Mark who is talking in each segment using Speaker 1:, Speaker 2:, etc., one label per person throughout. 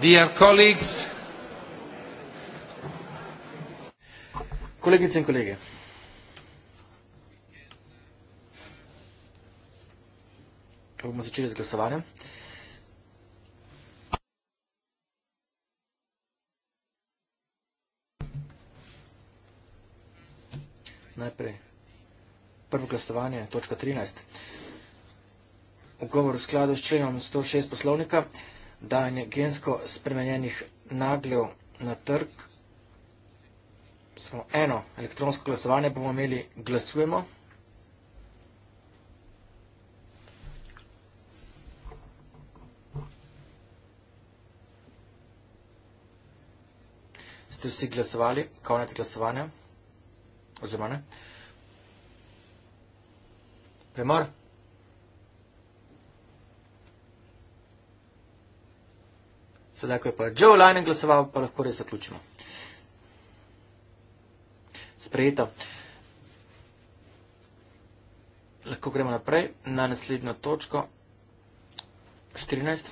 Speaker 1: Dear colleagues. Kolegice in kolege. Pa bomo začeli z glasovanjem. Najprej prvo glasovanje, točka 13. Ugovor v skladu s členom 106 poslovnika dajanje gensko spremenjenih nagljev na trg. Samo eno elektronsko glasovanje bomo imeli, glasujemo. Ste vsi glasovali, konec glasovanja? Oziroma ne? Premor? Premor? Sedaj, ko je pa Joe Lajnen glasoval, pa lahko res zaključimo. Sprejeto. Lahko gremo naprej na naslednjo točko. 14.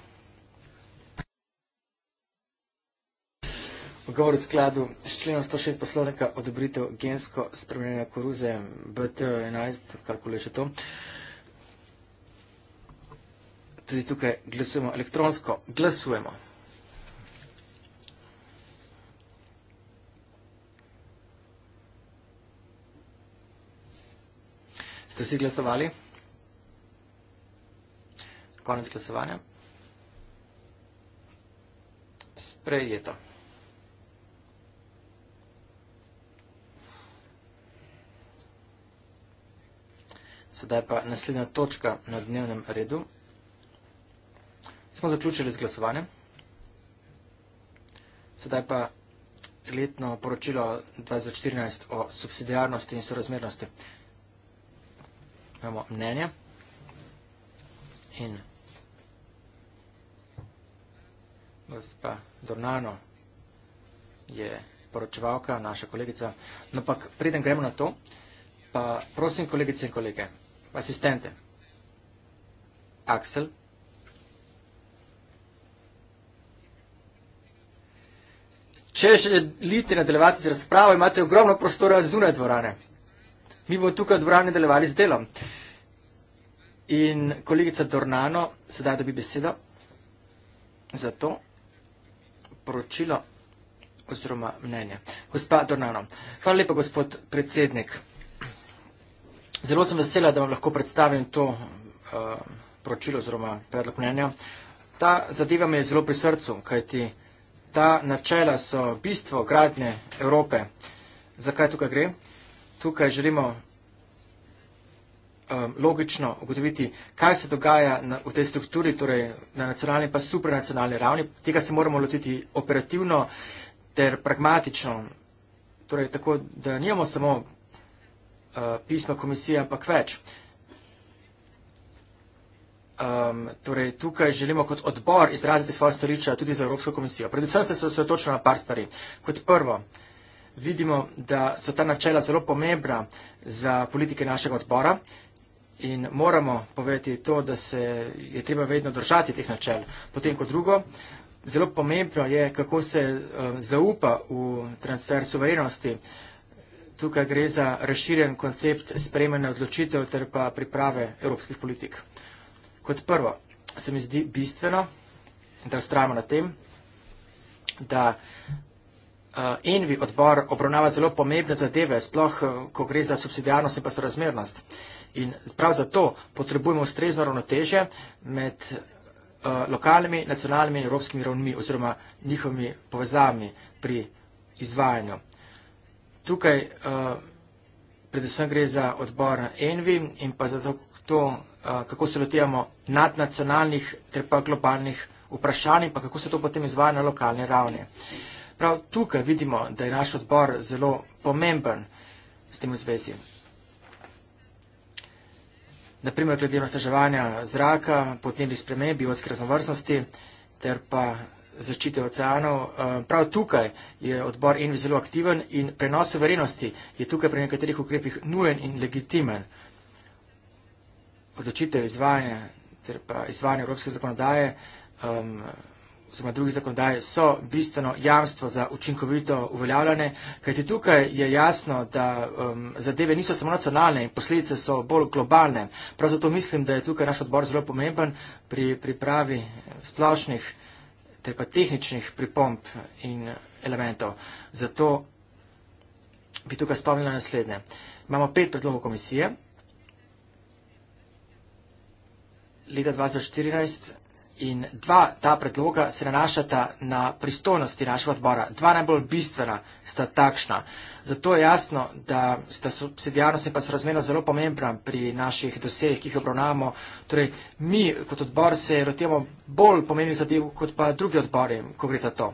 Speaker 1: Ogovor v skladu s členom 106 poslovnika odobritev gensko spremenjene koruze BT11, karkoli še to. Tudi tukaj glasujemo elektronsko. Glasujemo. Ste vsi glasovali? Konec glasovanja. Sprejeto. Sedaj pa naslednja točka na dnevnem redu. Smo zaključili z glasovanjem. Sedaj pa letno poročilo 2014 o subsidijarnosti in sorazmernosti imamo mnenja in gospa Dornano je poročevalka, naša kolegica. No pa preden gremo na to, pa prosim kolegice in kolege, asistente, Aksel, Če želite nadaljevati z razpravo, imate ogromno prostora zunaj dvorane mi bomo tukaj odbrani delovali z delom. In kolegica Dornano sedaj dobi besedo za to poročilo oziroma mnenje. Gospa Dornano, hvala lepa, gospod predsednik. Zelo sem vesela, da vam lahko predstavim to uh, poročilo oziroma predlog mnenja. Ta zadeva mi je zelo pri srcu, kajti ta načela so bistvo gradnje Evrope. Zakaj tukaj gre? Uh, tukaj želimo um, logično ugotoviti, kaj se dogaja na, v tej strukturi, torej na nacionalni pa supranacionalni ravni. Tega se moramo lotiti operativno ter pragmatično. Torej, tako da nijemo samo uh, pisma komisije, ampak več. Um, torej, tukaj želimo kot odbor izraziti svoje stališče tudi za Evropsko komisijo. Predvsem se osredotočamo na par stvari. Kot prvo, uh, vidimo, da so ta načela zelo pomembna za politike našega odbora in moramo povedati to, da se je treba vedno držati teh načel. Potem kot drugo, zelo pomembno je, kako se eh, zaupa v transfer suverenosti. Tukaj gre za razširjen koncept sprejmene odločitev ter pa priprave evropskih politik. Kot prvo, se mi zdi bistveno, da ustrajamo na tem, da Eh, Envi odbor obravnava zelo pomembne zadeve, sploh eh, ko gre za subsidijarnost in pa sorazmernost. In prav zato potrebujemo ustrezno ravnoteže med eh, lokalnimi, nacionalnimi in evropskimi ravnmi oziroma njihovimi povezami pri izvajanju. Tukaj predvsem gre za odbor Envi in pa za to, kako se lotijamo nadnacionalnih ter pa globalnih vprašanj in pa kako se to potem izvaja na lokalni ravni. Prav tukaj vidimo, da je naš odbor zelo pomemben s tem v zvezi. Naprimer, glede na staževanja zraka, podnebnih sprememb, biotske raznovrstnosti ter pa zaščite oceanov. Eh, prav tukaj je odbor Envi zelo aktiven in prenos suverenosti je tukaj pri nekaterih ukrepih nujen in legitimen. Odločitev izvajanja ter pa izvajanje evropske zakonodaje um, oziroma drugih zakonodaj so bistveno jamstvo za učinkovito uveljavljanje, kajti tukaj je jasno, da um, zadeve niso samo nacionalne in posledice so bolj globalne. Prav zato mislim, da je tukaj naš odbor zelo pomemben pri pripravi splošnih ter pa tehničnih pripomp in elementov. Zato bi tukaj spomnila naslednje. Imamo pet predlogov komisije. Leta 2014 in dva ta predloga se nanašata na pristojnosti našega odbora. Dva najbolj bistvena sta takšna. Zato je jasno, da sta subsidijarnost in pa sorazmerno zelo pomembna pri naših dosejih, ki jih obravnavamo. Torej, mi kot odbor se rotiramo bolj pomembnih zadev kot pa drugi odbori, ko gre za to.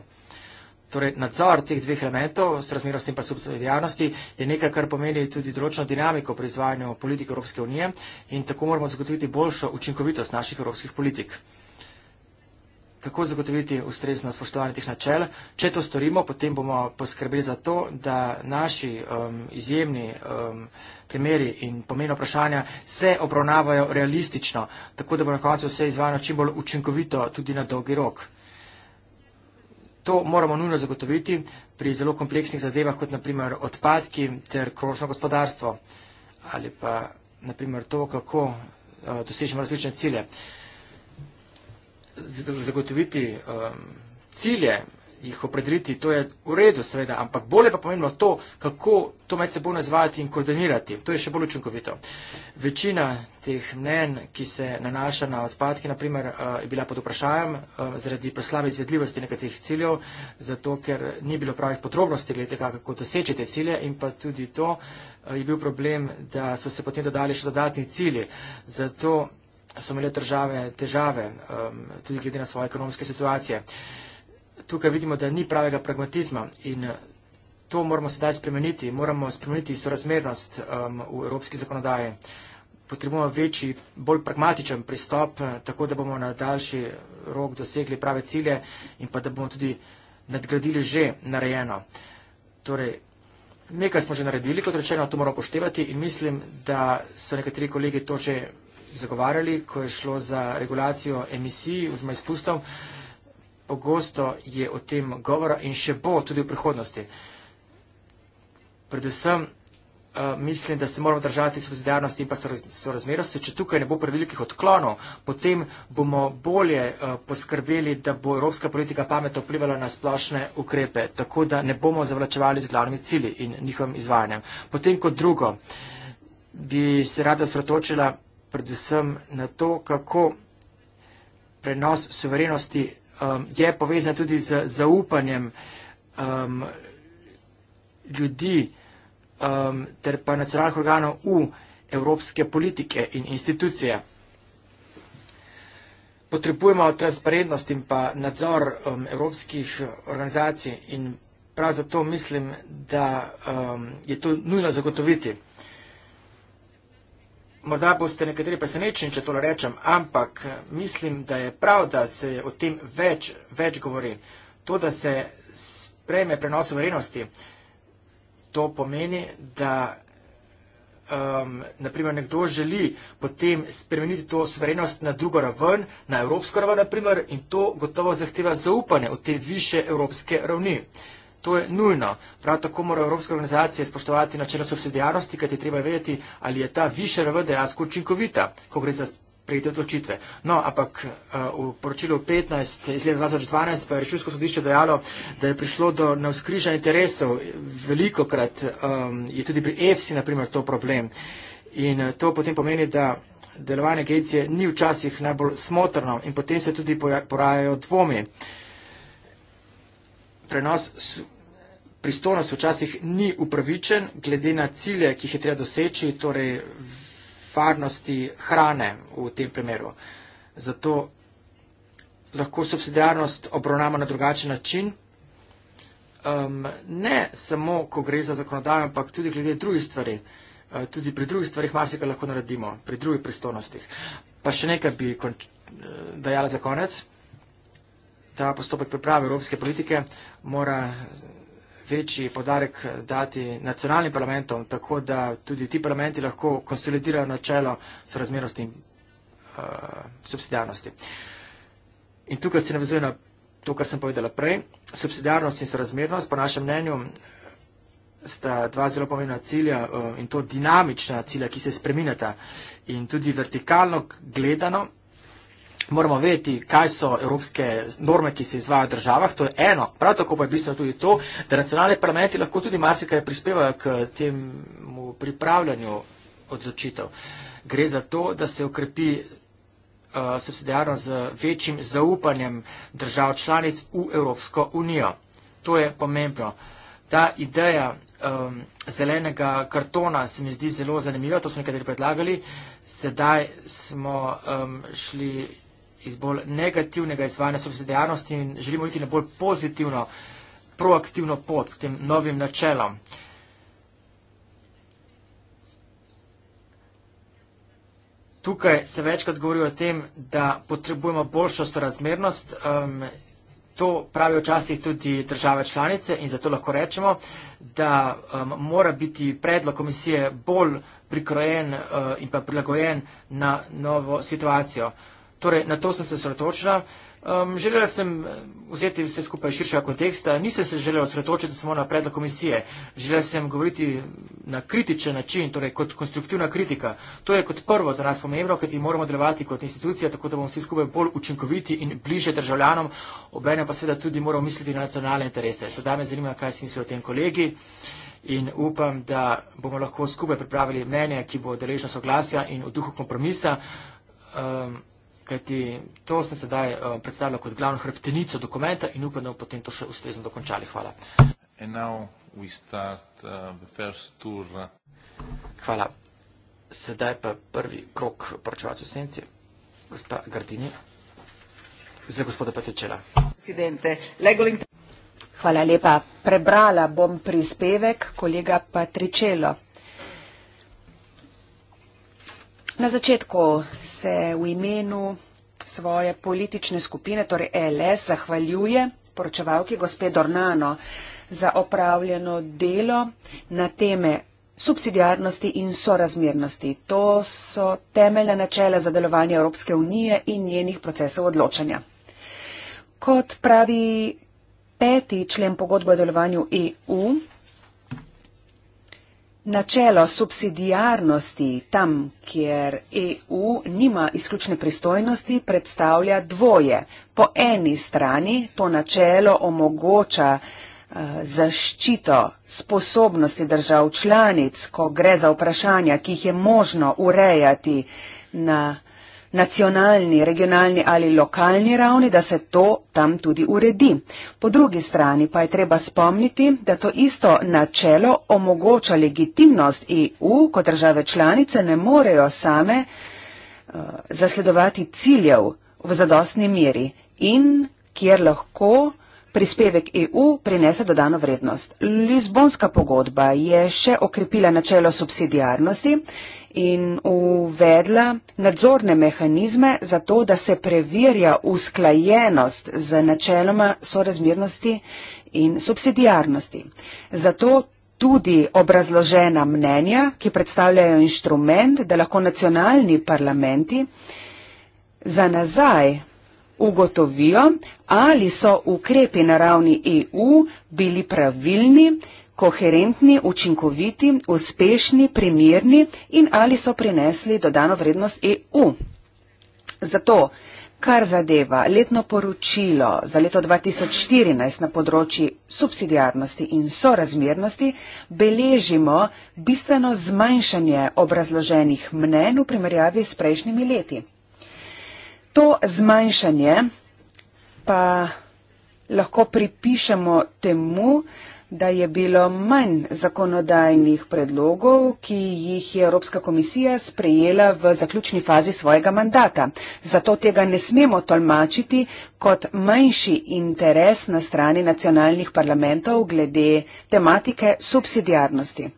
Speaker 1: Torej, nadzor teh dveh elementov, sorazmernosti in pa subsidijarnosti, je nekaj, kar pomeni tudi določeno dinamiko pri izvajanju politik Evropske unije in tako moramo zagotoviti boljšo učinkovitost naših evropskih politik kako zagotoviti ustrezno spoštovanje teh načel. Če to storimo, potem bomo poskrbeli za to, da naši um, izjemni um, primeri in pomeni vprašanja se obravnavajo realistično, tako da bo na koncu vse izvajano čim bolj učinkovito tudi na dolgi rok. To moramo nujno zagotoviti pri zelo kompleksnih zadevah, kot naprimer odpadki ter krožno gospodarstvo ali pa naprimer to, kako uh, dosežemo različne cilje. Uh, zagotoviti um, cilje, jih opredeliti, to je v redu, seveda, ampak bolje pa pomembno to, kako to med seboj nazvati in koordinirati. To je še bolj učinkovito. Večina teh mnen, ki se nanaša na odpadke, naprimer, uh, je bila pod vprašajem uh, zaradi preslave izvedljivosti nekaterih ciljev, zato ker ni bilo pravih podrobnosti glede tega, kako doseči te cilje in pa tudi to uh, je bil problem, da so se potem dodali še dodatni cilji. Zato so imele države težave, um, tudi glede na svoje ekonomske situacije. Tukaj vidimo, da ni pravega pragmatizma in uh, to moramo sedaj spremeniti. Moramo spremeniti sorazmernost um, v evropski zakonodaji. Potrebujemo večji, bolj pragmatičen pristop, uh, tako da bomo na daljši rok dosegli prave cilje in pa da bomo tudi nadgradili že narejeno. Torej, nekaj smo že naredili, kot rečeno, to moramo poštevati in mislim, da so nekateri kolegi to že zagovarjali, ko je šlo za regulacijo emisij oziroma izpustov. Pogosto je o tem govora in še bo tudi v prihodnosti. Predvsem uh, mislim, da se moramo držati subsidijarnosti in pa sorazmerosti. Če tukaj ne bo prevelikih odklonov, potem bomo bolje uh, poskrbeli, da bo evropska politika pametno vplivala na splošne ukrepe, tako da ne bomo zavlačevali z glavnimi cili in njihovim izvajanjem. Potem kot drugo bi se rada osvratočila predvsem na to, kako prenos suverenosti um, je povezan tudi z zaupanjem um, ljudi um, ter pa nacionalnih organov v evropske politike in institucije. Potrebujemo transparentnost in pa nadzor um, evropskih organizacij in prav zato mislim, da um, je to nujno zagotoviti. Morda boste nekateri presenečeni, če to rečem, ampak eh, mislim, da je prav, da se o tem več, več govori. To, da se sprejme prenos suverenosti, to pomeni, da um, ehm, naprimer nekdo želi potem spremeniti to suverenost na drugo raven, na evropsko raven, naprimer, in to gotovo zahteva zaupanje v te više evropske ravni. Uh, To je nujno. Prav tako morajo evropske organizacije spoštovati načelo subsidijarnosti, kajti treba je vedeti, ali je ta višja raven dejansko učinkovita, ko gre za prejete odločitve. No, ampak eh, v poročilu 15 iz leta 2012 pa je rešilsko sodišče dejalo, da je prišlo do neuskrižanja interesov. Veliko krat um, ehm, je tudi pri EFSI, na primer, to problem. In eh, to potem pomeni, da delovanje agencije ni včasih najbolj smotrno in potem se tudi porajajo dvomi. Prenos pristojnost včasih ni upravičen, glede na cilje, ki jih je treba doseči, torej varnosti hrane v tem primeru. Zato lahko subsidijarnost obravnamo na drugačen način. Um, ne samo, ko gre za zakonodajo, ampak tudi glede drugih stvari. Uh, tudi pri drugih stvarih marsikaj lahko naredimo, pri drugih pristojnostih. Pa še nekaj bi e, dajala za konec. Ta postopek priprave evropske politike mora večji podarek dati nacionalnim parlamentom, tako da tudi ti parlamenti lahko konsolidirajo načelo sorazmernosti in uh, eh, subsidijarnosti. In tukaj se navezuje na to, kar sem povedala prej. Subsidijarnost in sorazmernost, po našem mnenju, sta dva zelo pomembna cilja uh, in to dinamična cilja, ki se spreminjata. In tudi vertikalno gledano moramo vedeti, kaj so evropske norme, ki se izvajo v državah. To je eno. Prav tako pa je bistveno tudi to, da nacionalne parlamenti lahko tudi marsikaj prispevajo k temu pripravljanju odločitev. Gre za to, da se ukrepi uh, subsidijarno z večjim zaupanjem držav članic v Evropsko unijo. To je pomembno. Ta ideja um, zelenega kartona se mi zdi zelo zanimiva, to smo nekateri predlagali. Sedaj smo um, šli iz bolj negativnega izvajanja sobstvene dejavnosti in želimo iti na bolj pozitivno, proaktivno pot s tem novim načelom. Tukaj se večkrat govori o tem, da potrebujemo boljšo sorazmernost. Um, to pravijo včasih tudi države članice in zato lahko rečemo, da um, mora biti predlog komisije bolj prikrojen uh, in pa prilagojen na novo situacijo. Torej, na to sem se sretočila. Um, želela sem eh, vzeti vse skupaj širšega konteksta, nisem se želela sretočiti samo na predlog komisije. Želela sem govoriti na kritičen način, torej kot konstruktivna kritika. To je kot prvo za nas pomembno, ker ti moramo delovati kot institucija, tako da bomo vsi skupaj bolj učinkoviti in bliže državljanom, obene pa seveda tudi moramo misliti na nacionalne interese. Sedaj me zanima, kaj si mislijo o tem kolegi in upam, da bomo lahko skupaj pripravili mnenje, ki bo deležno soglasja in v duhu kompromisa. Um, kajti to sem sedaj uh, eh, predstavljal kot glavno hrbtenico dokumenta in upam, da bomo potem to še ustrezno dokončali. Hvala. Start, uh, Hvala. Sedaj pa prvi krok poročevalcev senci, gospa Gardini, za gospoda Petričela.
Speaker 2: Hvala lepa. Prebrala bom prispevek kolega Patričelo. Na začetku se v imenu svoje politične skupine, torej LS, zahvaljuje poročevalki gospe Dornano za opravljeno delo na teme subsidijarnosti in sorazmernosti. To so temeljna načela za delovanje Evropske unije in njenih procesov odločanja. Kot pravi peti člen pogodbe o delovanju EU, Načelo subsidijarnosti tam, kjer EU nima izključne pristojnosti, predstavlja dvoje. Po eni strani to načelo omogoča eh, zaščito sposobnosti držav članic, ko gre za vprašanja, ki jih je možno urejati na nacionalni, regionalni ali lokalni ravni, da se to tam tudi uredi. Po drugi strani pa je treba spomniti, da to isto načelo omogoča legitimnost EU, ko države članice ne morejo same eh, zasledovati ciljev v zadostni meri in kjer lahko prispevek EU prinese dodano vrednost. Lizbonska pogodba je še okrepila načelo subsidijarnosti in uvedla nadzorne mehanizme za to, da se preverja usklajenost z načeloma sorazmernosti in subsidijarnosti. Zato tudi obrazložena mnenja, ki predstavljajo inštrument, da lahko nacionalni parlamenti za nazaj ugotovijo, ali so ukrepi na ravni EU bili pravilni, koherentni, učinkoviti, uspešni, primirni in ali so prinesli dodano vrednost EU. Zato, kar zadeva letno poročilo za leto 2014 na področji subsidijarnosti in sorazmernosti, beležimo bistveno zmanjšanje obrazloženih mnen v primerjavi s prejšnjimi leti. To zmanjšanje pa lahko pripišemo temu, da je bilo manj zakonodajnih predlogov, ki jih je Evropska komisija sprejela v zaključni fazi svojega mandata. Zato tega ne smemo tolmačiti kot manjši interes na strani nacionalnih parlamentov glede tematike subsidijarnosti.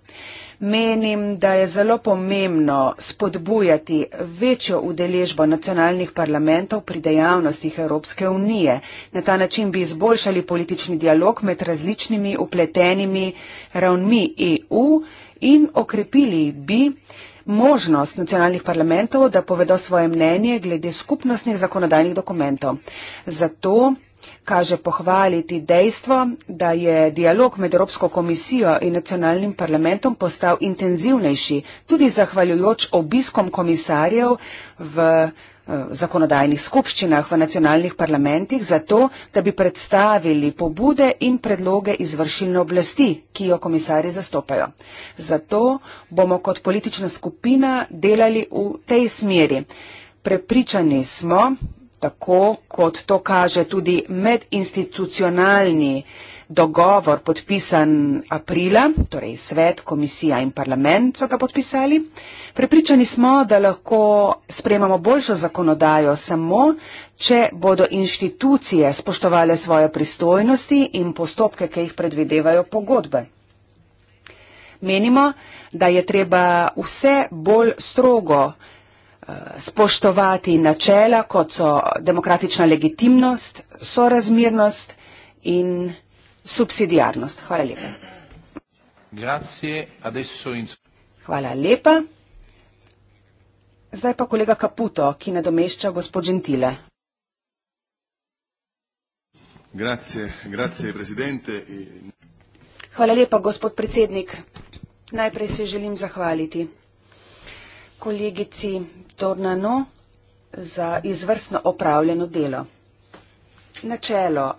Speaker 2: Menim, da je zelo pomembno spodbujati večjo udeležbo nacionalnih parlamentov pri dejavnostih Evropske unije. Na ta način bi izboljšali politični dialog med različnimi upletenimi ravnmi EU in okrepili bi možnost nacionalnih parlamentov, da povedo svoje mnenje glede skupnostnih zakonodajnih dokumentov. Zato kaže pohvaliti dejstvo, da je dialog med Evropsko komisijo in nacionalnim parlamentom postal intenzivnejši, tudi zahvaljujoč obiskom komisarjev v eh, zakonodajnih skupščinah v nacionalnih parlamentih za to, da bi predstavili pobude in predloge izvršilne oblasti, ki jo komisari zastopajo. Zato bomo kot politična skupina delali v tej smeri. Prepričani smo, tako kot to kaže tudi medinstitucionalni dogovor podpisan aprila, torej svet, komisija in parlament so ga podpisali. Prepričani smo, da lahko sprejemamo boljšo zakonodajo samo, če bodo inštitucije spoštovale svoje pristojnosti in postopke, ki jih predvidevajo pogodbe. Menimo, da je treba vse bolj strogo spoštovati načela, kot so demokratična legitimnost, sorazmirnost in subsidijarnost. Hvala lepa. Hvala lepa. Zdaj pa kolega Kaputo, ki nadomešča gospod Gentile. Grazie, grazie, Hvala lepa, gospod predsednik. Najprej se želim zahvaliti kolegici Tornano za izvrstno opravljeno delo. Načelo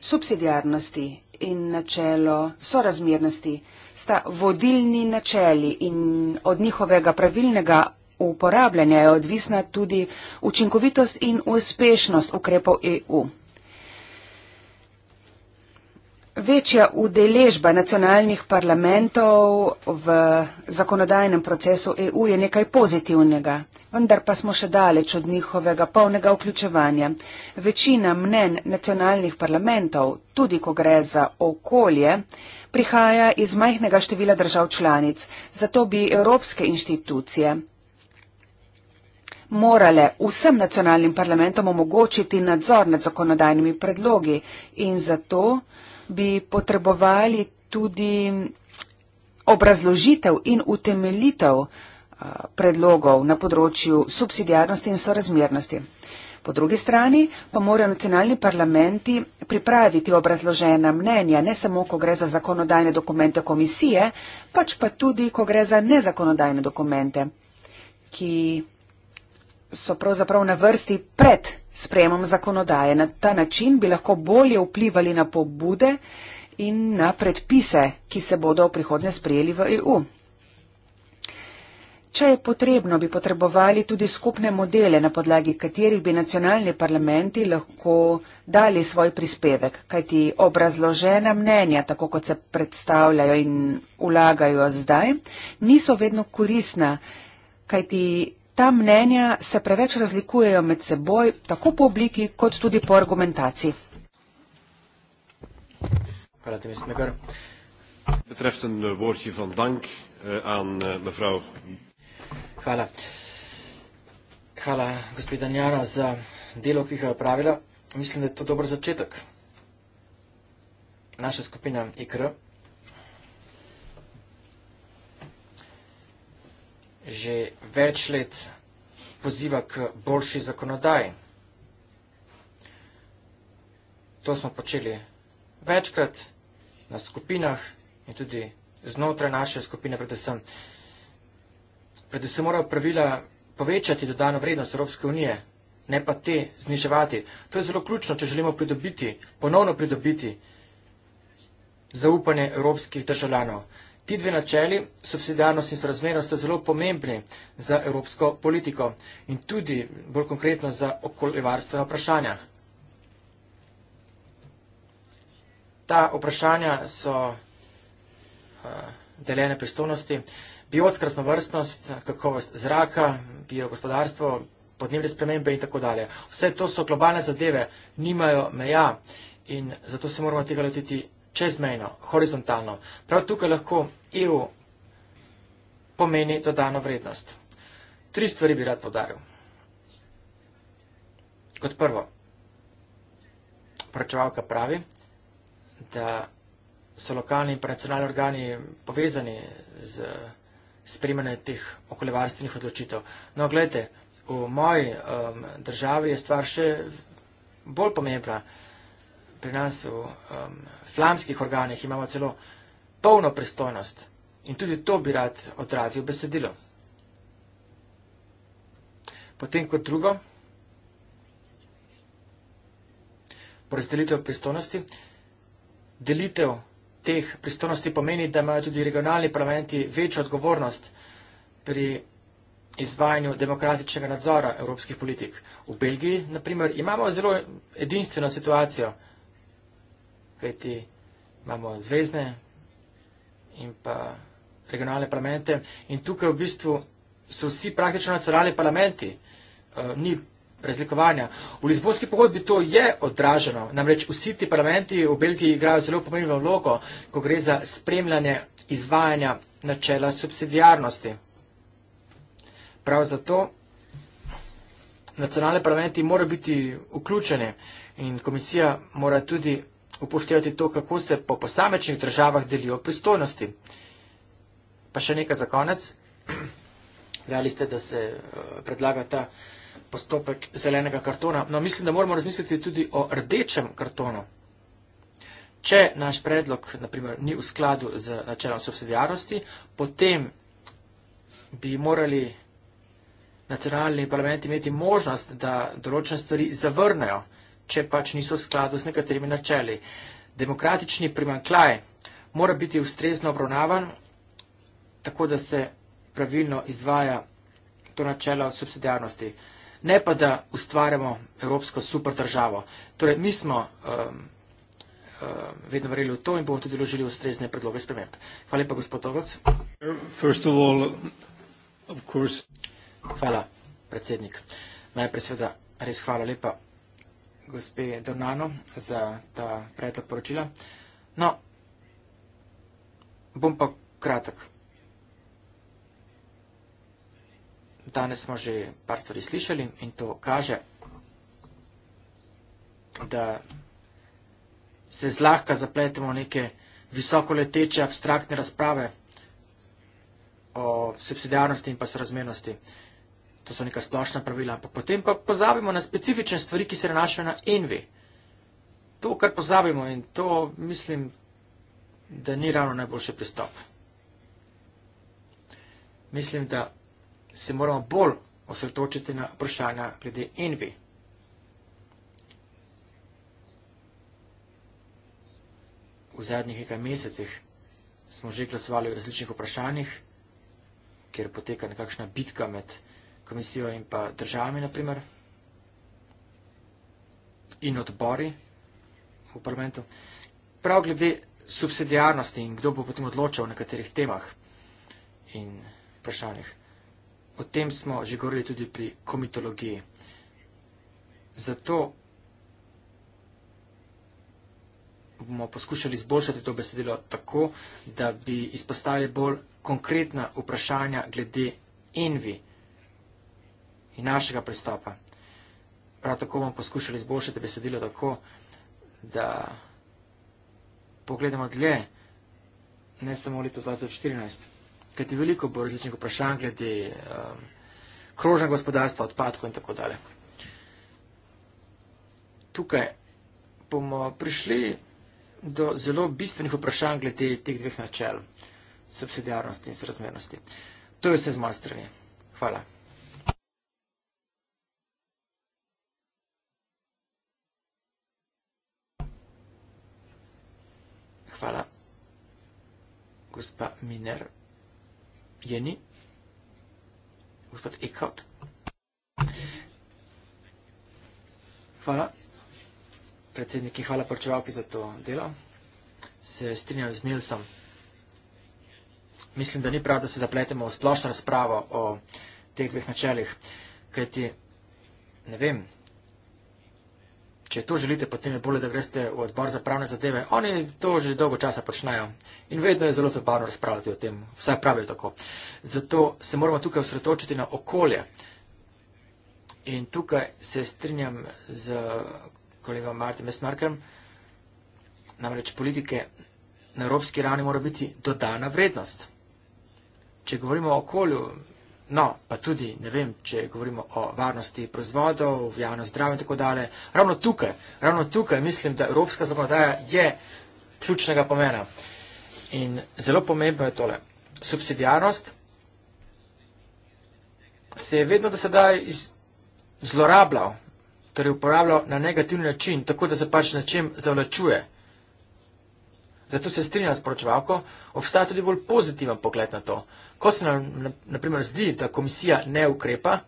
Speaker 2: subsidijarnosti in načelo sorazmernosti sta vodilni načeli in od njihovega pravilnega uporabljanja je odvisna tudi učinkovitost in uspešnost ukrepov EU večja udeležba nacionalnih parlamentov v zakonodajnem procesu EU je nekaj pozitivnega, vendar pa smo še daleč od njihovega polnega vključevanja. Večina mnen nacionalnih parlamentov, tudi ko gre za okolje, prihaja iz majhnega števila držav članic, zato bi evropske inštitucije morale vsem nacionalnim parlamentom omogočiti nadzor nad zakonodajnimi predlogi in zato bi potrebovali tudi obrazložitev in utemeljitev eh, predlogov na področju subsidijarnosti in sorazmernosti. Po drugi strani pa morajo nacionalni parlamenti pripraviti obrazložena mnenja, ne samo, ko gre za zakonodajne dokumente komisije, pač pa tudi, ko gre za nezakonodajne dokumente, ki so pravzaprav na vrsti pred Spremom zakonodaje na ta način bi lahko bolje vplivali na pobude in na predpise, ki se bodo v prihodnje sprejeli v EU. Če je potrebno, bi potrebovali tudi skupne modele, na podlagi katerih bi nacionalni parlamenti lahko dali svoj prispevek, kajti obrazložena mnenja, tako kot se predstavljajo in ulagajo zdaj, niso vedno koristna, kajti Ta mnenja se preveč razlikujejo med seboj, tako po obliki, kot tudi po argumentaciji.
Speaker 1: Hvala. Eh, eh, eh, Hvala, gospod Danjana, za delo, ki ga je opravila. Mislim, da je to dober začetek. Naša skupina IKR e že več let poziva k boljši zakonodaji. To smo počeli večkrat na skupinah in tudi znotraj naše skupine predvsem. Predvsem morajo pravila povečati dodano vrednost Evropske unije, ne pa te zniževati. To je zelo ključno, če želimo pridobiti, ponovno pridobiti zaupanje evropskih državljanov. Ti dve načeli, subsidijarnost in sorazmernost, sta zelo pomembni za evropsko politiko in tudi bolj konkretno za okoljevarstvena vprašanja. Ta vprašanja so eh, deljene pristojnosti. Biotska raznovrstnost, kakovost zraka, biogospodarstvo, podnebne spremembe in tako dalje. Vse to so globalne zadeve, nimajo meja in zato se moramo tega lotiti čezmejno, horizontalno. Prav tukaj lahko EU pomeni dodano vrednost. Tri stvari bi rad podaril. Kot prvo, pračevalka pravi, da so lokalni in nacionalni organi povezani z sprejmanjem teh okoljevarstvenih odločitev. No, gledajte, v moji um, državi je stvar še bolj pomembna. Uh, pri nas v um, flamskih organih imamo celo polno pristojnost in tudi to bi rad odrazil besedilo. Potem kot drugo, porazdelitev pristojnosti. Delitev teh pristojnosti pomeni, da imajo tudi regionalni parlamenti večjo odgovornost pri izvajanju demokratičnega nadzora evropskih politik. V Belgiji, na primer, imamo zelo edinstveno situacijo kajti imamo zvezdne in pa regionalne parlamente in tukaj v bistvu so vsi praktično nacionalni parlamenti, e, ni razlikovanja. V Lizbonski pogodbi to je odraženo, namreč vsi ti parlamenti v Belgiji igrajo zelo pomembno vlogo, ko gre za spremljanje izvajanja načela subsidijarnosti. Prav zato nacionalne parlamenti morajo biti vključeni in komisija mora tudi upoštevati to, kako se po posamečnih državah delijo pristojnosti. Pa še nekaj za konec. Vjali ste, da se eh, predlaga ta postopek zelenega kartona. No, mislim, da moramo razmisliti tudi o rdečem kartonu. Če naš predlog, naprimer, ni v skladu z načelom subsidijarnosti, potem bi morali nacionalni parlamenti imeti možnost, da določene stvari zavrnejo če pač niso v skladu z nekaterimi načeli. Demokratični primankljaj mora biti ustrezno obravnavan, tako da se pravilno izvaja to načelo subsidijarnosti. Ne pa, da ustvarjamo evropsko superdržavo. Torej, mi smo um, um, vedno verjeli v to in bomo tudi vložili ustrezne predloge sprememb. Hvala lepa, gospod Togoc.
Speaker 3: All,
Speaker 1: Hvala, predsednik. Najprej seveda res hvala lepa gospe Donano za ta predlog poročila. No, bom pa kratek. Danes smo že par stvari slišali in to kaže, da se zlahka zapletemo neke visokoleteče abstraktne razprave o subsidijarnosti in pa sorazmernosti to so neka splošna pravila, ampak potem pa pozabimo na specifične stvari, ki se nanašajo na NV. To, kar pozabimo in to mislim, da ni ravno najboljši pristop. Mislim, da se moramo bolj osredotočiti na vprašanja glede NV. V zadnjih nekaj mesecih smo že glasovali o različnih vprašanjih, kjer poteka nekakšna bitka med komisijo in pa državami naprimer in odbori v parlamentu. Prav glede subsidijarnosti in kdo bo potem odločal o nekaterih temah in vprašanjih. O tem smo že govorili tudi pri komitologiji. Zato bomo poskušali izboljšati to besedilo tako, da bi izpostavili bolj konkretna vprašanja glede envi in našega pristopa. Prav tako bomo poskušali izboljšati besedilo tako, da pogledamo dlje, ne samo v leto 2014, kajti veliko bo različnih vprašanj glede um, krožnega gospodarstva, odpadkov in tako dalje. Tukaj bomo prišli do zelo bistvenih vprašanj glede teh dveh načel, subsidijarnosti in sorazmernosti. To je vse z moje strani. Hvala. hvala. Gospa Miner, je ni? Gospod Ekot? Hvala. Predsednik in hvala počevalki za to delo. Se strinjam z Nilsom. Mislim, da ni prav, da se zapletemo v splošno razpravo o teh dveh načelih, kajti, ne vem, Če to želite, potem je bolje, da greste v odbor za pravne zadeve. Oni to že dolgo časa počnejo in vedno je zelo zabavno razpravljati o tem. Vsaj pravijo tako. Zato se moramo tukaj osredotočiti na okolje. In tukaj se strinjam z kolegom Martinem Smarkem. Namreč politike na evropski ravni mora biti dodana vrednost. Če govorimo o okolju, No, pa tudi, ne vem, če govorimo o varnosti proizvodov, v javno zdravje in tako dalje. Ravno tukaj, ravno tukaj mislim, da evropska zakonodaja je ključnega pomena. In zelo pomembno je tole. Subsidijarnost se je vedno do sedaj zlorabljal, torej uporabljal na negativni način, tako da se pač na čem zavlačuje. Zato se strinjam s poročevalko, obstaja tudi bolj pozitiven pogled na to. Ko se nam naprimer zdi, da komisija ne ukrepa,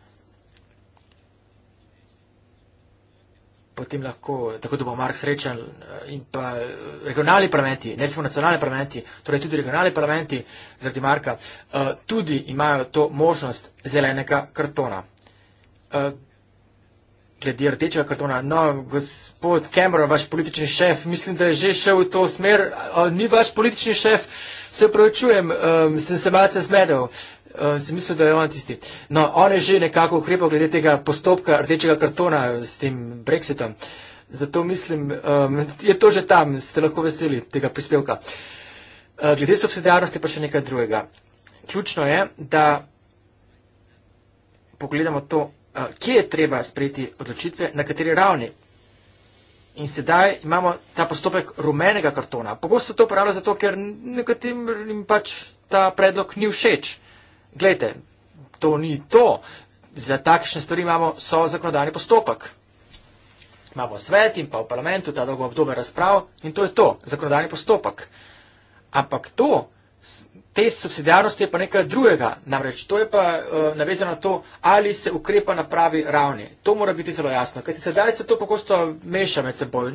Speaker 1: potem lahko, tako da bo Mark srečen eh, in pa eh, regionalni parlamenti, ne samo nacionalni parlamenti, torej tudi regionalni parlamenti zaradi Marka, eh, tudi imajo to možnost zelenega kartona glede rdečega kartona. No, gospod Cameron, vaš politični šef, mislim, da je že šel v to smer. Ni vaš politični šef, se pravičujem, um, sem se malce zmedel. Um, sem mislil, da je on tisti. No, on je že nekako ukrepal glede tega postopka rdečega kartona s tem brexitom. Zato mislim, um, je to že tam, ste lahko veseli tega prispevka. Glede subsidijarnosti pa še nekaj drugega. Ključno je, da pogledamo to Eh, kje je treba sprejeti odločitve, na kateri ravni. In sedaj imamo ta postopek rumenega kartona. Pogosto se to uporablja zato, ker nekaterim pač ta predlog ni všeč. Glejte, to ni to. Za takšne stvari imamo so zakonodajni postopek. Imamo svet in pa v parlamentu ta dolgo obdobje razprav in to je to, zakonodajni postopek. Ampak to, te subsidijarnosti je pa nekaj drugega. Namreč to je pa uh, navezano na to, ali se ukrepa na pravi ravni. To mora biti zelo jasno. Kajti sedaj se to pogosto meša med seboj.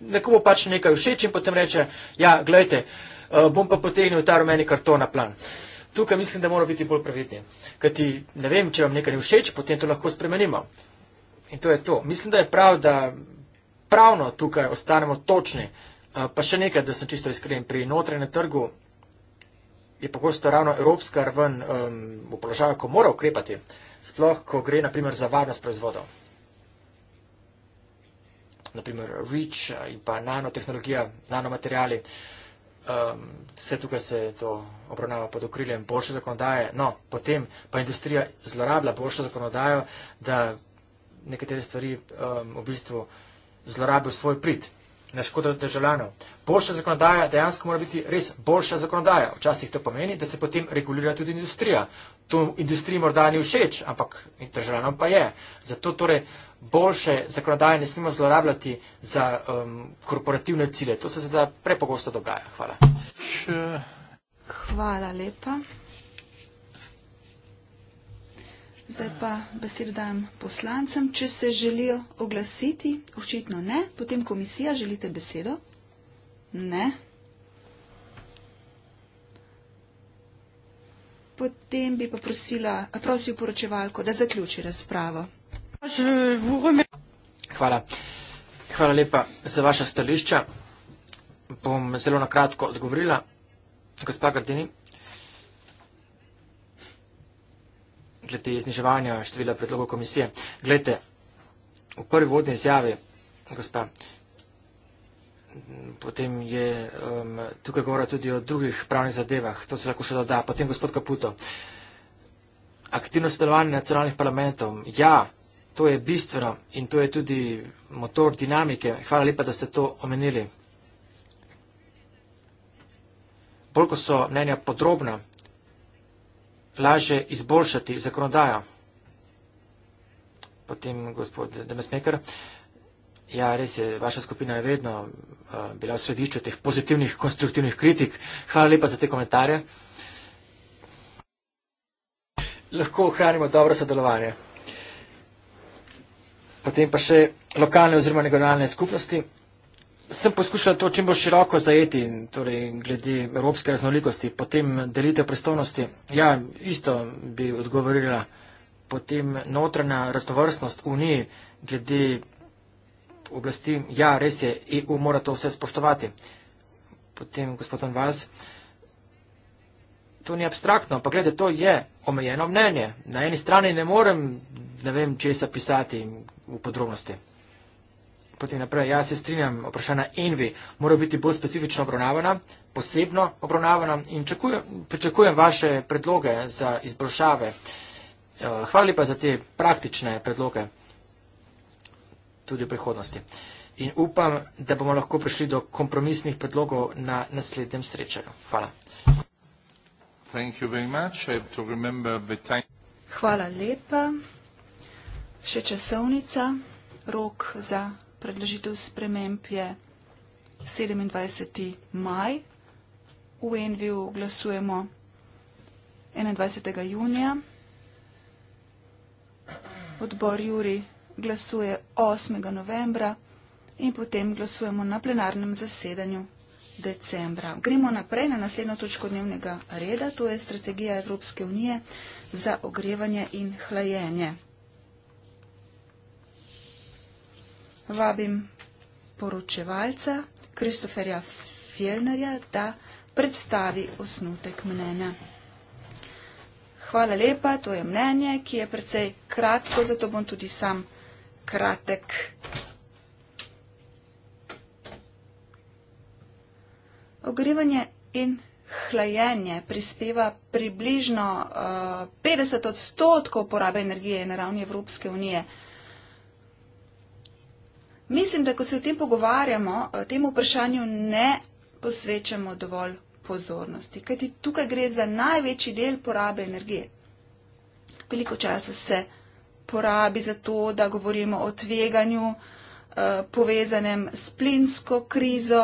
Speaker 1: Nekomu pač nekaj všeč in potem reče, ja, gledajte, uh, eh, bom pa potegnil ta rumeni karton na plan. Tukaj mislim, da mora biti bolj previdni. Kajti ne vem, če vam nekaj ni všeč, potem to lahko spremenimo. In to je to. Mislim, da je prav, da pravno tukaj ostanemo točni. Uh, pa še nekaj, da sem čisto iskren, pri notranjem trgu je pogosto ravno evropska raven um, v položaju, ko mora ukrepati, sploh ko gre naprimer za varnost proizvodov. Naprimer REACH in pa nanotehnologija, nanomaterjali, um, vse tukaj se to obravnava pod okriljem boljše zakonodaje, no, potem pa industrija zlorablja boljšo zakonodajo, da nekatere stvari um, v bistvu zlorabijo svoj prid na škodo državljanov. Boljša zakonodaja dejansko mora biti res boljša zakonodaja. Včasih to pomeni, da se potem regulira tudi industrija. To industriji morda ni všeč, ampak državljanom pa je. Zato torej boljše zakonodaje ne smemo zlorabljati za um, korporativne cilje. To se zdaj prepogosto dogaja. Hvala.
Speaker 3: Hvala lepa. Zdaj pa besedo dajem poslancem, če se želijo oglasiti. Očitno ne. Potem komisija, želite besedo? Ne. Potem bi pa prosila, prosil poročevalko, da zaključi razpravo.
Speaker 1: Hvala. Hvala lepa za vaša stališča. Bom zelo nakratko odgovorila, gospa Gardini. glede zniževanja števila predlogov komisije. Glejte, v prvi vodni izjavi, gospa, potem je um, tukaj govora tudi o drugih pravnih zadevah, to se lahko še doda, potem gospod Kaputo. Aktivno sodelovanje nacionalnih parlamentov, ja, to je bistveno in to je tudi motor dinamike. Hvala lepa, da ste to omenili. Bolj ko so mnenja podrobna, lažje izboljšati zakonodajo. Potem, gospod Demesmeker, ja, res je, vaša skupina je vedno uh, bila v središču teh pozitivnih, konstruktivnih kritik. Hvala lepa za te komentarje. Lahko ohranimo dobro sodelovanje. Potem pa še lokalne oziroma regionalne skupnosti sem poskušal to čim bolj široko zajeti, torej glede evropske raznolikosti, potem delitev pristojnosti. Ja, isto bi odgovorila. Potem notranja raznovrstnost v Uniji glede oblasti. Ja, res je, EU mora to vse spoštovati. Potem gospodon Vaz. To ni abstraktno, pa gledajte, to je omejeno mnenje. Na eni strani ne morem, ne vem, če se pisati v podrobnosti potem naprej. Jaz se strinjam, vprašanja envi morajo biti bolj specifično obravnavana, posebno obravnavana in čakujem, pričakujem vaše predloge za izboljšave. Eh, hvala lepa za te praktične predloge tudi v prihodnosti. In upam, da bomo lahko prišli do kompromisnih predlogov na naslednjem srečanju. Hvala. Hvala lepa. Še
Speaker 3: časovnica, rok za predložitev sprememb je 27. maj, v Envju glasujemo 21. junija, odbor Juri glasuje 8. novembra in potem glasujemo na plenarnem zasedanju decembra. Gremo naprej na naslednjo točko dnevnega reda, to je strategija Evropske unije za ogrevanje in hlajenje. vabim poročevalca Kristoferja Fjellnerja, da predstavi osnutek mnenja. Hvala lepa, to je mnenje, ki je precej kratko, zato bom tudi sam kratek. Ogrevanje in hlajenje prispeva približno uh, eh, 50 odstotkov porabe energije na ravni Evropske unije. Uh, Mislim, da ko se o tem pogovarjamo, eh, temu vprašanju ne posvečamo dovolj pozornosti, kajti tukaj gre za največji del porabe energije. Veliko časa se porabi za to, da govorimo o tveganju eh, povezanem s plinsko krizo.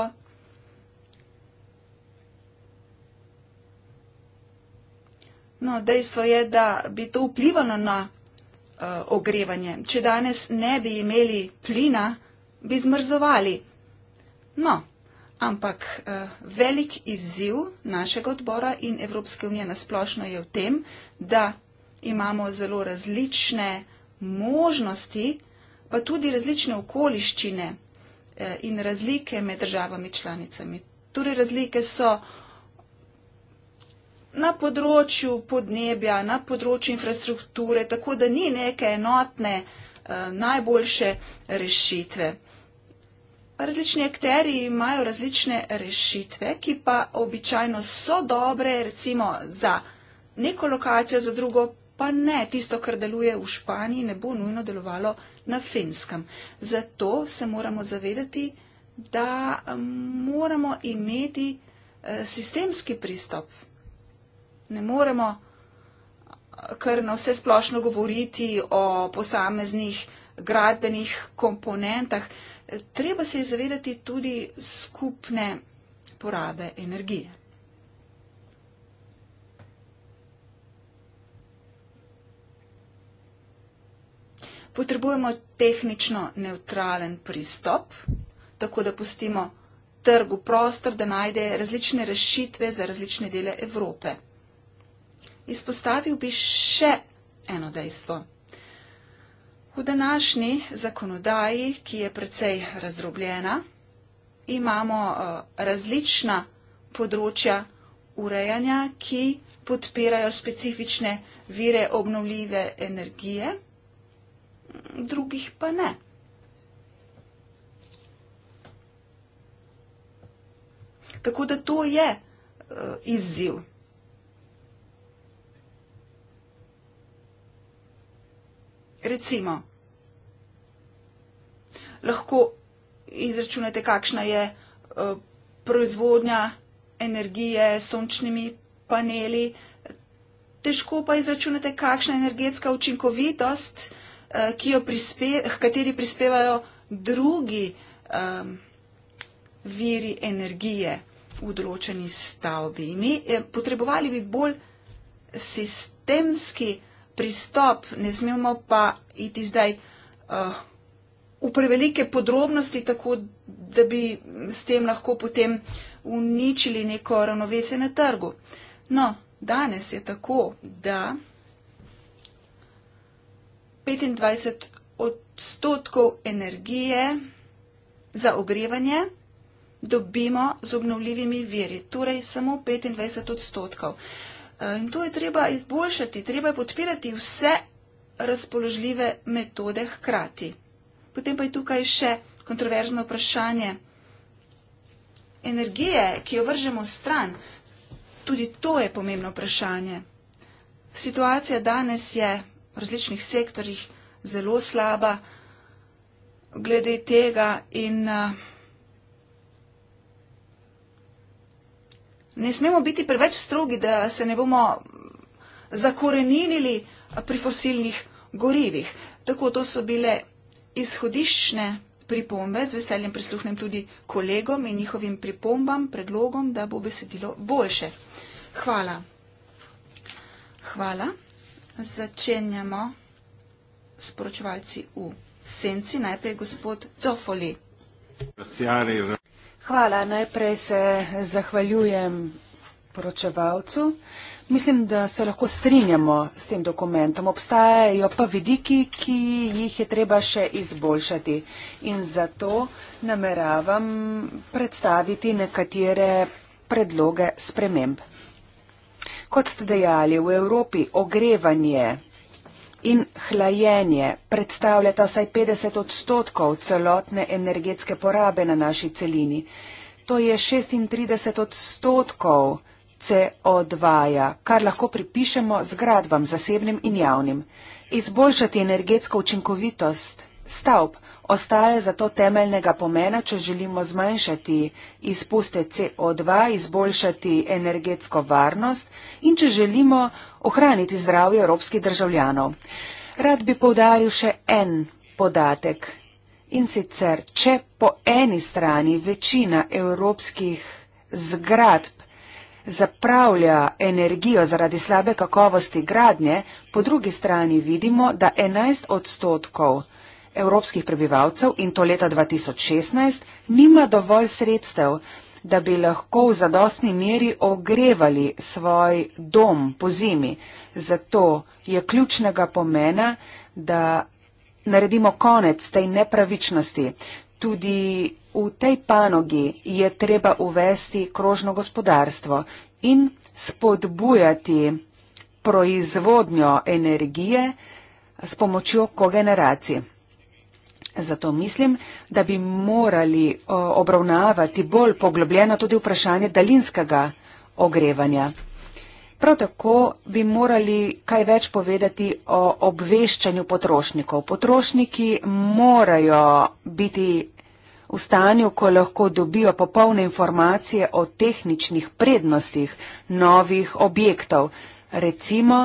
Speaker 3: No, dejstvo je, da bi to vplivalo na uh, ogrevanje. Če danes ne bi imeli plina, uh, bi zmrzovali. No, ampak eh, velik izziv našega odbora in Evropske unije nasplošno je v tem, da imamo zelo različne možnosti, pa tudi različne okoliščine eh, in razlike med državami članicami. Torej, razlike so na področju podnebja, na področju infrastrukture, tako da ni neke enotne eh, najboljše rešitve. Različni akteri imajo različne rešitve, ki pa običajno so dobre, recimo za neko lokacijo, za drugo pa ne. Tisto, kar deluje v Španiji, ne bo nujno delovalo na finskem. Zato se moramo zavedati, da um, moramo imeti eh, sistemski pristop. Ne moramo eh, kar na vse splošno govoriti o posameznih gradbenih komponentah treba se je zavedati tudi skupne porabe energije. Potrebujemo tehnično neutralen pristop, tako da pustimo trgu prostor, da najde različne rešitve za različne dele Evrope. Izpostavil bi še eno dejstvo. V današnji zakonodaji, ki je precej razdrobljena, imamo eh, različna področja urejanja, ki podpirajo specifične vire obnovljive energije, drugih pa ne. Tako da to je eh, izziv. Recimo, lahko izračunate, kakšna je eh, proizvodnja energije s sončnimi paneli. Težko pa izračunate, kakšna je energetska učinkovitost, eh, prispe, h kateri prispevajo drugi um, viri energije v določeni stavbi. Mi eh, potrebovali bi bolj sistemski pristop, ne smemo pa iti zdaj uh, v prevelike podrobnosti, tako da bi s tem lahko potem uničili neko ravnovesje na trgu. No, danes je tako, da 25 odstotkov energije za ogrevanje dobimo z obnovljivimi veri, torej samo 25 odstotkov. Eh, in to je treba izboljšati, treba je podpirati vse razpoložljive metode hkrati. Potem pa je tukaj še kontroverzno vprašanje energije, ki jo vržemo stran. Tudi to je pomembno vprašanje. Situacija danes je v različnih sektorjih zelo slaba glede tega in eh, ne smemo biti preveč strogi, da se ne bomo zakorenili pri fosilnih gorivih. Tako to so bile izhodiščne pripombe, z veseljem prisluhnem tudi kolegom in njihovim pripombam, predlogom, da bo besedilo boljše. Hvala. Hvala. Začenjamo s poročevalci v
Speaker 2: senci. Najprej gospod Zofoli. Hvala. Najprej se zahvaljujem poročevalcu. Mislim, da se lahko strinjamo s tem dokumentom. Obstajajo pa vidiki, ki jih je treba še izboljšati. In zato nameravam predstaviti nekatere predloge sprememb. Kot ste dejali, v Evropi ogrevanje in hlajenje predstavljata vsaj 50 odstotkov celotne energetske porabe na naši celini. To je 36 odstotkov CO2, ja. kar lahko pripišemo zgradbam zasebnim in javnim. Izboljšati energetsko učinkovitost stavb ostaje zato temeljnega pomena, če želimo zmanjšati izpuste CO2, izboljšati energetsko varnost in če želimo ohraniti zdravje evropskih državljanov. Rad bi povdaril še en podatek. In sicer, če po eni strani večina evropskih zgradb zapravlja energijo zaradi slabe kakovosti gradnje, po drugi strani vidimo, da 11 odstotkov evropskih prebivalcev in to leta 2016 nima dovolj sredstev, da bi lahko v zadostni meri ogrevali svoj dom po zimi. Zato je ključnega pomena, da naredimo konec tej nepravičnosti. Tudi v tej panogi je treba uvesti krožno gospodarstvo in spodbujati proizvodnjo energije s pomočjo kogeneracij. Zato mislim, da bi morali eh, obravnavati bolj poglobljeno tudi vprašanje daljinskega ogrevanja. Prav tako bi morali kaj več povedati o obveščanju potrošnikov. Potrošniki morajo biti v stanju, ko lahko dobijo popolne informacije o tehničnih prednostih novih objektov. Recimo,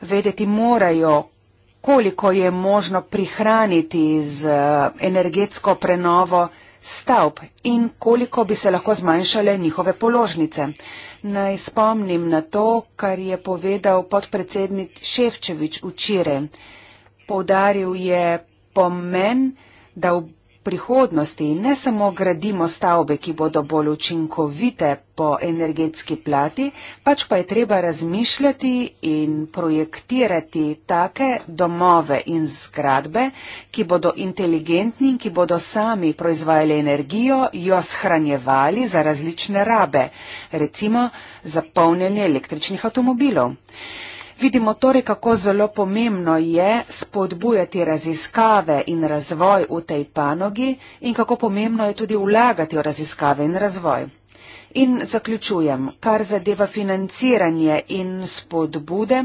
Speaker 2: vedeti morajo, koliko je možno prihraniti z eh, energetsko prenovo stavb in koliko bi se lahko zmanjšale njihove položnice. Naj spomnim na to, kar je povedal podpredsednik Ševčevič včeraj. Poudaril je pomen, da v prihodnosti in ne samo gradimo stavbe, ki bodo bolj učinkovite po energetski plati, pač pa je treba razmišljati in projektirati take domove in zgradbe, ki bodo inteligentni in ki bodo sami proizvajali energijo, jo shranjevali za različne rabe, recimo za polnjenje električnih avtomobilov. Vidimo torej, kako zelo pomembno je spodbujati raziskave in razvoj v tej panogi in kako pomembno je tudi vlagati v raziskave in razvoj. In zaključujem, kar zadeva financiranje in spodbude,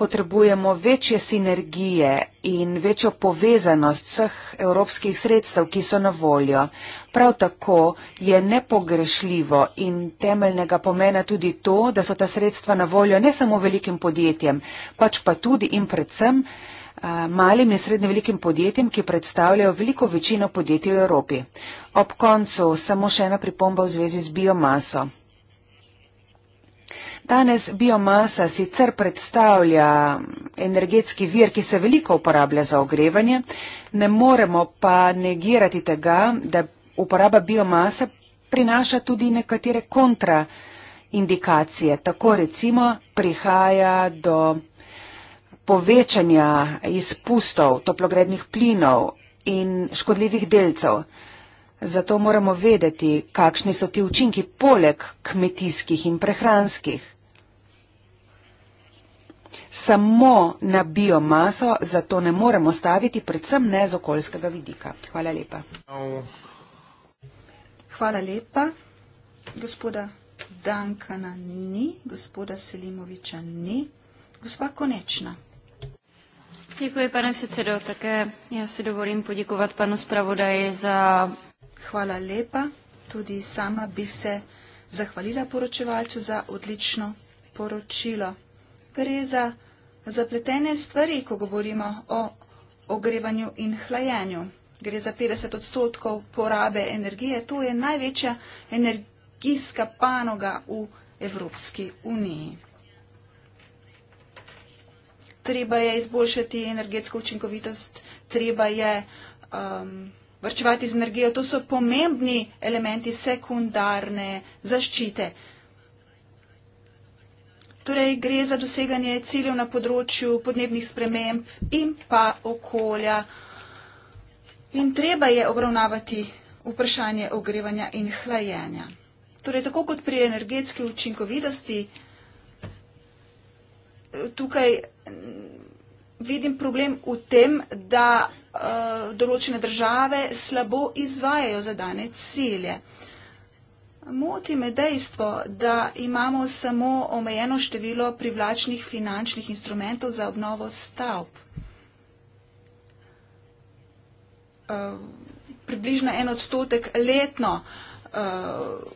Speaker 2: potrebujemo večje sinergije in večjo povezanost vseh evropskih sredstev, ki so na voljo. Prav tako je nepogrešljivo in temeljnega pomena tudi to, da so ta sredstva na voljo ne samo velikim podjetjem, pač pa tudi in predvsem eh, malim in srednje velikim podjetjem, ki predstavljajo veliko večino podjetij v Evropi. Ob koncu samo še ena pripomba v zvezi z biomaso. Danes biomasa sicer predstavlja energetski vir, ki se veliko uporablja za ogrevanje, ne moremo pa negirati tega, da uporaba biomase prinaša tudi nekatere kontraindikacije. Tako recimo prihaja do povečanja izpustov toplogrednih plinov in škodljivih delcev. Zato moramo vedeti, kakšni so ti učinki poleg kmetijskih in prehranskih samo na biomaso, zato ne moremo staviti, predvsem ne z okoljskega vidika. Hvala lepa.
Speaker 3: Hvala lepa. Gospoda Dankana ni, gospoda Selimoviča ni, gospa Konečna. Děkuji, pane předsedo, také já si dovolím poděkovat panu zpravodaji za. Hvala lepa, tudi sama bi se zahvalila poročevalcu za odlično poročilo gre za zapletene stvari, ko govorimo o ogrevanju in hlajenju. Gre za 50 odstotkov porabe energije. To je največja energijska panoga v Evropski uniji. Treba je izboljšati energetsko učinkovitost, treba je um, vrčevati z energijo. To so pomembni elementi sekundarne zaščite. Uh, Torej gre za doseganje ciljev na področju podnebnih sprememb in pa okolja. In treba je obravnavati vprašanje ogrevanja in hlajenja. Torej, tako kot pri energetski učinkovitosti, tukaj vidim problem v tem, da uh, določene države slabo izvajajo zadane cilje. Uh, Moti me dejstvo, da imamo samo omejeno število privlačnih finančnih instrumentov za obnovo stavb. Uh, približno en odstotek letno uh,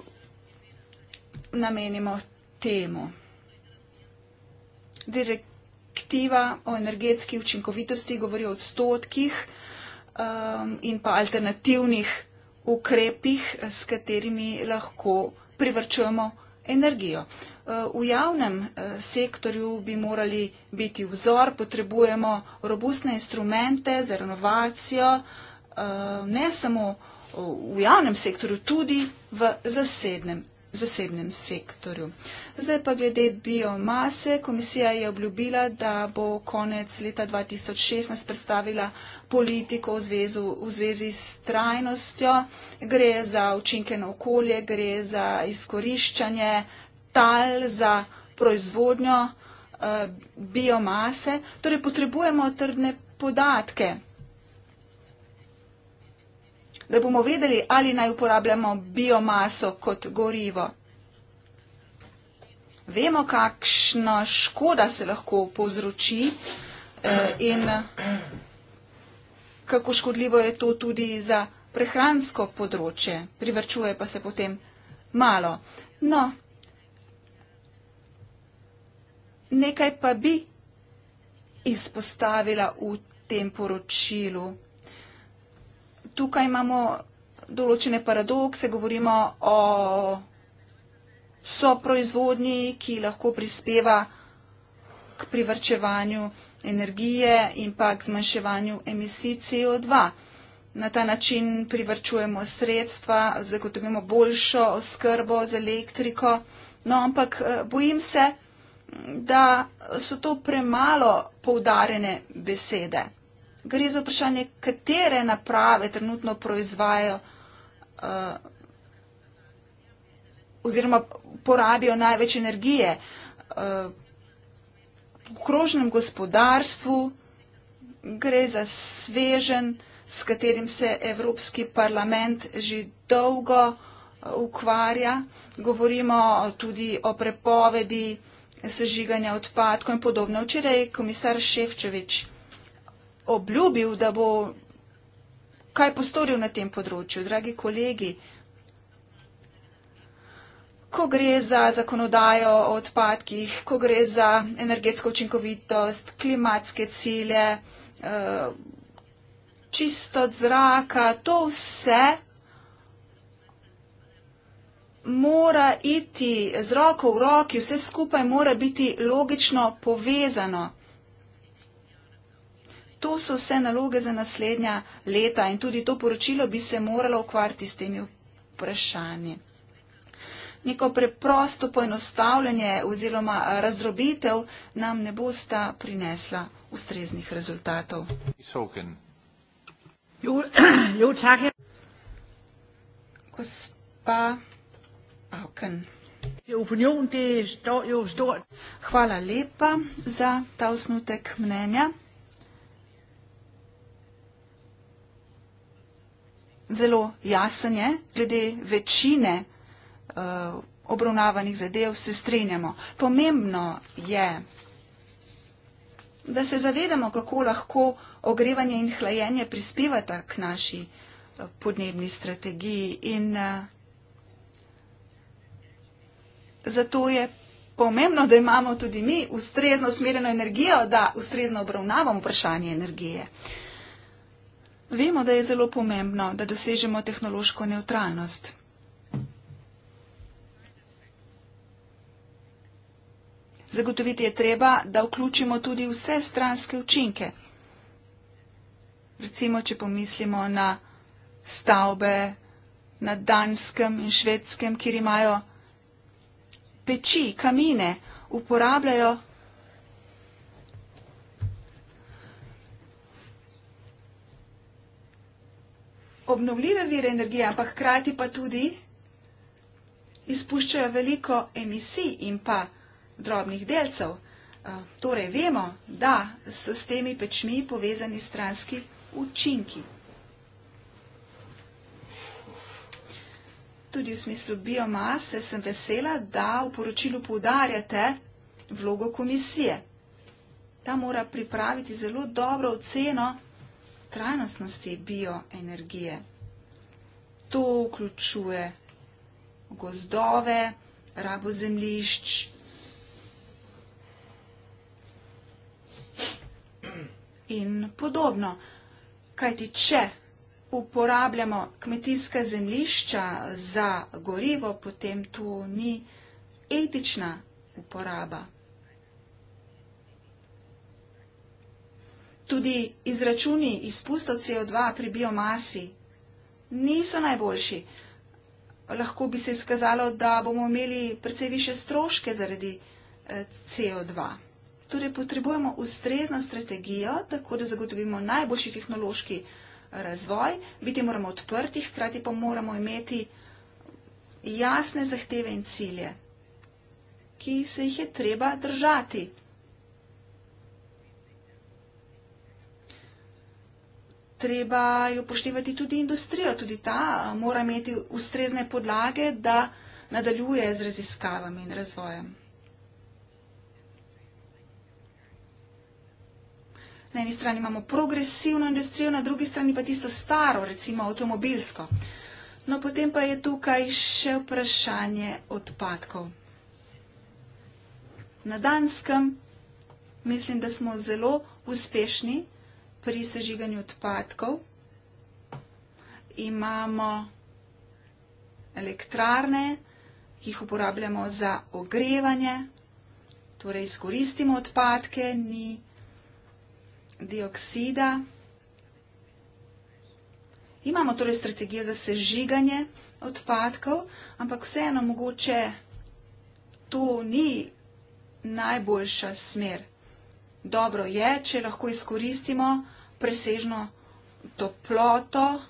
Speaker 3: namenimo temu. Direktiva o energetski učinkovitosti govori o odstotkih um, in pa alternativnih ukrepih, s katerimi lahko privrčujemo energijo. V javnem eh, sektorju bi morali biti vzor, potrebujemo robustne instrumente za renovacijo, eh, ne samo eh, v javnem sektorju, tudi v zasebnem zasebnem sektorju. Zdaj pa glede biomase. Komisija je obljubila, da bo konec leta 2016 predstavila politiko v zvezi, v zvezi s trajnostjo. Gre za učinke na okolje, gre za izkoriščanje tal, za proizvodnjo eh, biomase. Torej potrebujemo trdne podatke da bomo vedeli, ali naj uporabljamo biomaso kot gorivo. Vemo, kakšna škoda se lahko povzroči eh, in kako škodljivo je to tudi za prehransko področje. Privrčuje pa se potem malo. No, nekaj pa bi izpostavila v tem poročilu tukaj imamo določene paradokse, govorimo o soproizvodnji, ki lahko prispeva k privrčevanju energije in pa k zmanjševanju emisij CO2. Na ta način privrčujemo sredstva, zagotovimo boljšo oskrbo z elektriko. No, ampak eh, bojim se, da so to premalo poudarjene besede gre za vprašanje, katere naprave trenutno proizvajajo uh, oziroma porabijo največ energije. Uh, v krožnem gospodarstvu gre za svežen, s katerim se Evropski parlament že dolgo eh, ukvarja. Govorimo tudi o prepovedi sežiganja odpadkov in podobno. Včeraj je komisar Ševčevič obljubil, da bo kaj postoril na tem področju. Dragi kolegi, ko gre za zakonodajo o odpadkih, ko gre za energetsko učinkovitost, klimatske cilje, eh, čisto od zraka, to vse mora iti z roko v roki, vse skupaj mora biti logično povezano to so vse naloge za naslednja leta in tudi to poročilo bi se moralo ukvarjati s temi vprašanji. Neko preprosto poenostavljanje oziroma razdrobitev nam ne bosta prinesla ustreznih rezultatov. Jo, jo, Gospa Avken. Er opinion, Hvala lepa za ta osnutek mnenja. zelo jasen je, glede večine uh, obravnavanih zadev se strenjamo. Pomembno je, da se zavedamo, kako lahko ogrevanje in hlajenje prispevata k naši eh, podnebni strategiji in uh, zato je pomembno, da imamo tudi mi ustrezno usmerjeno energijo, da ustrezno obravnavamo vprašanje energije. Uh, Vemo, da je zelo pomembno, da dosežemo tehnološko neutralnost. Zagotoviti je treba, da vključimo tudi vse stranske učinke. Recimo, če pomislimo na stavbe na Danskem in Švedskem, kjer imajo peči, kamine, uporabljajo obnovljive vire energije, ampak hkrati pa tudi izpuščajo veliko emisij in pa drobnih delcev. Eh, torej vemo, da so s temi pečmi povezani stranski učinki. Tudi v smislu biomase sem vesela, da v poročilu poudarjate vlogo komisije. Ta mora pripraviti zelo dobro oceno trajnostnosti bioenergije. To vključuje gozdove, rabo zemljišč, In podobno, kajti če uporabljamo kmetijska zemljišča za gorivo, potem to ni etična uporaba. Tudi izračuni izpustov CO2 pri biomasi niso najboljši. Lahko bi se izkazalo, da bomo imeli precej više stroške zaradi eh, CO2. Torej potrebujemo ustrezno strategijo, tako da zagotovimo najboljši tehnološki eh, razvoj. Biti moramo odprti, hkrati pa moramo imeti jasne zahteve in cilje, ki se jih je treba držati. treba upoštevati tudi industrijo. Tudi ta eh, mora imeti ustrezne podlage, da nadaljuje z raziskavami in razvojem. Na eni strani imamo progresivno industrijo, na drugi strani pa tisto staro, recimo avtomobilsko. No potem pa je tukaj še vprašanje odpadkov. Na Danskem mislim, da smo zelo uspešni pri sežiganju odpadkov imamo elektrarne, ki jih uporabljamo za ogrevanje, torej izkoristimo odpadke, ni dioksida. Imamo torej strategijo za sežiganje odpadkov, ampak vseeno mogoče to ni najboljša smer. Dobro je, če lahko izkoristimo odpadke presežno toploto,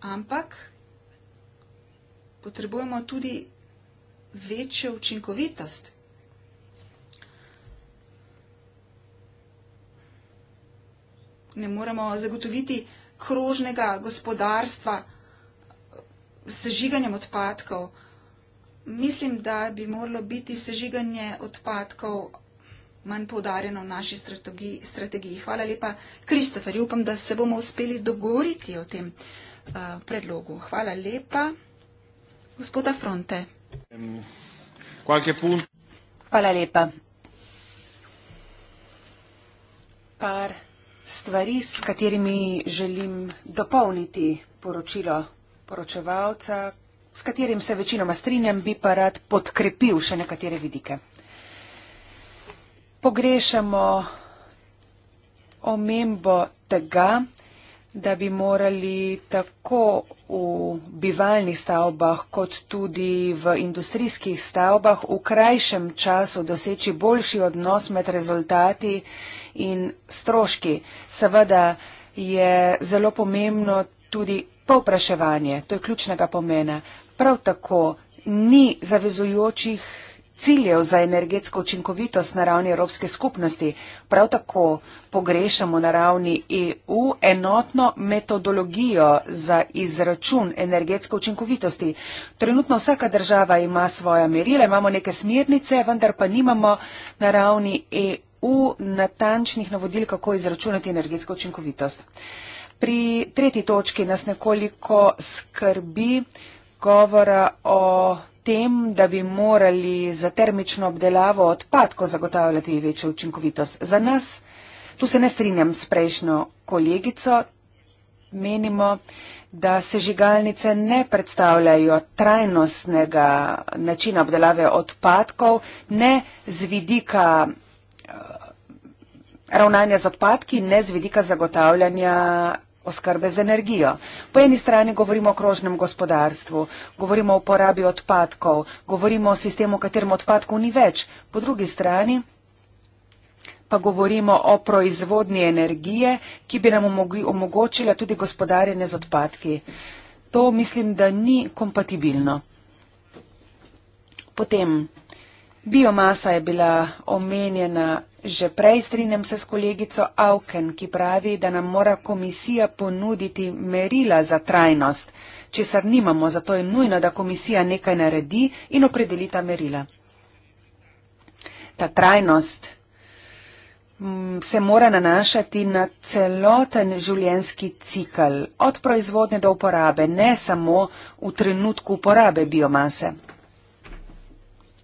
Speaker 3: ampak potrebujemo tudi večjo učinkovitost. Ne moremo zagotoviti krožnega gospodarstva s sežiganjem odpadkov. Mislim, da bi moralo biti sežiganje odpadkov manj podarjeno v naši strategi, strategiji. Hvala lepa, Kristofer. Upam, da se bomo uspeli dogovoriti o tem uh, predlogu. Hvala lepa, gospoda Fronte.
Speaker 2: Hvala lepa. Par stvari, s katerimi želim dopolniti poročilo poročevalca, s katerim se večinoma strinjam, bi pa rad podkrepil še nekatere vidike pogrešamo omembo tega, da bi morali tako v bivalnih stavbah kot tudi v industrijskih stavbah v krajšem času doseči boljši odnos med rezultati in stroški. Seveda je zelo pomembno tudi povpraševanje, to je ključnega pomena. Prav tako ni zavezujočih ciljev za energetsko učinkovitost na ravni Evropske skupnosti. Prav tako pogrešamo na ravni EU enotno metodologijo za izračun energetske učinkovitosti. Trenutno vsaka država ima svoja merila, imamo neke smernice, vendar pa nimamo na ravni EU natančnih navodil, kako izračunati energetsko učinkovitost. Pri tretji točki nas nekoliko skrbi govora o tem, da bi morali za termično obdelavo odpadkov zagotavljati večjo učinkovitost. Za nas, tu se ne strinjam s prejšnjo kolegico, menimo, da sežigalnice ne predstavljajo trajnostnega načina obdelave odpadkov, ne z vidika eh, ravnanja z odpadki, ne z vidika zagotavljanja oskrbe z energijo. Po eni strani govorimo o krožnem gospodarstvu, govorimo o uporabi odpadkov, govorimo o sistemu, v katerem odpadkov ni več. Po drugi strani pa govorimo o proizvodni energije, ki bi nam omogočila tudi gospodarjenje z odpadki. To mislim, da ni kompatibilno. Potem, biomasa je bila omenjena Že prej strinjam se s kolegico Auken, ki pravi, da nam mora komisija ponuditi merila za trajnost. Česar nimamo, zato je nujno, da komisija nekaj naredi in opredeli ta merila. Ta trajnost mm, se mora nanašati na celoten življenski cikl, od proizvodne do uporabe, ne samo v trenutku uporabe biomase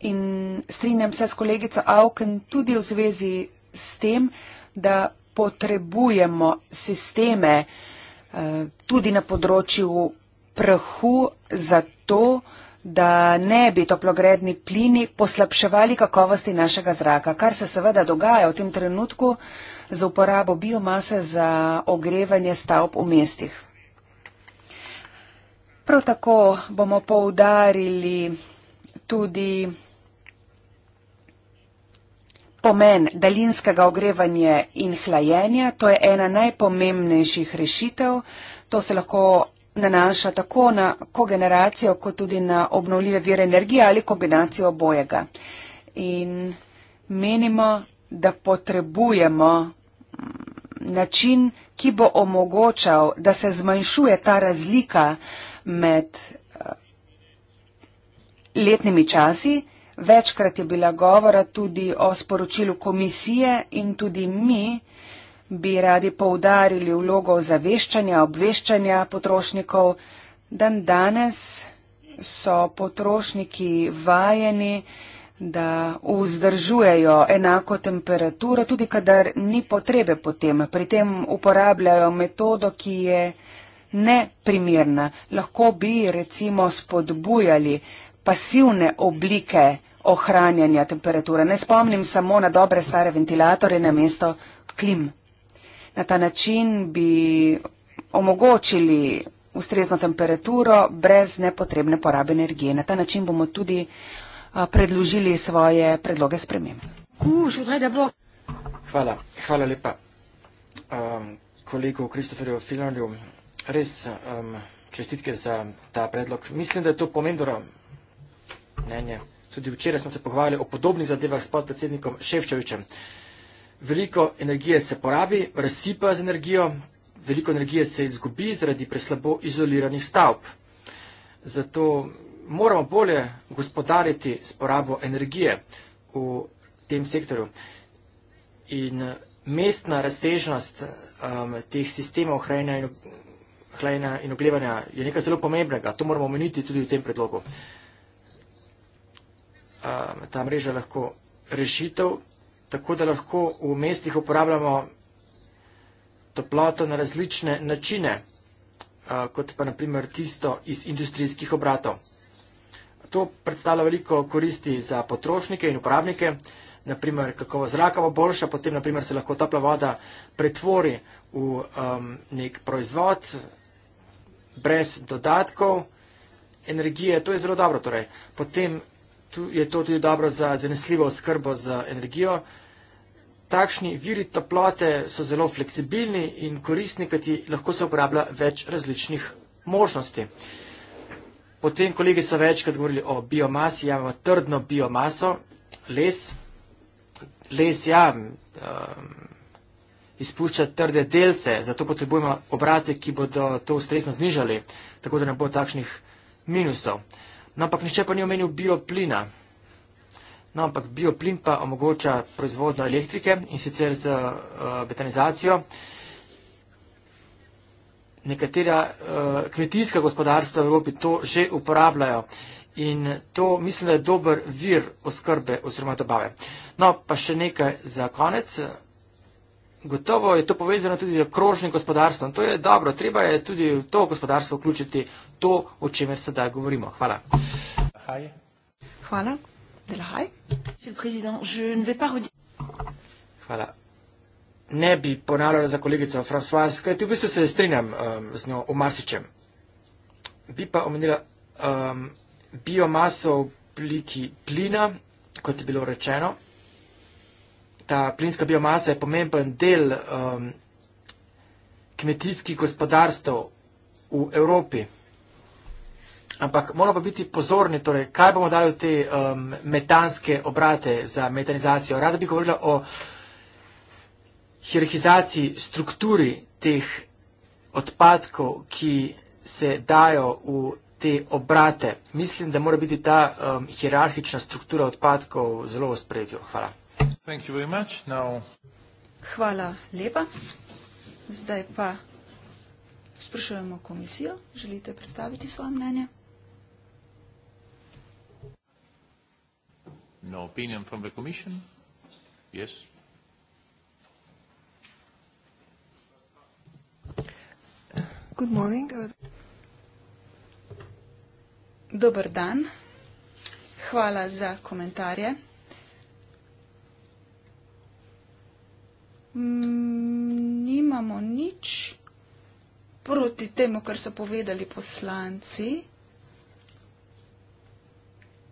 Speaker 2: in strinjam se s kolegico Auken tudi v zvezi s tem, da potrebujemo sisteme eh, tudi na področju prahu za to, da ne bi toplogredni plini poslabševali kakovosti našega zraka, kar se seveda dogaja v tem trenutku za uporabo biomase za ogrevanje stavb v mestih. Prav tako bomo poudarili tudi Pomen daljinskega ogrevanja in hlajenja to je ena najpomembnejših rešitev. To se lahko nanaša tako na kogeneracijo, kot tudi na obnovljive vire energije ali kombinacijo obojega. In menimo, da potrebujemo mm, način, ki bo omogočal, da se zmanjšuje ta razlika med eh, letnimi časi, Večkrat je bila govora tudi o sporočilu komisije in tudi mi bi radi poudarili vlogo zaveščanja, obveščanja potrošnikov. Dan danes so potrošniki vajeni, da vzdržujejo enako temperaturo, tudi kadar ni potrebe potem. Pri tem uporabljajo metodo, ki je neprimerna. Lahko bi recimo spodbujali pasivne oblike ohranjanja temperature. Ne spomnim samo na dobre stare ventilatorje na mesto klim. Na ta način bi omogočili ustrezno temperaturo brez nepotrebne porabe energije. Na ta način bomo tudi predložili svoje predloge spremem.
Speaker 1: Hvala. Hvala lepa um, kolegu Kristoferju Filarju. Res um, čestitke za ta predlog. Mislim, da je to pomembno mnenje. Tudi včeraj smo se pogovarjali o podobnih zadevah s podpredsednikom Ševčevičem. Veliko energije se porabi, razsipa z energijo, veliko energije se izgubi zaradi preslabo izoliranih stavb. Zato moramo bolje gospodariti s porabo energije v tem sektorju. In mestna razsežnost um, teh sistemov hranjenja in ogrevanja je nekaj zelo pomembnega. To moramo omeniti tudi v tem predlogu ta mreža lahko rešitev, tako da lahko v mestih uporabljamo toploto na različne načine, kot pa naprimer tisto iz industrijskih obratov. To predstavlja veliko koristi za potrošnike in uporabnike, naprimer kakovo zraka bo boljša, potem naprimer se lahko topla voda pretvori v um, nek proizvod brez dodatkov, energije, to je zelo dobro torej. Potem je to tudi dobro za zanesljivo oskrbo z energijo. Takšni viri toplote so zelo fleksibilni in koristni, kajti lahko se uporablja več različnih možnosti. Potem kolegi so večkrat govorili o biomasi, ja imamo trdno biomaso, les. Les, ja, um, izpušča trde delce, zato potrebujemo obrate, ki bodo to ustrezno znižali, tako da ne bo takšnih minusov. No, ampak nišče pa ni omenil bioplina. No, ampak bioplin pa omogoča proizvodno elektrike in sicer z uh, eh, betanizacijo. Nekatera uh, kmetijska gospodarstva v Evropi to že uporabljajo in to mislim, da je dober vir oskrbe oziroma dobave. No, pa še nekaj za konec. Gotovo je to povezano tudi z okrožnim gospodarstvom. To je dobro, treba je tudi to gospodarstvo vključiti to, o čemer sedaj govorimo. Hvala. Hvala. Hvala. Ne bi ponavljala za kolegico Françoise, kajti v bistvu se strinjam um, z njo o marsičem. Bi pa omenila um, biomaso v obliki plina, kot je bilo rečeno. Ta plinska biomasa je pomemben del um, kmetijskih gospodarstv v Evropi. Ampak moramo pa biti pozorni, torej, kaj bomo dali v te um, metanske obrate za metanizacijo. Rada bi govorila o hierarhizaciji strukturi teh odpadkov, ki se dajo v te obrate. Mislim, da mora biti ta um, hierarhična struktura odpadkov zelo v spredju. Hvala.
Speaker 2: Now...
Speaker 3: Hvala lepa. Zdaj pa sprašujemo komisijo. Želite predstaviti svoje mnenje?
Speaker 2: No opinion from the commission?
Speaker 1: Yes.
Speaker 3: Good morning. Dober dan. Hvala za komentarje. Mm, nimamo nič proti temu, kar so povedali poslanci.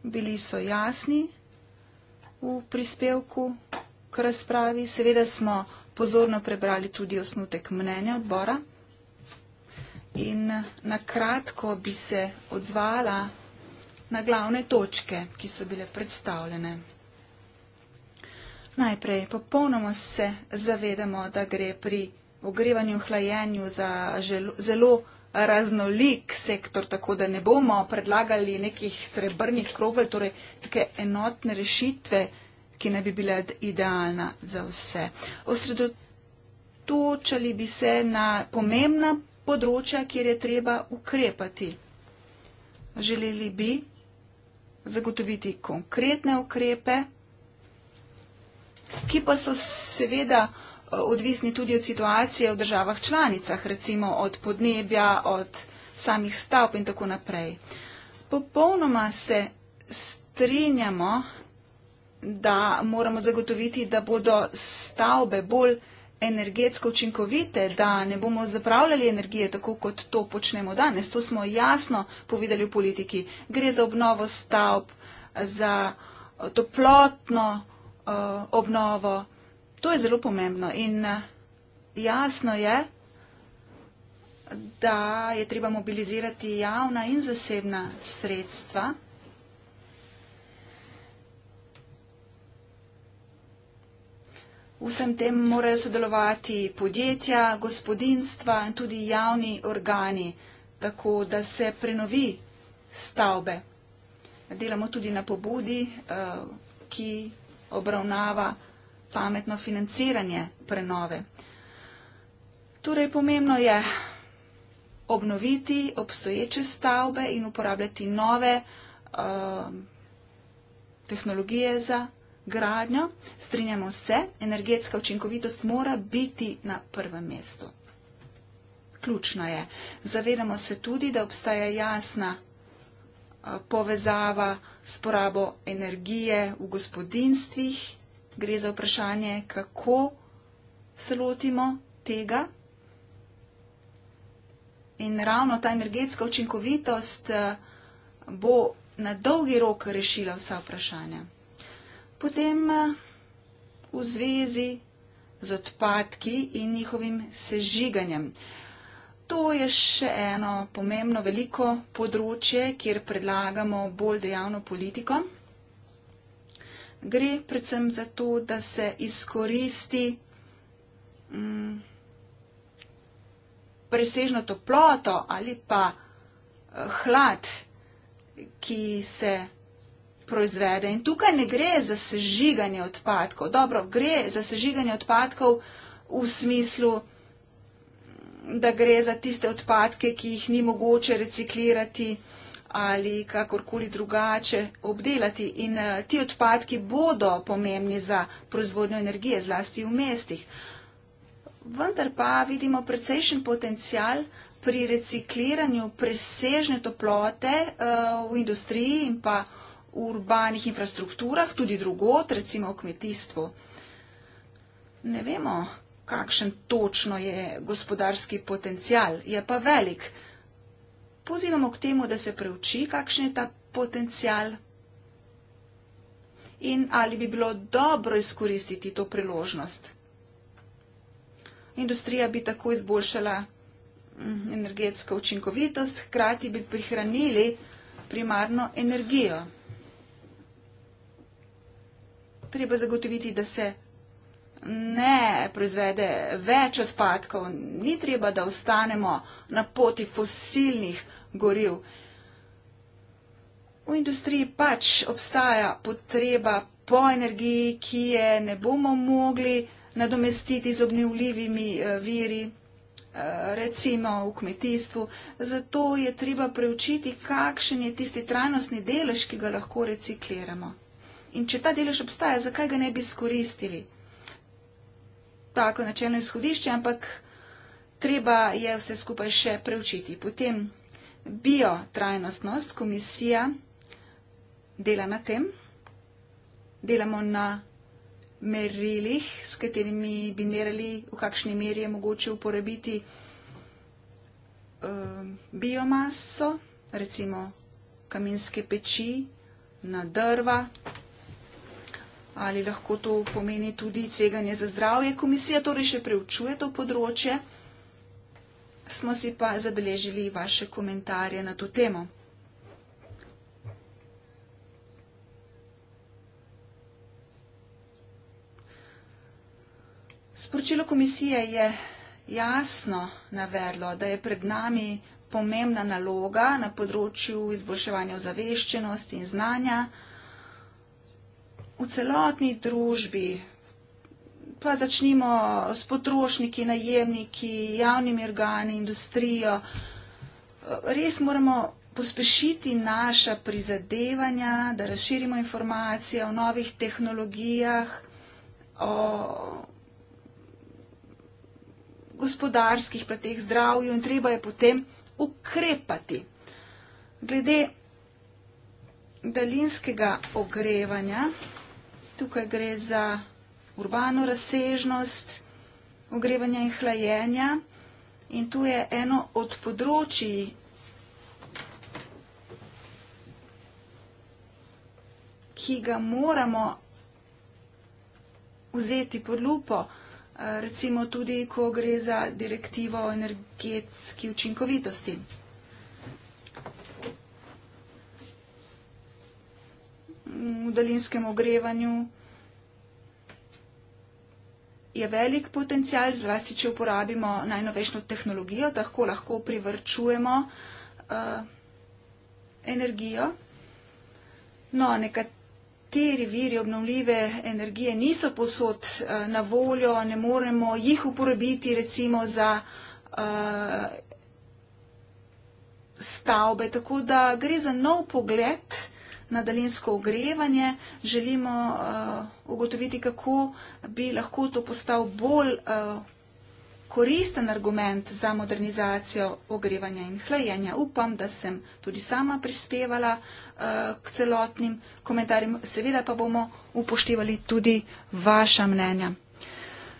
Speaker 3: Bili so jasni, v prispevku k razpravi. Seveda smo pozorno prebrali tudi osnutek mnenja odbora. In na kratko bi se odzvala na glavne točke, ki so bile predstavljene. Najprej popolnoma se zavedamo, da gre pri ogrevanju in hlajenju za želo, zelo raznolik sektor, tako da ne bomo predlagali nekih srebrnih krogel, torej neke enotne rešitve, ki ne bi bila idealna za vse. Osredotočali bi se na pomembna področja, kjer je treba ukrepati. Želeli bi zagotoviti konkretne ukrepe, ki pa so seveda odvisni tudi od situacije v državah članicah, recimo od podnebja, od samih stavb in tako naprej. Popolnoma se strinjamo, da moramo zagotoviti, da bodo stavbe bolj energetsko učinkovite, da ne bomo zapravljali energije tako, kot to počnemo danes. To smo jasno povedali v politiki. Gre za obnovo stavb, za toplotno uh, obnovo. To je zelo pomembno in eh, jasno je, da je treba mobilizirati javna in zasebna sredstva. Vsem tem morajo sodelovati podjetja, gospodinstva in tudi javni organi, tako da se prenovi stavbe. Delamo tudi na pobudi, eh, ki obravnava pametno financiranje prenove. Torej, pomembno je obnoviti obstoječe stavbe in uporabljati nove uh, tehnologije za gradnjo. Strinjamo se, energetska učinkovitost mora biti na prvem mestu. Ključno je. Zavedamo se tudi, da obstaja jasna uh, povezava s porabo energije v gospodinstvih gre za vprašanje, kako se lotimo tega. In ravno ta energetska učinkovitost eh, bo na dolgi rok rešila vsa vprašanja. Potem eh, v zvezi z odpadki in njihovim sežiganjem. To je še eno pomembno veliko področje, kjer predlagamo bolj dejavno politiko gre predvsem za to, da se izkoristi mm, presežno toploto ali pa eh, hlad, ki se proizvede. In tukaj ne gre za sežiganje odpadkov. Dobro, gre za sežiganje odpadkov v smislu, da gre za tiste odpadke, ki jih ni mogoče reciklirati ali kakorkoli drugače obdelati. In eh, ti odpadki bodo pomembni za proizvodnjo energije, zlasti v mestih. Vendar pa vidimo precejšen potencial pri recikliranju presežne toplote eh, v industriji in pa v urbanih infrastrukturah, tudi drugot, recimo v kmetijstvu. Ne vemo, kakšen točno je gospodarski potencial, je pa velik pozivamo k temu, da se preuči, kakšen je ta potencial in ali bi bilo dobro izkoristiti to priložnost. Industrija bi tako izboljšala mm, energetsko učinkovitost, hkrati bi prihranili primarno energijo. Treba zagotoviti, da se ne proizvede več odpadkov, ni treba, da ostanemo na poti fosilnih goril. V industriji pač obstaja potreba po energiji, ki je ne bomo mogli nadomestiti z obnevljivimi eh, viri, eh, recimo v kmetijstvu. Zato je treba preučiti, kakšen je tisti trajnostni delež, ki ga lahko recikliramo. In če ta delež obstaja, zakaj ga ne bi skoristili? tako načelno izhodišče, ampak treba je vse skupaj še preučiti. Potem biotrajnostnost, komisija dela na tem, delamo na merilih, s katerimi bi merili, v kakšni meri je mogoče uporabiti um, biomaso, recimo kaminske peči na drva ali lahko to pomeni tudi tveganje za zdravje. Komisija torej še preučuje to področje. Smo si pa zabeležili vaše komentarje na to temo. Sporočilo komisije je jasno navedlo, da je pred nami pomembna naloga na področju izboljševanja ozaveščenosti in znanja v celotni družbi, pa začnimo s potrošniki, najemniki, javnimi organi, industrijo, res moramo pospešiti naša prizadevanja, da razširimo informacije o novih tehnologijah, o gospodarskih pretek zdravju in treba je potem ukrepati. Glede daljinskega ogrevanja. Tukaj gre za urbano razsežnost ogrevanja in hlajenja in tu je eno od področji ki ga moramo vzeti pod lupo, eh, recimo tudi, ko gre za direktivo energetski učinkovitosti. v daljinskem ogrevanju je velik potencial, zlasti če uporabimo najnovejšno tehnologijo, tako lahko privrčujemo uh, energijo. No, nekateri viri obnovljive energije niso posod uh, eh, na voljo, ne moremo jih uporabiti recimo za uh, stavbe, tako da gre za nov pogled na daljinsko ogrevanje, želimo uh, ugotoviti, kako bi lahko to postal bolj uh, koristen argument za modernizacijo ogrevanja in hlajenja. Upam, da sem tudi sama prispevala uh, k celotnim komentarjem. Seveda pa bomo upoštevali tudi vaša mnenja.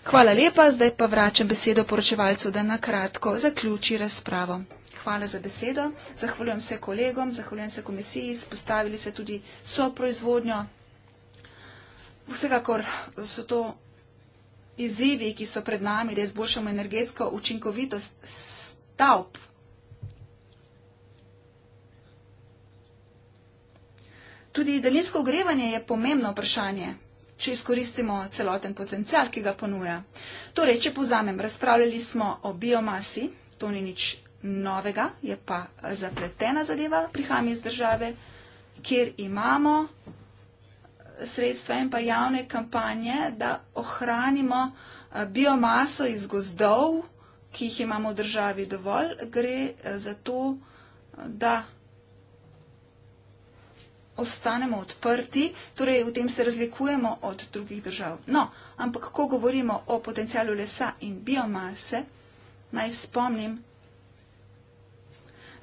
Speaker 3: Hvala lepa, zdaj pa vračam besedo poročevalcu, da nakratko zaključi razpravo. Hvala za besedo, zahvaljujem se kolegom, zahvaljujem se komisiji, spostavili se tudi so proizvodnjo. Vsekakor so to izzivi, ki so pred nami, da izboljšamo energetsko učinkovitost stavb. Tudi daljinsko ogrevanje je pomembno vprašanje če izkoristimo celoten potencial, ki ga ponuja. Torej, če povzamem, razpravljali smo o biomasi, to ni nič novega, je pa zapletena zadeva, prihajam iz države, kjer imamo sredstva in pa javne kampanje, da ohranimo eh, biomaso iz gozdov, ki jih imamo v državi dovolj, gre eh, za to, da ostanemo odprti, torej v tem se razlikujemo od drugih držav. No, ampak ko govorimo o potencijalu lesa in biomase, naj spomnim,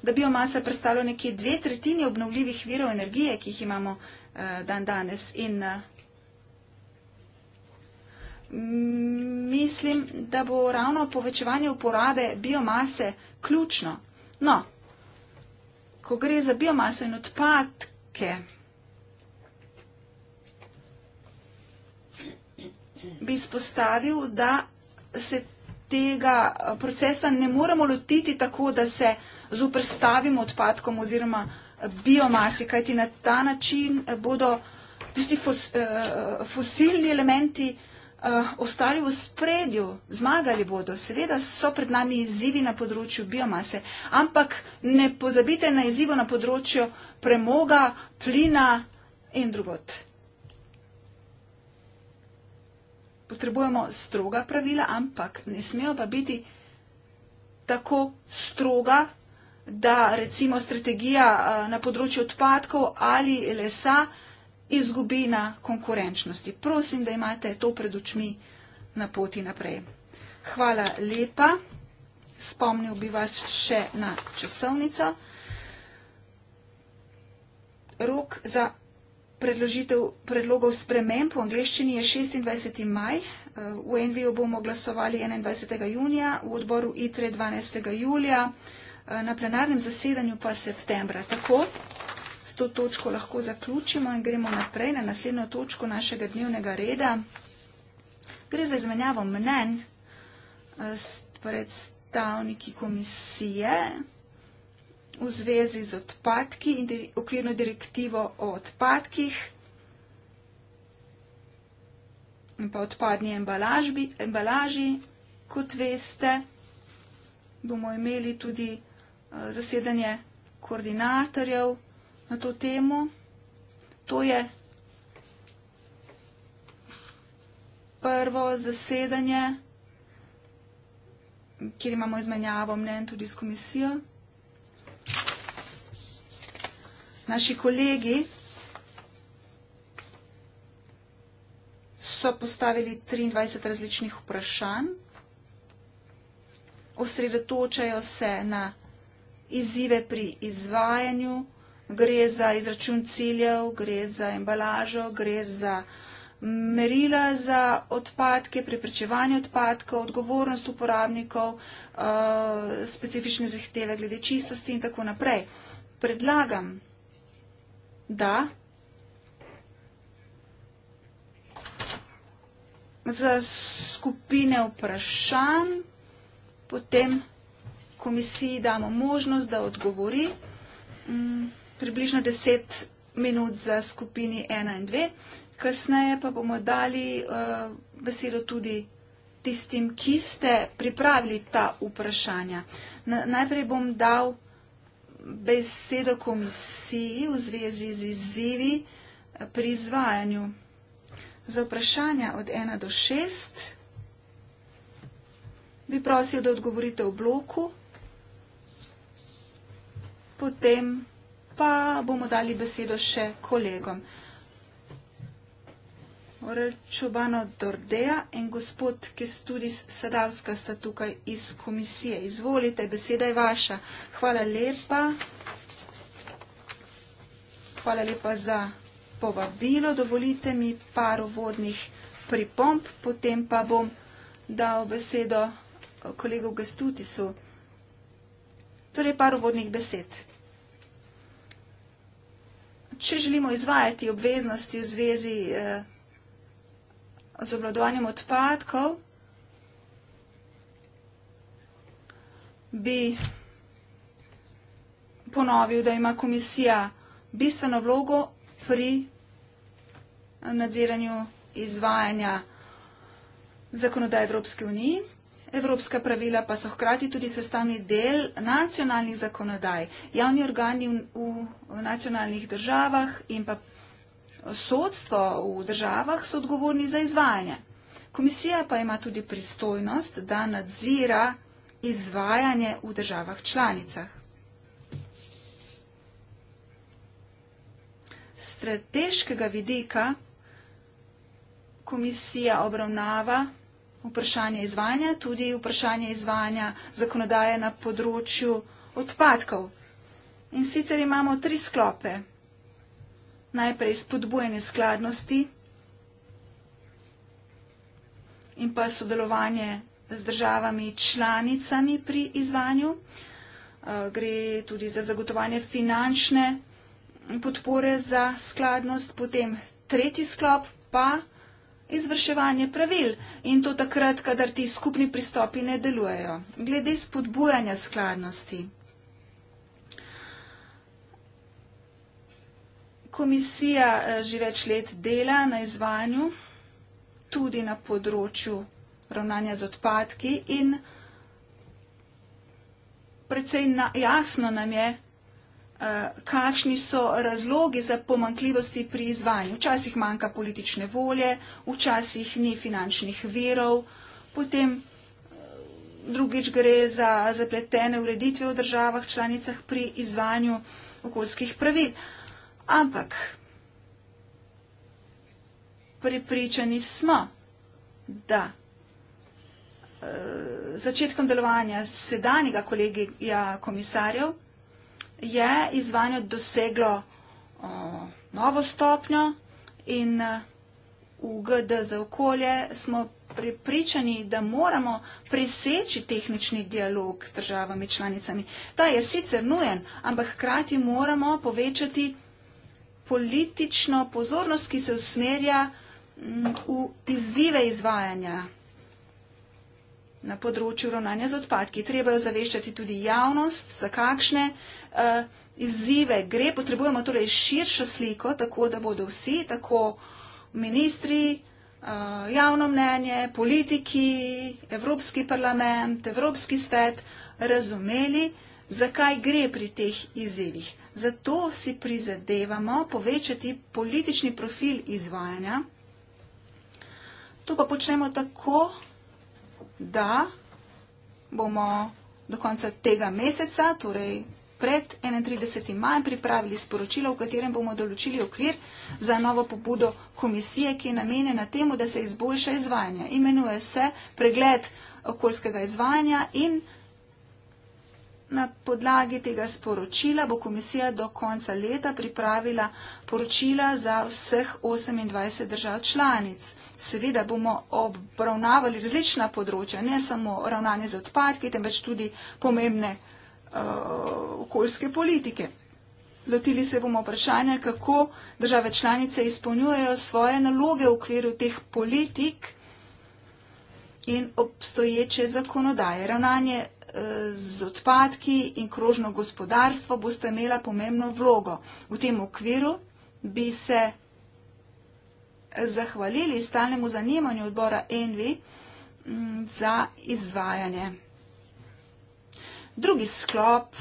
Speaker 3: da biomasa predstavlja nekje dve tretjini obnovljivih virov energije, ki jih imamo uh, eh, dan danes. In uh, mislim, da bo ravno povečevanje uporabe biomase ključno. No, ko gre za biomaso in odpadke, roke. Bi spostavil, da se tega eh, procesa ne moremo lotiti tako, da se zuprstavimo odpadkom oziroma biomasi, kajti na ta način eh, bodo tisti fos, eh, fosilni elementi eh, ostali v spredju, zmagali bodo. Seveda so pred nami izzivi na področju biomase, ampak ne pozabite na izzivo na področju eh, premoga, plina in drugot. Potrebujemo stroga pravila, ampak ne smejo pa biti tako stroga, da recimo strategija eh, na področju odpadkov ali lesa izgubi na konkurenčnosti. Prosim, da imate to pred očmi na poti naprej. Hvala lepa. Spomnil bi vas še na časovnico rok za predložitev predlogov sprememb v angleščini je 26. maj. Eh, v NVO bomo glasovali 21. junija, v odboru ITRE 12. julija, eh, na plenarnem zasedanju pa septembra. Tako, s to točko lahko zaključimo in gremo naprej na naslednjo točko našega dnevnega reda. Gre za izmenjavo mnen eh, s predstavniki komisije v zvezi z odpadki in okvirno direktivo o odpadkih in pa odpadni embalaži, kot veste, bomo imeli tudi eh, zasedanje koordinatorjev na to temo. To je prvo zasedanje, kjer imamo izmenjavo mnen tudi s komisijo. Naši kolegi so postavili 23 različnih vprašanj. Osredotočajo se na izzive pri izvajanju, gre za izračun ciljev, gre za embalažo, gre za merila za odpadke, preprečevanje odpadkov, odgovornost uporabnikov, eh, specifične zahteve glede čistosti in tako naprej. Predlagam, da za skupine vprašanj potem komisiji damo možnost, da odgovori mm, približno deset minut za skupini ena in dve. Kasneje pa bomo dali eh, besedo tudi tistim, ki ste pripravili ta vprašanja. Najprej bom dal vprašanje, besedo komisiji v zvezi z izzivi eh, pri izvajanju. Za vprašanja od 1 do 6 bi prosil, da odgovorite v bloku, potem pa bomo dali besedo še kolegom. Orel Čobano Dordeja in gospod Kestudis Sadavska sta tukaj iz komisije. Izvolite, beseda je vaša. Hvala lepa. Hvala lepa za povabilo. Dovolite mi par uvodnih pripomp, potem pa bom dal besedo kolegu Gastutisu. Torej par uvodnih besed. Če želimo izvajati obveznosti v zvezi eh, z obladovanjem odpadkov bi ponovil, da ima komisija bistveno vlogo pri nadziranju izvajanja zakonodaje Evropske unije. Evropska pravila pa so hkrati tudi sestavni del nacionalnih zakonodaj, javni organi v nacionalnih državah in pa sodstvo v državah so odgovorni za izvajanje. Komisija pa ima tudi pristojnost, da nadzira izvajanje v državah članicah. Strateškega vidika komisija obravnava vprašanje izvajanja, tudi vprašanje izvajanja zakonodaje na področju odpadkov. In sicer imamo tri sklope najprej spodbujanje skladnosti in pa sodelovanje z državami članicami pri izvanju. Eh, gre tudi za zagotovanje finančne podpore za skladnost, potem tretji sklop pa izvrševanje pravil in to takrat, kadar ti skupni pristopi ne delujejo. Glede spodbujanja skladnosti. komisija eh, že več let dela na izvanju, tudi na področju ravnanja z odpadki in predvsej na, jasno nam je, eh, kakšni so razlogi za pomankljivosti pri izvanju. Včasih manjka politične volje, včasih ni finančnih verov, potem eh, drugič gre za zapletene ureditve v državah članicah pri izvanju okoljskih pravil. Uh, Ampak pripričani smo, da e, začetkom delovanja sedanjega kolegija komisarjev je izvanje doseglo o, eh, novo stopnjo in eh, v GD za okolje smo pripričani, da moramo preseči tehnični dialog s državami članicami. Ta je sicer nujen, ampak hkrati moramo povečati politično pozornost, ki se usmerja mm, v izzive izvajanja na področju ravnanja z odpadki. Treba jo zaveščati tudi javnost, za kakšne uh, izzive gre. Potrebujemo torej širšo sliko, tako da bodo vsi, tako ministri, uh, javno mnenje, politiki, Evropski parlament, Evropski svet, razumeli, zakaj gre pri teh izzivih. Zato si prizadevamo povečati politični profil izvajanja. To pa počnemo tako, da bomo do konca tega meseca, torej pred 31. majem, pripravili sporočilo, v katerem bomo določili okvir za novo pobudo komisije, ki je namenjena temu, da se izboljša izvajanje. Imenuje se pregled okoljskega izvajanja in Na podlagi tega sporočila bo komisija do konca leta pripravila poročila za vseh 28 držav članic. Seveda bomo obravnavali različna področja, ne samo ravnanje z odpadki, temveč tudi pomembne uh, okoljske politike. Lotili se bomo vprašanja, kako države članice izpolnjujejo svoje naloge v okviru teh politik in obstoječe zakonodaje. Ravnanje z odpadki in krožno gospodarstvo boste imela pomembno vlogo. V tem okviru bi se zahvalili stalnemu zanimanju odbora Envi mm, za izvajanje. Drugi sklop,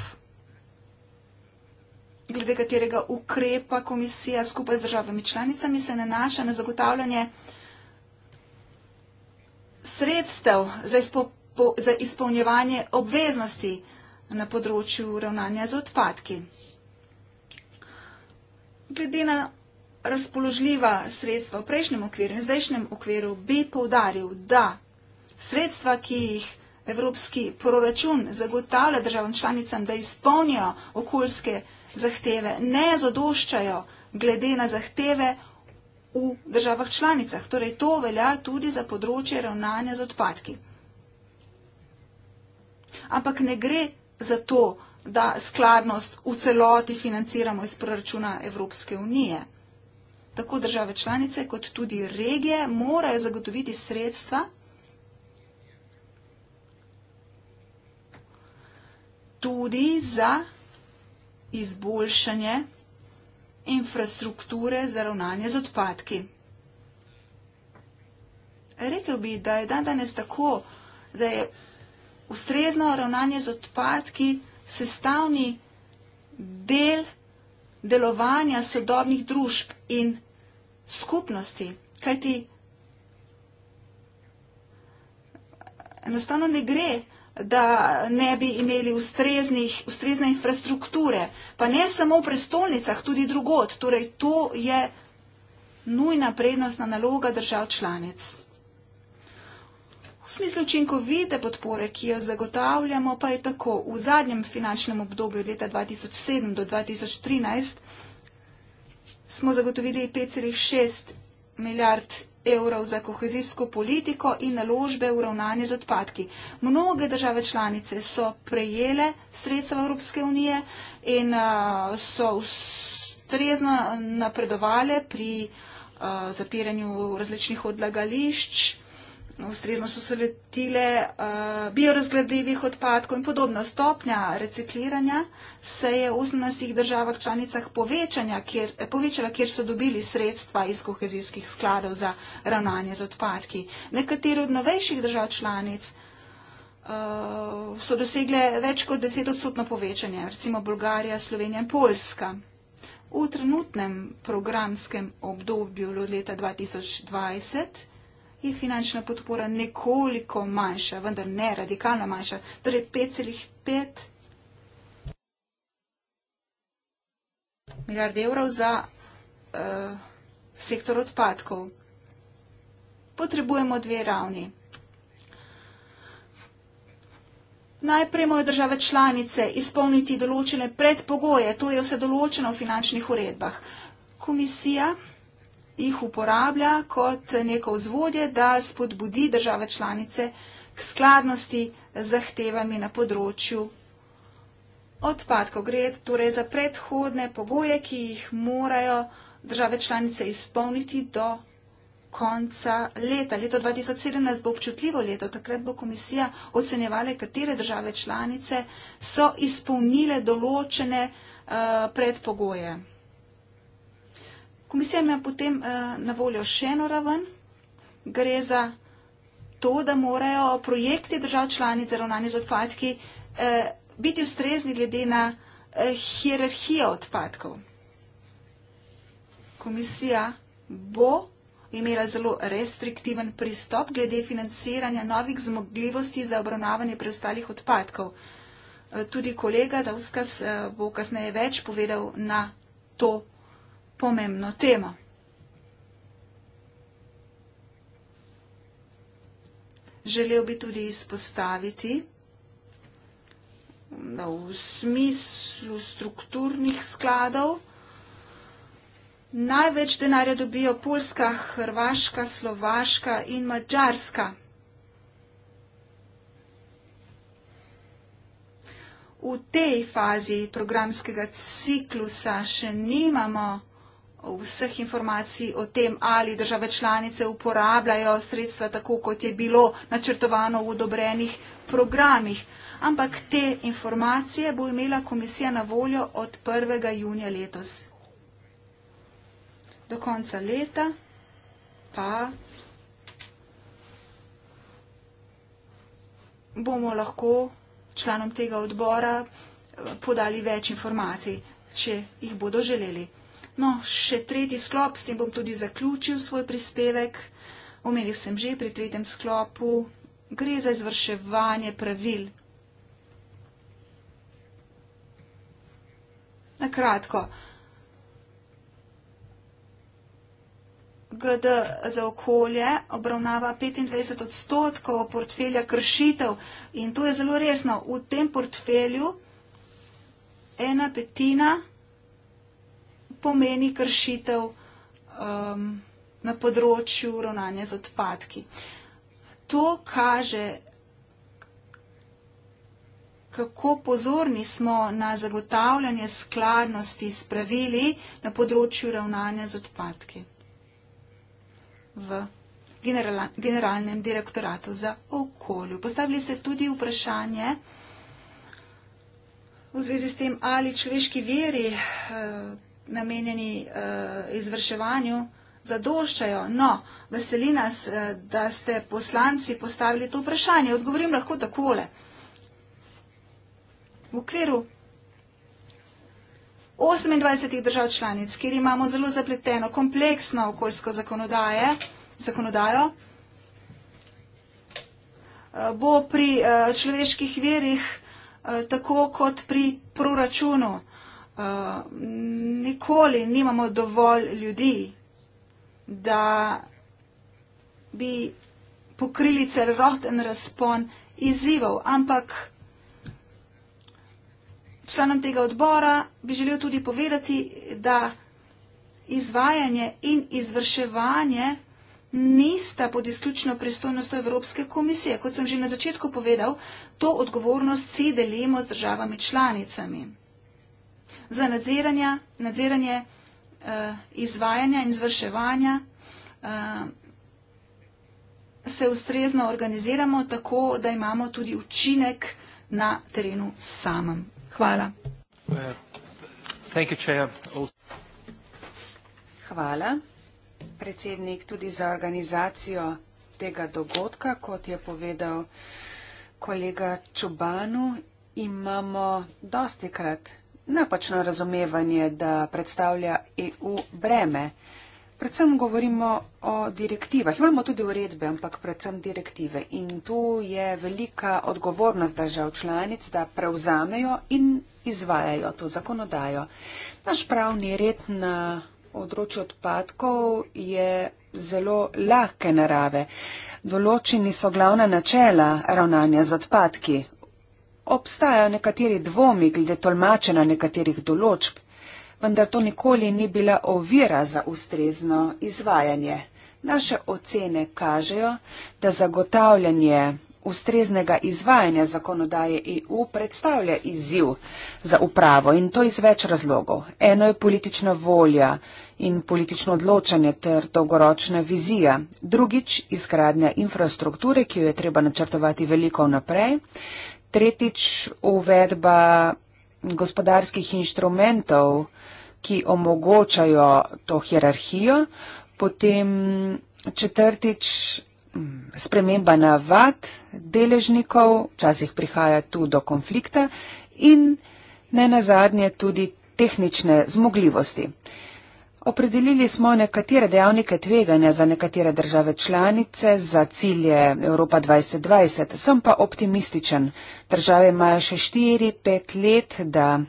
Speaker 3: glede katerega ukrepa komisija skupaj z državami članicami, se nanaša na zagotavljanje sredstev za izpopolnjenje za izpolnjevanje obveznosti na področju ravnanja z odpadki. Glede na razpoložljiva sredstva v prejšnjem okviru in zdajšnjem okviru bi povdaril, da sredstva, ki jih evropski proračun zagotavlja državam članicam, da izpolnijo okoljske zahteve, ne zadoščajo glede na zahteve v državah članicah. Torej, to velja tudi za področje ravnanja z odpadki. Ampak ne gre za to, da skladnost v celoti financiramo iz proračuna Evropske unije. Tako države članice kot tudi regije morajo zagotoviti sredstva. tudi za izboljšanje infrastrukture za ravnanje z odpadki. Rekel bi, da je dan danes tako, da je ustrezno ravnanje z odpadki sestavni del delovanja sodobnih družb in skupnosti, kajti enostavno ne gre, da ne bi imeli ustrezne infrastrukture, pa ne samo v prestolnicah, tudi drugot. Torej, to je nujna prednostna naloga držav članic smislu učinkovite podpore, ki jo zagotavljamo, pa je tako v zadnjem finančnem obdobju leta 2007 do 2013 smo zagotovili 5,6 milijard evrov za kohezijsko politiko in naložbe v ravnanje z odpadki. Mnoge države članice so prejele sredstva Evropske unije in uh, so ustrezno napredovale pri uh, zapiranju različnih odlagališč ustrezno so se letile uh, biorazgledljivih odpadkov in podobna stopnja recikliranja se je v 18 državah članicah kjer, eh, povečala, kjer so dobili sredstva iz kohezijskih skladov za ravnanje z odpadki. Nekatere od novejših držav članic uh, so dosegle več kot 10 odstotno povečanje, recimo Bolgarija, Slovenija in Poljska. V trenutnem programskem obdobju od leta 2020 je finančna podpora nekoliko manjša, vendar ne radikalno manjša, torej 5,5 milijard evrov za uh, sektor odpadkov. Potrebujemo dve ravni. Najprej mojo države članice izpolniti določene predpogoje, to je vse določeno v finančnih uredbah. Komisija jih uporablja kot neko vzvodje, da spodbudi države članice k skladnosti zahtevami na področju odpadkov. Gre torej za predhodne pogoje, ki jih morajo države članice izpolniti do konca leta. Leto 2017 bo občutljivo leto, takrat bo komisija ocenjevala, katere države članice so izpolnile določene uh, predpogoje. Komisija ima potem eh, na voljo še eno raven. Gre za to, da morajo projekti držav članic za ravnanje z odpadki eh, biti ustrezni glede na eh, hierarhijo odpadkov. Komisija bo imela zelo restriktiven pristop glede financiranja novih zmogljivosti za obravnavanje preostalih odpadkov. Tudi kolega Davskas bo kasneje več povedal na to pomembno temo. Želel bi tudi izpostaviti, da v smislu strukturnih skladov največ denarja dobijo Polska, Hrvaška, Slovaška in Mačarska. V tej fazi programskega ciklusa še nimamo vseh informacij o tem, ali države članice uporabljajo sredstva tako, kot je bilo načrtovano v odobrenih programih. Ampak te informacije bo imela komisija na voljo od 1. junija letos. Do konca leta pa bomo lahko članom tega odbora eh, podali več informacij, če jih bodo želeli. No, še tretji sklop, s tem bom tudi zaključil svoj prispevek. Omenil sem že pri tretjem sklopu, gre za izvrševanje pravil. Na kratko, GD za okolje obravnava 25 odstotkov portfelja kršitev in to je zelo resno. V tem portfelju ena petina pomeni kršitev um, na področju ravnanja z odpadki. To kaže, kako pozorni smo na zagotavljanje skladnosti s pravili na področju ravnanja z odpadki v generala, Generalnem direktoratu za okolje. Postavili se tudi vprašanje v zvezi s tem, ali človeški veri. Uh, namenjeni uh, izvrševanju, zadoščajo. No, veseli nas, uh, da ste poslanci postavili to vprašanje. Odgovorim lahko takole. V okviru 28 držav članic, kjer imamo zelo zapleteno, kompleksno okoljsko zakonodajo, eh, bo pri človeških verjih tako kot pri proračunu uh, nikoli nimamo dovolj ljudi, da bi pokrili celoten razpon izzivov, ampak članom tega odbora bi želel tudi povedati, da izvajanje in izvrševanje nista pod izključno pristojnostjo Evropske komisije. Kot sem že na začetku povedal, to odgovornost si delimo z državami članicami za nadziranje uh, izvajanja in izvrševanja, uh, se ustrezno organiziramo tako, da imamo tudi učinek na terenu samem.
Speaker 2: Hvala. Hvala, predsednik, tudi za organizacijo tega dogodka, kot je povedal kolega Čubanu, imamo dosti krat napačno razumevanje, da predstavlja EU breme. Predvsem govorimo o direktivah. Imamo tudi uredbe, ampak predvsem direktive. In tu je velika odgovornost držav članic, da prevzamejo in izvajajo to zakonodajo. Naš pravni red na področju odpadkov je zelo lahke narave. Določeni so glavna načela ravnanja z odpadki, obstajajo nekateri dvomi glede tolmačena nekaterih določb, vendar to nikoli ni bila ovira za ustrezno izvajanje. Naše ocene kažejo, da zagotavljanje ustreznega izvajanja zakonodaje EU predstavlja izziv za upravo in to iz več razlogov. Eno je politična volja in politično odločanje ter dolgoročna vizija. Drugič, izgradnja infrastrukture, ki jo je treba načrtovati veliko naprej tretjič uvedba gospodarskih inštrumentov, ki omogočajo to hierarhijo, potem četrtič mm, sprememba navad deležnikov, včasih prihaja tu do konflikta in ne nazadnje tudi tehnične zmogljivosti. Opredelili smo nekatere dejavnike tveganja za nekatere države članice, za cilje Evropa 2020. Sem pa optimističen. Države imajo še 4-5 let, da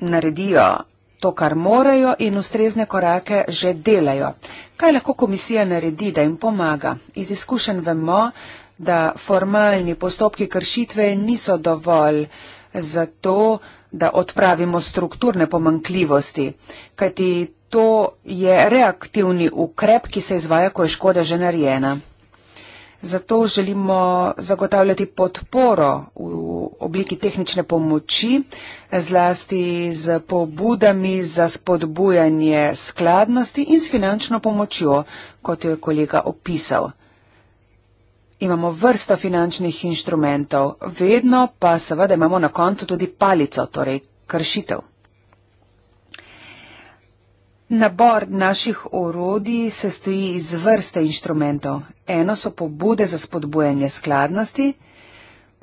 Speaker 2: naredijo to, kar morajo in ustrezne korake že delajo. Kaj lahko komisija naredi, da jim pomaga? Iz izkušenj vemo, da formalni postopki kršitve niso dovolj, zato da odpravimo strukturne pomankljivosti, kajti to je reaktivni ukrep, ki se izvaja, ko je škoda že narejena. Zato želimo zagotavljati podporo v obliki tehnične pomoči, zlasti z pobudami za spodbujanje skladnosti in s finančno pomočjo, kot jo je kolega opisal imamo vrsto finančnih inštrumentov, vedno pa seveda imamo na koncu tudi palico, torej kršitev. Nabor naših orodij se stoji iz vrste inštrumentov. Eno so pobude za spodbujanje skladnosti,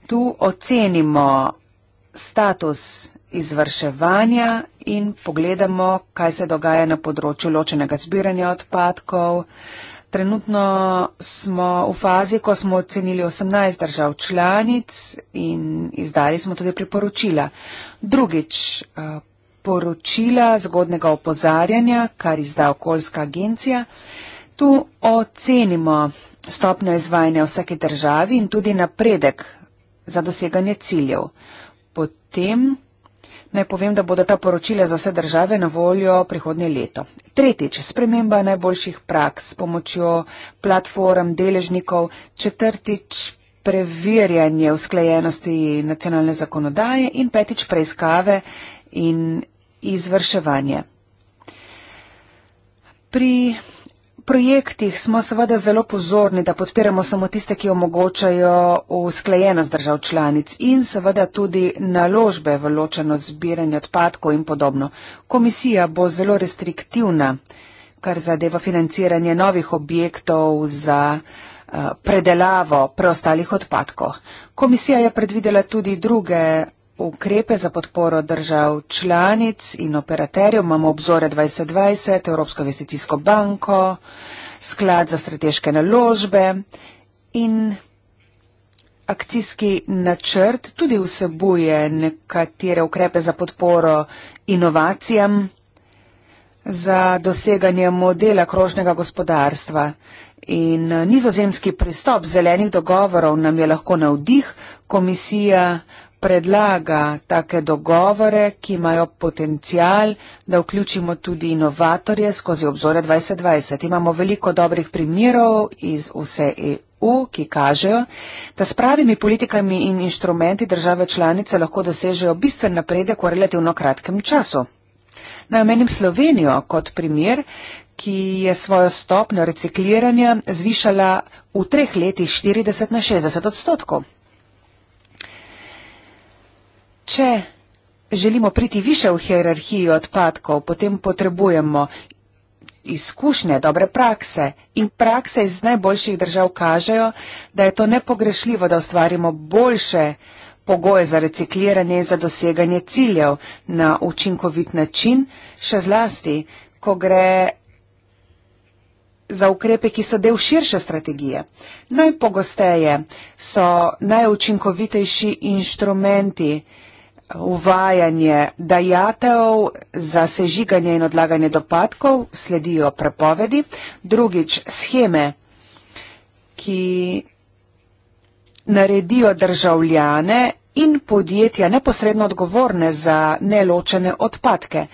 Speaker 2: tu ocenimo status izvrševanja in pogledamo, kaj se dogaja na področju ločenega zbiranja odpadkov, Trenutno smo v fazi, ko smo ocenili 18 držav članic in izdali smo tudi priporočila. Drugič, eh, poročila zgodnega opozarjanja, kar izda okoljska agencija. Tu ocenimo stopnjo izvajanja vsake državi in tudi napredek za doseganje ciljev. Potem Naj povem, da bodo ta poročila za vse države na voljo prihodnje leto. Tretjič, sprememba najboljših praks s pomočjo platform deležnikov. Četrtič, preverjanje usklajenosti nacionalne zakonodaje. In petič, preiskave in izvrševanje. Pri projektih smo seveda zelo pozorni, da podpiramo samo tiste, ki omogočajo usklajenost držav članic in seveda tudi naložbe v ločeno zbiranje odpadkov in podobno. Komisija bo zelo restriktivna, kar zadeva financiranje novih objektov za eh, predelavo preostalih odpadkov. Komisija je predvidela tudi druge ukrepe za podporo držav članic in operaterjev. Imamo obzore 2020, Evropsko investicijsko banko, sklad za strateške naložbe in akcijski načrt tudi vsebuje nekatere ukrepe za podporo inovacijam za doseganje modela krožnega gospodarstva. In nizozemski pristop zelenih dogovorov nam je lahko navdih. Komisija predlaga take dogovore, ki imajo potencial, da vključimo tudi inovatorje skozi obzore 2020. Imamo veliko dobrih primerov iz vse EU, ki kažejo, da s pravimi politikami in inštrumenti države članice lahko dosežejo bistven napredek v relativno kratkem času. Naj omenim Slovenijo kot primer, ki je svojo stopnjo recikliranja zvišala v treh letih 40 na 60 odstotkov. Če želimo priti više v hierarhiji odpadkov, potem potrebujemo izkušnje, dobre prakse in prakse iz najboljših držav kažejo, da je to nepogrešljivo, da ustvarimo boljše pogoje za recikliranje in za doseganje ciljev na učinkovit način, še zlasti, ko gre za ukrepe, ki so del širše strategije. Najpogosteje so najučinkovitejši inštrumenti, ki so uvajanje dajatev za sežiganje in odlaganje odpadkov, sledijo prepovedi, drugič scheme, ki naredijo državljane in podjetja neposredno odgovorne za neločene odpadke,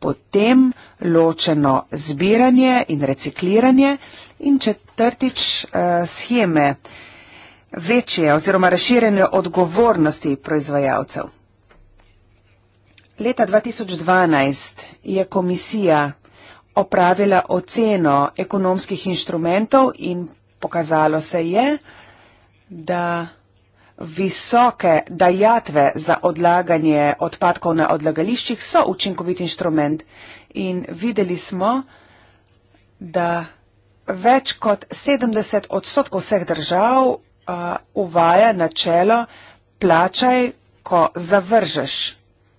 Speaker 2: potem ločeno zbiranje in recikliranje in četrtič eh, scheme večje oziroma razširjene odgovornosti proizvajalcev. Leta 2012 je komisija opravila oceno ekonomskih inštrumentov in pokazalo se je, da visoke dajatve za odlaganje odpadkov na odlagališčih so učinkovit inštrument in videli smo, da več kot 70 odstotkov vseh držav uh, uvaja načelo plačaj, ko zavržeš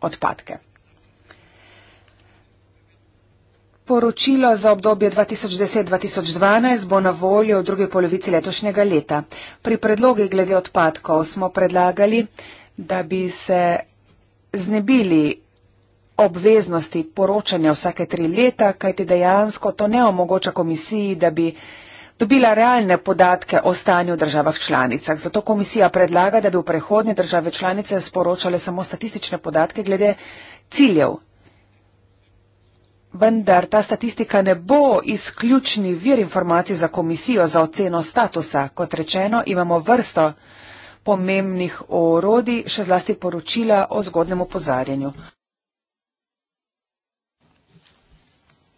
Speaker 2: odpadke. Poročilo za obdobje 2010-2012 bo na voljo v drugi polovici letošnjega leta. Pri predlogi glede odpadkov smo predlagali, da bi se znebili obveznosti poročanja vsake tri leta, kajti dejansko to ne omogoča komisiji, da bi dobila realne podatke o stanju v državah članicah. Zato komisija predlaga, da bi v prehodnje države članice sporočale samo statistične podatke glede ciljev. Vendar ta statistika ne bo izključni vir informacij za komisijo za oceno statusa. Kot rečeno, imamo vrsto pomembnih orodij, še zlasti poročila o zgodnem opozarjanju.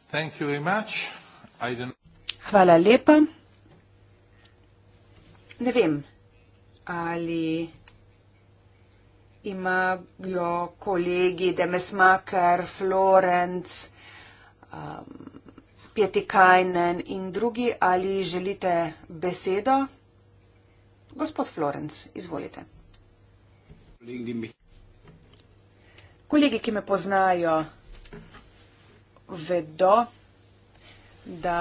Speaker 3: Thank you very much. I don't...
Speaker 2: Hvala lepa. Ne vem, ali imajo kolegi Demesmaker, Florence, um, Pietikajnen in drugi, ali želite besedo. Gospod Florence, izvolite. Kolegi, ki me poznajo, vedo, da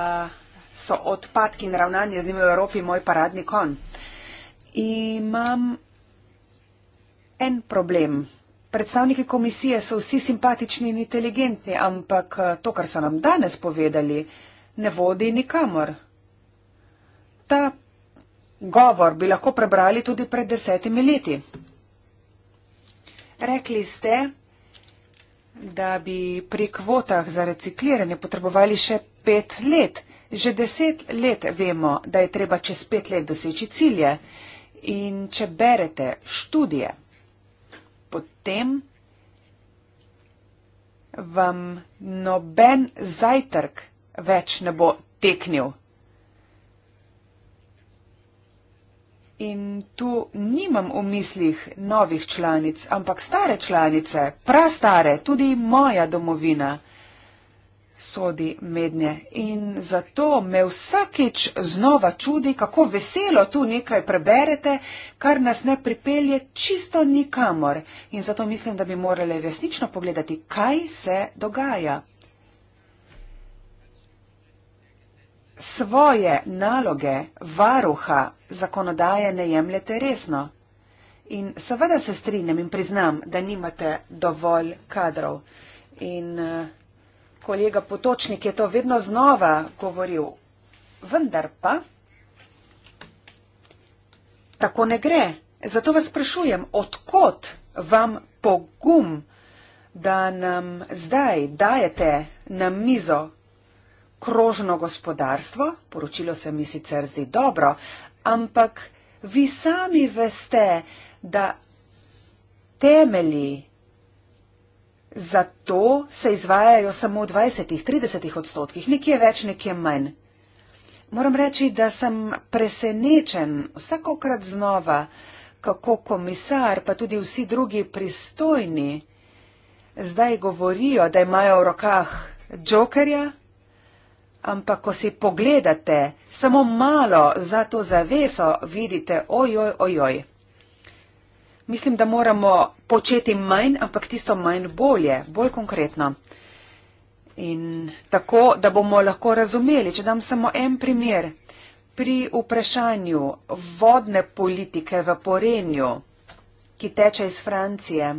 Speaker 2: so odpadki in ravnanje z njimi v Evropi moj paradni kon. Imam en problem. Predstavniki komisije so vsi simpatični in inteligentni, ampak eh, to, kar so nam danes povedali, ne vodi nikamor. Ta govor bi lahko prebrali tudi pred desetimi leti. Rekli ste, da bi pri kvotah za recikliranje potrebovali še pet let. Že deset let vemo, da je treba čez pet let doseči cilje in če berete študije, potem vam noben zajtrk več ne bo teknil. In tu nimam v mislih novih članic, ampak stare članice, prastare, tudi moja domovina sodi mednje. In zato me vsakič znova čudi, kako veselo tu nekaj preberete, kar nas ne pripelje čisto nikamor. In zato mislim, da bi morali resnično pogledati, kaj se dogaja. Svoje naloge varuha zakonodaje ne jemljete resno. In seveda se strinjam in priznam, da nimate dovolj kadrov. In uh, kolega Potočnik je to vedno znova govoril. Vendar pa tako ne gre. Zato vas sprašujem, odkot vam pogum, da nam zdaj dajete na mizo krožno gospodarstvo, poročilo se mi sicer zdi dobro, ampak vi sami veste, da temelji zato se izvajajo samo v 20-30 odstotkih, nekje več, nekje manj. Moram reči, da sem presenečen vsakokrat znova, kako komisar, pa tudi vsi drugi pristojni, zdaj govorijo, da imajo v rokah džokerja, ampak ko si pogledate samo malo za to zaveso, vidite ojoj, ojoj. Mislim, da moramo početi manj, ampak tisto manj bolje, bolj konkretno. In tako, da bomo lahko razumeli, če dam samo en primer, pri vprašanju vodne politike v Porenju, ki teče iz Francije,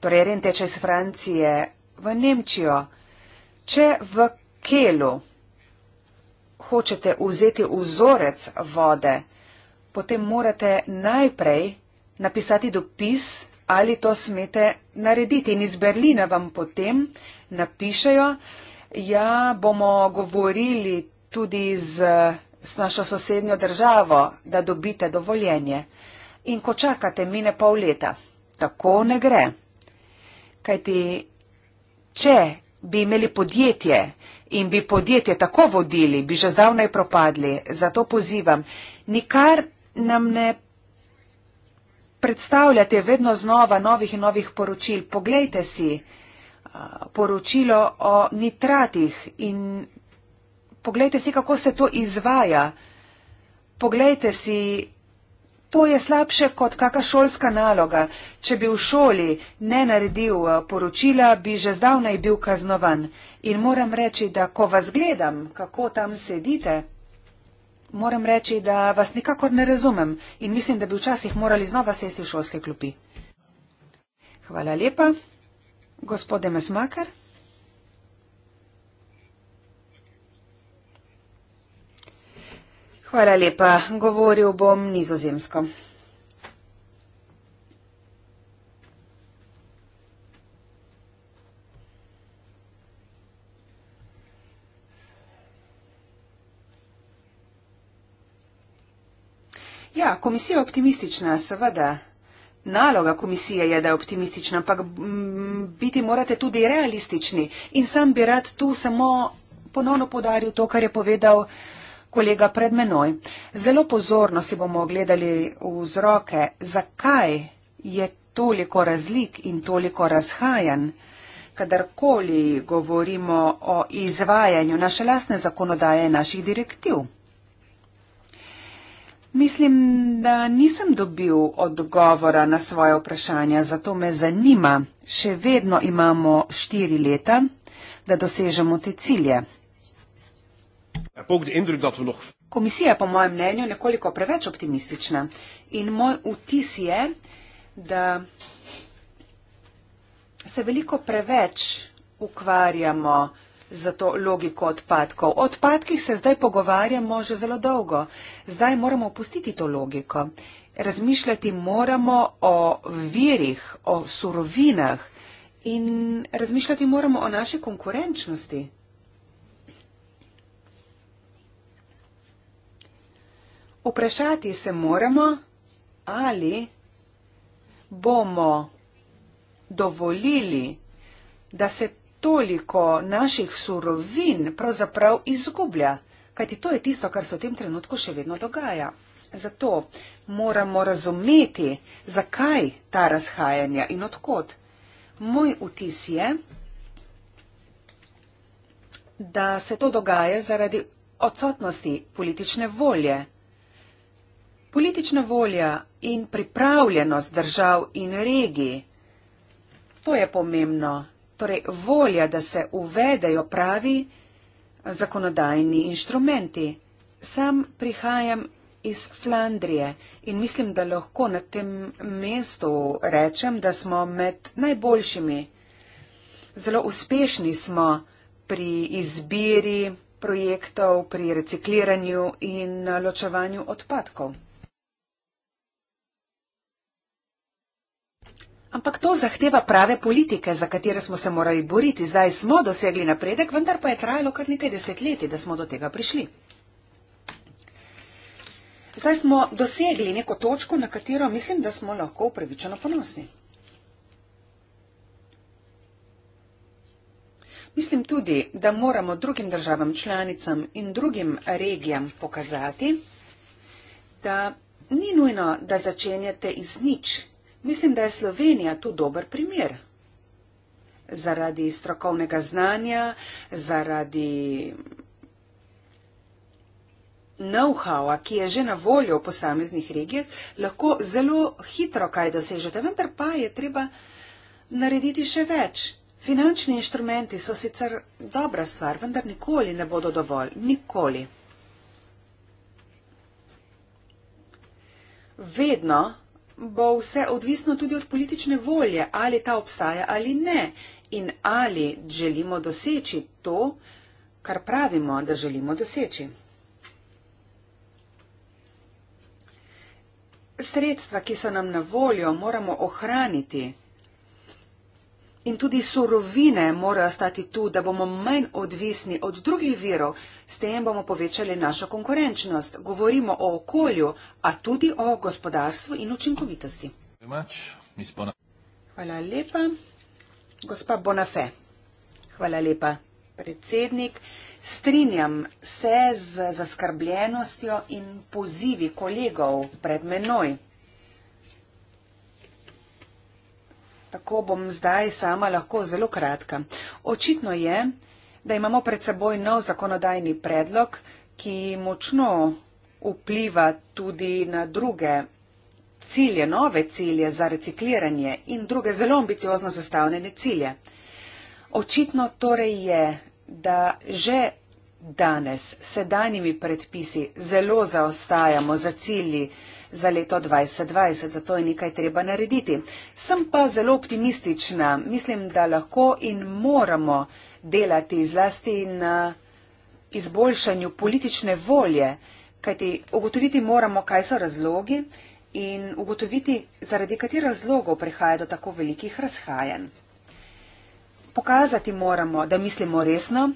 Speaker 2: torej Ren teče iz Francije v Nemčijo, če v Kelu hočete vzeti vzorec vode, potem morate najprej napisati dopis, ali to smete narediti. In iz Berlina vam potem napišajo, ja, bomo govorili tudi z, z našo sosednjo državo, da dobite dovoljenje. In ko čakate, mine pol leta. Tako ne gre. Kajti, če bi imeli podjetje in bi podjetje tako vodili, bi že zdavnaj propadli. Zato pozivam, nikar nam ne predstavljate vedno znova novih in novih poročil. Poglejte si eh, poročilo o nitratih in poglejte si, kako se to izvaja. Poglejte si, to je slabše kot kaka šolska naloga. Če bi v šoli ne naredil eh, poročila, bi že zdavnaj bil kaznovan. In moram reči, da ko vas gledam, kako tam sedite, moram reči, da vas nikakor ne razumem in mislim, da bi včasih morali znova sesti v šolske klopi. Hvala lepa. Gospode Mesmaker. Hvala lepa. Govoril bom nizozemsko. ja, komisija je optimistična, seveda. Naloga komisije je, da je optimistična, ampak mm, biti morate tudi realistični. In sam bi rad tu samo ponovno podaril to, kar je povedal kolega pred menoj. Zelo pozorno si bomo ogledali vzroke, zakaj je toliko razlik in toliko razhajanj, kadarkoli govorimo o izvajanju naše lastne zakonodaje in naših direktiv. Mislim, da nisem dobil odgovora na svoje vprašanja, zato me zanima. Še vedno imamo štiri leta, da dosežemo te cilje. Komisija je po mojem mnenju nekoliko preveč optimistična in moj vtis je, da se veliko preveč ukvarjamo za to logiko odpadkov. O odpadkih se zdaj pogovarjamo že zelo dolgo. Zdaj moramo opustiti to logiko. Razmišljati moramo o virih, o surovinah in razmišljati moramo o naši konkurenčnosti. Vprašati se moramo, ali bomo dovolili, da se toliko naših surovin pravzaprav izgublja, kajti to je tisto, kar se v tem trenutku še vedno dogaja. Zato moramo razumeti, zakaj ta razhajanja in odkot. Moj vtis je, da se to dogaja zaradi odsotnosti politične volje. Politična volja in pripravljenost držav in regij. To je pomembno torej volja, da se uvedejo pravi zakonodajni inštrumenti. Sam prihajam iz Flandrije in mislim, da lahko na tem mestu rečem, da smo med najboljšimi. Zelo uspešni smo pri izbiri projektov, pri recikliranju in ločevanju odpadkov. Ampak to zahteva prave politike, za katere smo se morali boriti. Zdaj smo dosegli napredek, vendar pa je trajalo kar nekaj desetletij, da smo do tega prišli. Zdaj smo dosegli neko točko, na katero mislim, da smo lahko upravičeno ponosni. Mislim tudi, da moramo drugim državam članicam in drugim regijam pokazati, da ni nujno, da začenjate iz nič Mislim, da je Slovenija tu dober primer. Zaradi strokovnega znanja, zaradi know-howa, ki je že na voljo v posameznih regijah, lahko zelo hitro kaj dosežete, vendar pa je treba narediti še več. Finančni inštrumenti so sicer dobra stvar, vendar nikoli ne bodo dovolj. Nikoli. Vedno bo vse odvisno tudi od politične volje, ali ta obstaja ali ne in ali želimo doseči to, kar pravimo, da želimo doseči. Sredstva, ki so nam na voljo, moramo ohraniti in tudi surovine morajo stati tu, da bomo manj odvisni od drugih virov, s tem bomo povečali našo konkurenčnost. Govorimo o okolju, a tudi o gospodarstvu in učinkovitosti. Hvala lepa, gospa Bonafe. Hvala lepa, predsednik. Strinjam se z zaskrbljenostjo in pozivi kolegov pred menoj. Tako bom zdaj sama lahko zelo kratka. Očitno je, da imamo pred seboj nov zakonodajni predlog, ki močno vpliva tudi na druge cilje, nove cilje za recikliranje in druge zelo ambiciozno zastavljene cilje. Očitno torej je, da že danes sedanjimi predpisi zelo zaostajamo za cilji, za leto 2020, zato je nekaj treba narediti. Sem pa zelo optimistična. Mislim, da lahko in moramo delati zlasti na izboljšanju politične volje, kajti ugotoviti moramo, kaj so razlogi in ugotoviti, zaradi katerih razlogov prihaja do tako velikih razhajanj. Pokazati moramo, da mislimo resno,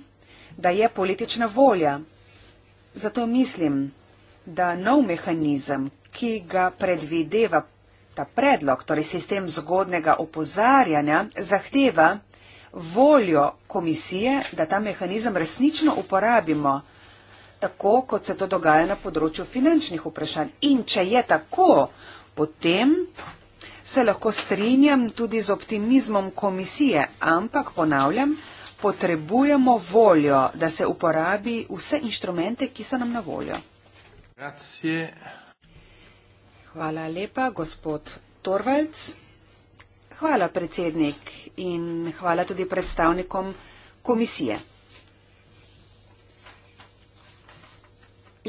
Speaker 2: da je politična volja. Zato mislim, da nov mehanizem, ki ga predvideva ta predlog, torej sistem zgodnega opozarjanja, zahteva voljo komisije, da ta mehanizem resnično uporabimo, tako kot se to dogaja na področju finančnih vprašanj. In če je tako, potem se lahko strinjam tudi z optimizmom komisije, ampak ponavljam, potrebujemo voljo, da se uporabi vse inštrumente, ki so nam na voljo. Grazie. Hvala lepa, gospod Torvalc. Hvala, predsednik, in hvala tudi predstavnikom komisije.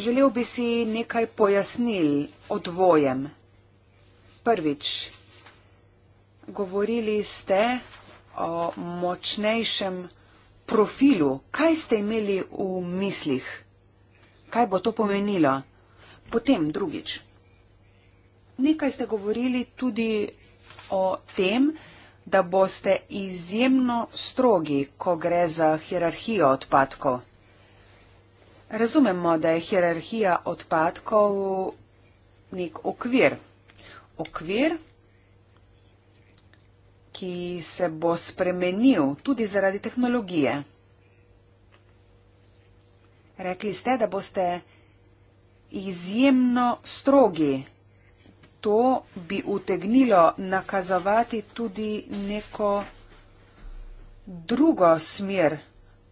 Speaker 2: Želel bi si nekaj pojasnil o dvojem. Prvič, govorili ste o močnejšem profilu. Kaj ste imeli v mislih? Kaj bo to pomenilo? Potem drugič. Nekaj ste govorili tudi o tem, da boste izjemno strogi, ko gre za hierarhijo odpadkov. Razumemo, da je hierarhija odpadkov nek okvir. Okvir, ki se bo spremenil tudi zaradi tehnologije. Rekli ste, da boste izjemno strogi, to bi utegnilo nakazovati tudi neko drugo smer.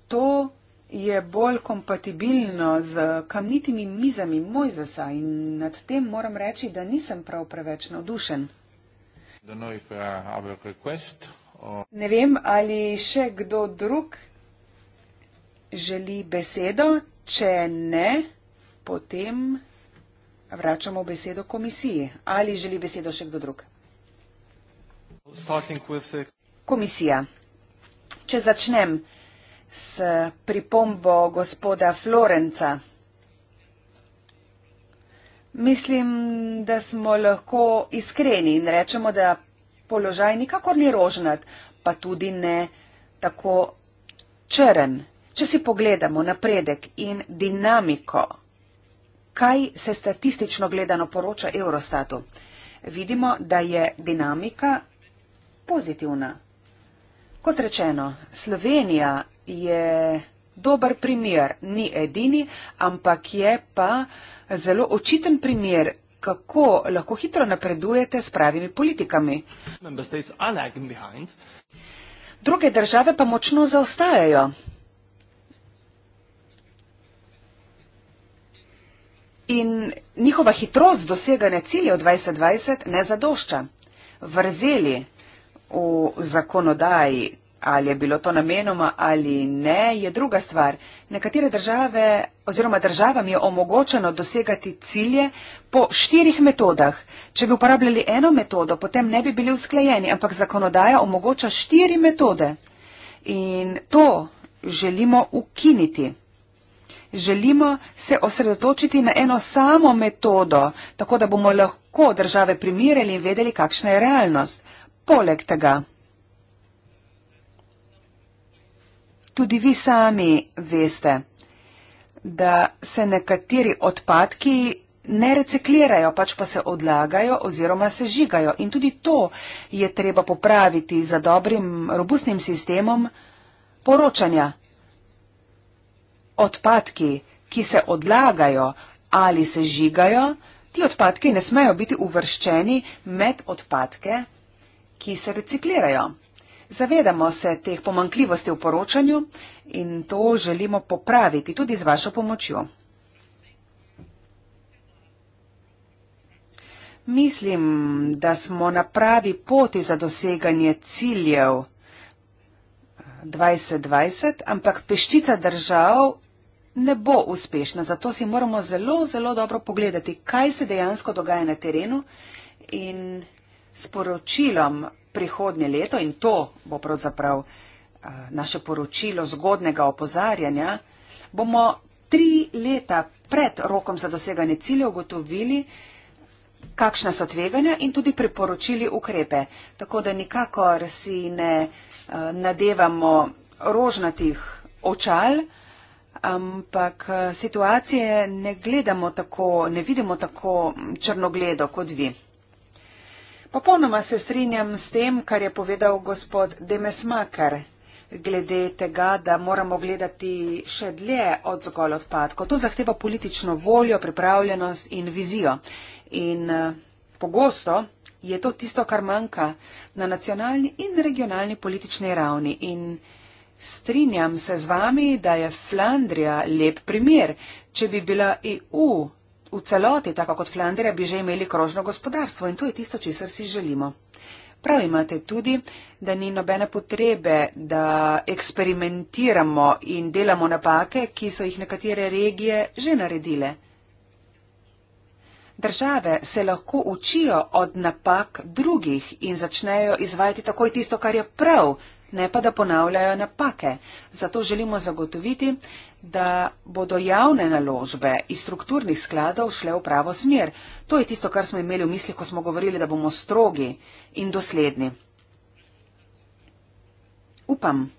Speaker 2: To je bolj kompatibilno z kamnitimi mizami Mojzesa in nad tem moram reči, da nisem prav preveč navdušen. Uh, ne vem, ali še kdo drug želi besedo. Če ne, potem Vračamo besedo komisiji. Ali želi besedo še kdo drug? Komisija. Če začnem s pripombo gospoda Florenca, mislim, da smo lahko iskreni in rečemo, da položaj nikakor ni rožnat, pa tudi ne tako črn. Če si pogledamo napredek in dinamiko kaj se statistično gledano poroča Eurostatu. Vidimo, da je dinamika pozitivna. Kot rečeno, Slovenija je dober primer, ni edini, ampak je pa zelo očiten primer, kako lahko hitro napredujete s pravimi politikami. Druge države pa močno zaostajajo. in njihova hitrost doseganja cilja 2020 ne zadošča. Vrzeli v zakonodaji, ali je bilo to namenoma ali ne, je druga stvar. Nekatere države oziroma državam je omogočeno dosegati cilje po štirih metodah. Če bi uporabljali eno metodo, potem ne bi bili usklajeni, ampak zakonodaja omogoča štiri metode. In to želimo ukiniti želimo se osredotočiti na eno samo metodo, tako da bomo lahko države primirili in vedeli, kakšna je realnost. Poleg tega, tudi vi sami veste, da se nekateri odpadki ne reciklirajo, pač pa se odlagajo oziroma se žigajo. In tudi to je treba popraviti za dobrim, robustnim sistemom poročanja odpadki, ki se odlagajo ali se žigajo, ti odpadki ne smejo biti uvrščeni med odpadke, ki se reciklirajo. Zavedamo se teh pomankljivosti v poročanju in to želimo popraviti tudi z vašo pomočjo. Mislim, da smo na pravi poti za doseganje ciljev 2020, ampak peščica držav ne bo uspešna. Zato si moramo zelo, zelo dobro pogledati, kaj se dejansko dogaja na terenu in sporočilom prihodnje leto in to bo pravzaprav eh, naše poročilo zgodnega opozarjanja, bomo tri leta pred rokom za doseganje ciljev ugotovili, kakšna so tveganja in tudi priporočili ukrepe. Tako da nikakor si ne eh, nadevamo rožnatih očal, ampak eh, situacije ne gledamo tako, ne vidimo tako črnogledo kot vi. Popolnoma se strinjam s tem, kar je povedal gospod Demesmaker glede tega, da moramo gledati še dlje od zgolj odpadkov. To zahteva politično voljo, pripravljenost in vizijo. In eh, pogosto je to tisto, kar manjka na nacionalni in regionalni politični ravni. In Strinjam se z vami, da je Flandrija lep primer. Če bi bila EU v celoti tako kot Flandrija, bi že imeli krožno gospodarstvo in to je tisto, česar si želimo. Prav imate tudi, da ni nobene potrebe, da eksperimentiramo in delamo napake, ki so jih nekatere regije že naredile. Države se lahko učijo od napak drugih in začnejo izvajati takoj tisto, kar je prav, ne pa da ponavljajo napake. Zato želimo zagotoviti, da bodo javne naložbe iz strukturnih skladov šle v pravo smer. To je tisto, kar smo imeli v mislih, ko smo govorili, da bomo strogi in dosledni. Upam,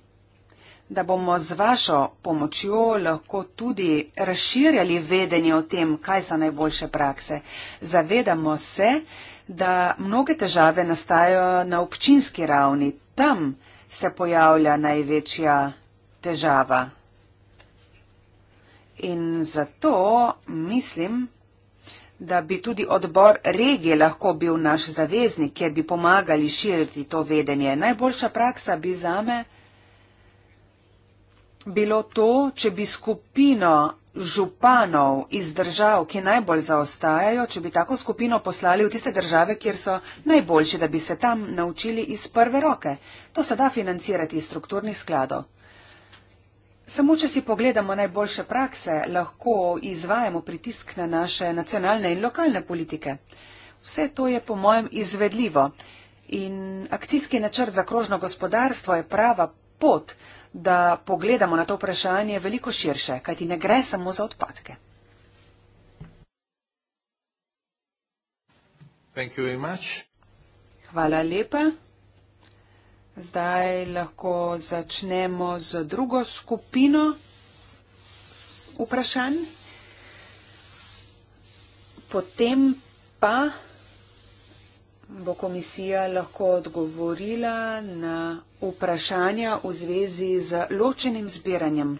Speaker 2: da bomo z vašo pomočjo lahko tudi razširjali vedenje o tem, kaj so najboljše prakse. Zavedamo se, da mnoge težave nastajajo na občinski ravni, tam, se pojavlja največja težava. In zato mislim, da bi tudi odbor regije lahko bil naš zaveznik, kjer bi pomagali širiti to vedenje. Najboljša praksa bi zame bilo to, če bi skupino županov iz držav, ki najbolj zaostajajo, če bi tako skupino poslali v tiste države, kjer so najboljši, da bi se tam naučili iz prve roke. To se da financirati iz strukturnih skladov. Samo, če si pogledamo najboljše prakse, lahko izvajamo pritisk na naše nacionalne in lokalne politike. Vse to je po mojem izvedljivo. In akcijski načrt za krožno gospodarstvo je prava pot, da pogledamo na to vprašanje veliko širše, kajti ne gre samo za odpadke. Hvala lepa. Zdaj lahko začnemo z drugo skupino vprašanj. Potem pa bo komisija lahko odgovorila na vprašanja v zvezi z ločenim zbiranjem.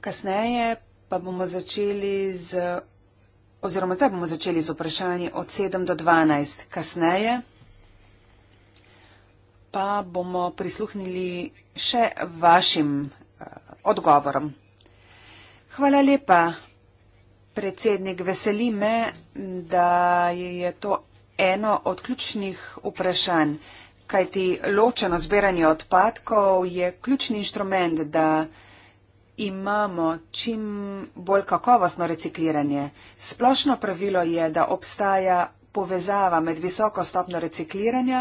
Speaker 2: Kasneje pa bomo začeli z, oziroma te bomo začeli z vprašanji od 7 do 12. Kasneje pa bomo prisluhnili še vašim eh, odgovorom. Hvala lepa, predsednik. Veseli me, da je to eno od ključnih vprašanj, kajti ločeno zbiranje odpadkov je ključni inštrument, da imamo čim bolj kakovostno recikliranje. Splošno pravilo je, da obstaja povezava med visoko stopno recikliranja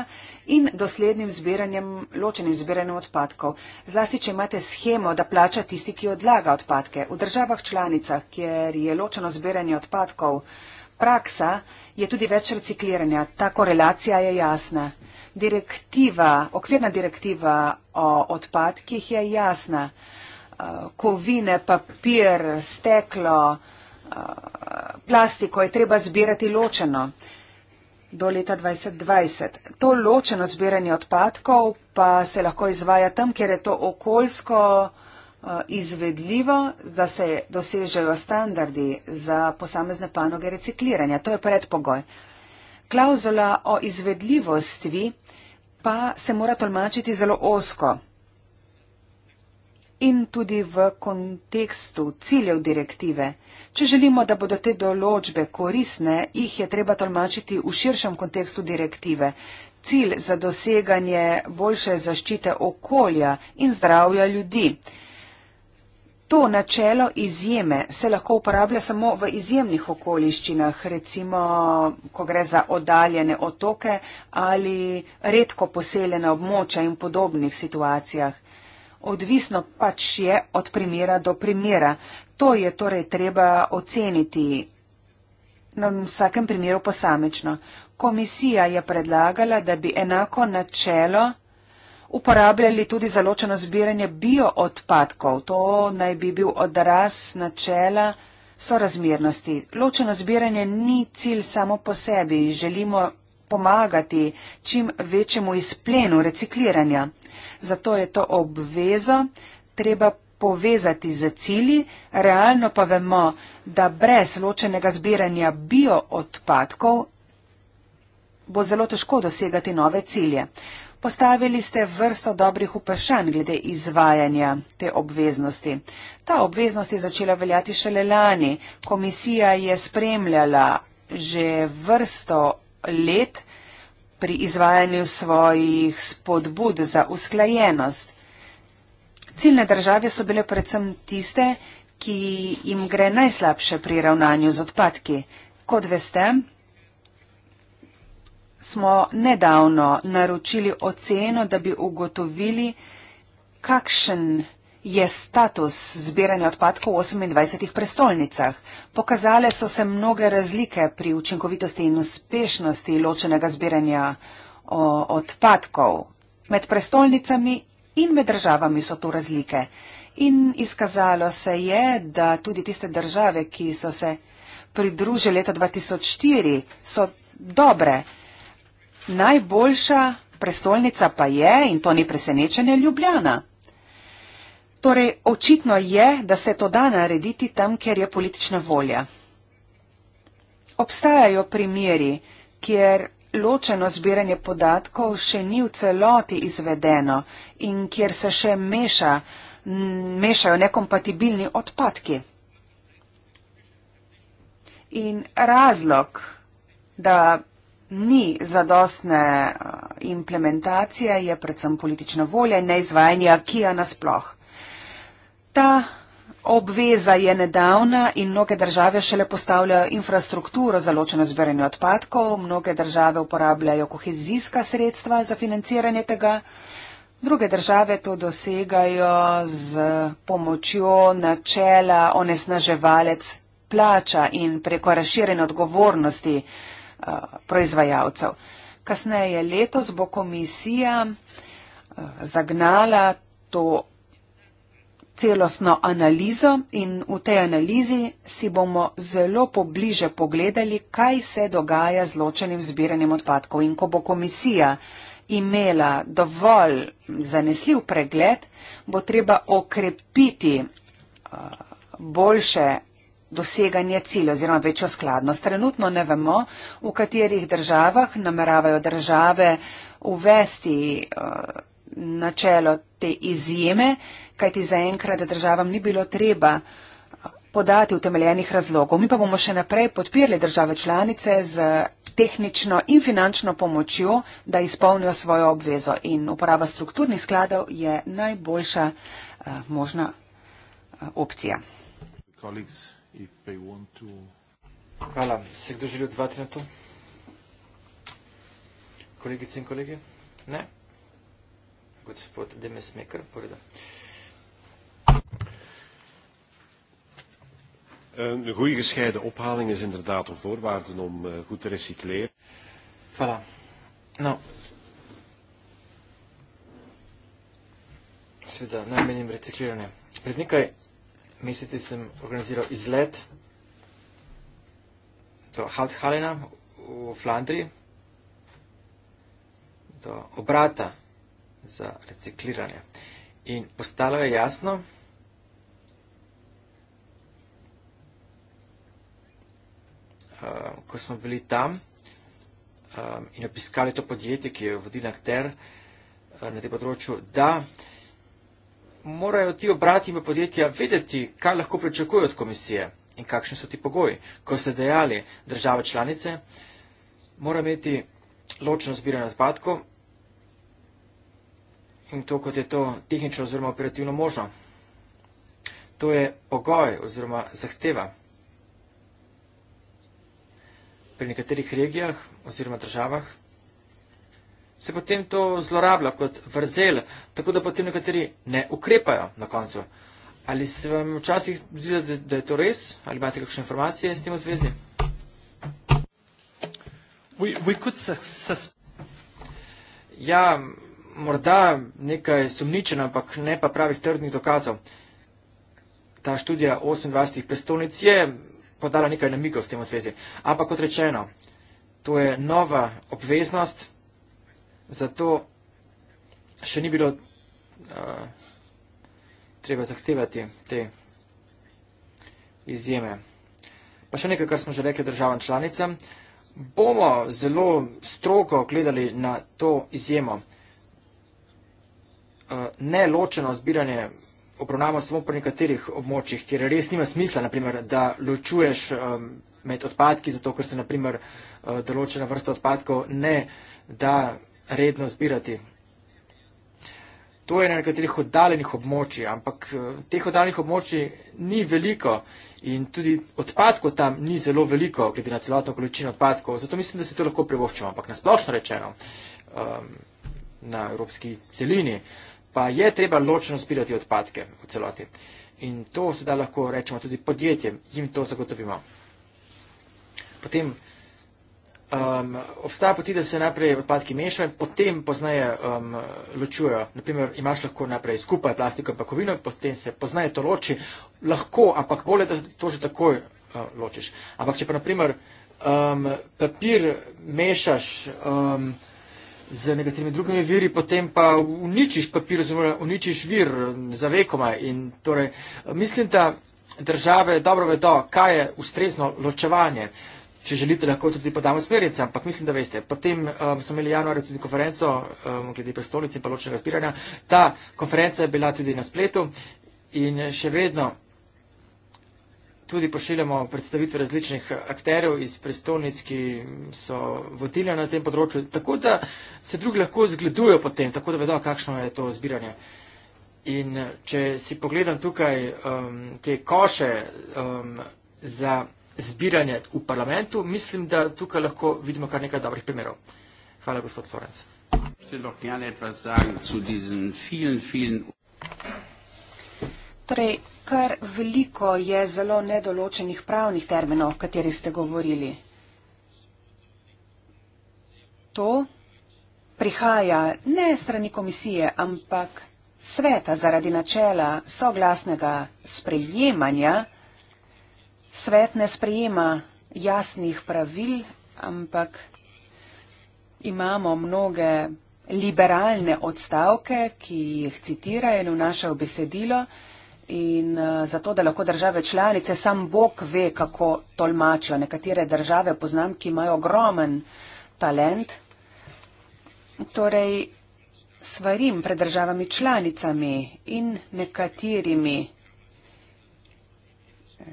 Speaker 2: in doslednim zbiranjem, ločenim zbiranjem odpadkov. Zlasti, če imate schemo, da plača tisti, ki odlaga odpadke. V državah članicah, kjer je ločeno zbiranje odpadkov praksa, je tudi več recikliranja. Ta korelacija je jasna. Direktiva, okvirna direktiva o odpadkih je jasna. Eh, kovine, papir, steklo, eh, plastiko je treba zbirati ločeno do leta 2020. To ločeno zbiranje odpadkov pa se lahko izvaja tam, kjer je to okoljsko eh, izvedljivo, da se dosežejo standardi za posamezne panoge recikliranja. To je predpogoj. Klauzula o izvedljivosti pa se mora tolmačiti zelo osko in tudi v kontekstu ciljev direktive. Če želimo, da bodo te določbe korisne, jih je treba tolmačiti v širšem kontekstu direktive. Cilj za doseganje boljše zaščite okolja in zdravja ljudi. To načelo izjeme se lahko uporablja samo v izjemnih okoliščinah, recimo, ko gre za oddaljene otoke ali redko poseljene območja in podobnih situacijah odvisno pač je od primera do primera. To je torej treba oceniti na vsakem primeru posamečno. Komisija je predlagala, da bi enako načelo uporabljali tudi za ločeno zbiranje bioodpadkov. To naj bi bil odraz načela sorazmernosti. Ločeno zbiranje ni cilj samo po sebi. Želimo pomagati čim večjemu izplenu recikliranja. Zato je to obvezo treba povezati z cilji, realno pa vemo, da brez ločenega zbiranja bioodpadkov bo zelo težko dosegati nove cilje. Postavili ste vrsto dobrih vprašanj glede izvajanja te obveznosti. Ta obveznost je začela veljati šele lani. Komisija je spremljala že vrsto let pri izvajanju svojih spodbud za usklajenost. Ciljne države so bile predvsem tiste, ki jim gre najslabše pri ravnanju z odpadki. Kot veste, smo nedavno naročili oceno, da bi ugotovili, kakšen je status zbiranja odpadkov v 28 prestolnicah. Pokazale so se mnoge razlike pri učinkovitosti in uspešnosti ločenega zbiranja odpadkov. Med prestolnicami in med državami so tu razlike. In izkazalo se je, da tudi tiste države, ki so se pridružile leta 2004, so dobre. Najboljša prestolnica pa je, in to ni presenečenje, Ljubljana. Torej, očitno je, da se to da narediti tam, kjer je politična volja. Obstajajo primeri, kjer ločeno zbiranje podatkov še ni v celoti izvedeno in kjer se še meša, mešajo nekompatibilni odpadki. In razlog, da ni zadostne eh, implementacije, je predvsem politična volja in neizvajanje akija nasploh. Ta obveza je nedavna in mnoge države šele postavljajo infrastrukturo za ločeno zbiranje odpadkov, mnoge države uporabljajo kohezijska sredstva za financiranje tega. Druge države to dosegajo z pomočjo načela onesnaževalec plača in preko razširjene odgovornosti eh, proizvajalcev. Kasneje letos bo komisija eh, zagnala to celostno analizo in v tej analizi si bomo zelo pobliže pogledali, kaj se dogaja z ločenim zbiranjem odpadkov. In ko bo komisija imela dovolj zanesljiv pregled, bo treba okrepiti boljše doseganje cilja oziroma večjo skladnost. Trenutno ne vemo, v katerih državah nameravajo države uvesti načelo te izjeme, kajti zaenkrat državam ni bilo treba podati utemeljenih razlogov. Mi pa bomo še naprej podpirali države članice z tehnično in finančno pomočjo, da izpolnijo svojo obvezo. In uporaba strukturnih skladov je najboljša uh, možna uh, opcija.
Speaker 1: Hvala. Se kdo želi odzvati na to? Kolegice in kolege? Ne. Gospod Demesmeker, poreda. Uh, Een goede gescheiden ophaling is inderdaad een voorwaarde om eh, goed te recycleren. Voilà. Nou. Seveda, najmenim recikliranje. Pred nekaj meseci sem organiziral izlet do Halthalena v Flandriji, do obrata za recikliranje. In postalo je jasno, da je uh, ko smo bili tam um, in obiskali to podjetje, ki je vodil akter uh, na tem področju, da morajo ti obrati in podjetja vedeti, kaj lahko pričakujejo od komisije in kakšni so ti pogoji. Ko ste dejali, države članice morajo imeti ločno zbiranje odpadkov in to, kot je to tehnično oziroma operativno možno. To je pogoj oziroma zahteva pri nekaterih regijah oziroma državah, se potem to zlorablja kot vrzel, tako da potem nekateri ne ukrepajo na koncu. Ali se vam včasih zdi, da, da je to res, ali imate kakšne informacije s tem v zvezi? We, we ja, morda nekaj sumničen, ampak ne pa pravih trdnih dokazov. Ta študija 28 prestolnic je podala nekaj namigov s tem v zvezi. Ampak kot rečeno, to je nova obveznost, zato še ni bilo uh, treba zahtevati te izjeme. Pa še nekaj, kar smo že rekli državam članicam. Bomo zelo strogo gledali na to izjemo. Eh, neločeno zbiranje obravnava samo po nekaterih območjih, kjer res nima smisla, naprimer, da ločuješ um, med odpadki, zato ker se naprimer uh, določena vrsta odpadkov ne da redno zbirati. To je na nekaterih oddaljenih območjih, ampak uh, teh oddaljenih območij ni veliko in tudi odpadkov tam ni zelo veliko, glede na celotno količino odpadkov. Zato mislim, da se to lahko privoščimo, ampak nasplošno rečeno um, na evropski celini. Uh, pa je treba ločno zbirati odpadke v celoti. In to sedaj lahko rečemo tudi podjetjem, jim to zagotovimo. Potem um, obstaja poti, da se najprej odpadki mešajo, potem poznaje um, ločujejo. Naprimer, imaš lahko najprej skupaj plastiko in pakovino, potem se poznaje to loči. Lahko, ampak bolje, da to že takoj uh, ločiš. Ampak če pa naprimer um, papir mešaš. Um, z nekaterimi drugimi viri, potem pa uničiš papir, oziroma uničiš vir za vekoma. In torej, mislim, da države dobro vedo, kaj je ustrezno ločevanje. Če želite, lahko tudi podamo smernice, ampak mislim, da veste. Potem um, smo imeli januarja tudi konferenco um, glede prestolnice in pa ločnega zbiranja. Ta konferenca je bila tudi na spletu in še vedno tudi pošiljamo predstavitve različnih akterjev iz prestolnic, ki so vodile na tem področju, tako da se drugi lahko zgledujo po tem, tako da vedo, kakšno je to zbiranje. In če si pogledam tukaj um, te koše um, za zbiranje v parlamentu, mislim, da tukaj lahko vidimo kar nekaj dobrih primerov. Hvala, gospod Sorenc. Ich möchte doch gerne etwas sagen zu diesen vielen, vielen.
Speaker 2: Torej, kar veliko je zelo nedoločenih pravnih terminov, o katerih ste govorili. To prihaja ne strani komisije, ampak sveta zaradi načela soglasnega sprejemanja. Svet ne sprejema jasnih pravil, ampak imamo mnoge liberalne odstavke, ki jih citirajo in vnašajo besedilo in eh, zato, da lahko države članice, sam Bog ve, kako tolmačijo. Nekatere države poznam, ki imajo ogromen talent. Torej, svarim pred državami članicami in nekaterimi eh,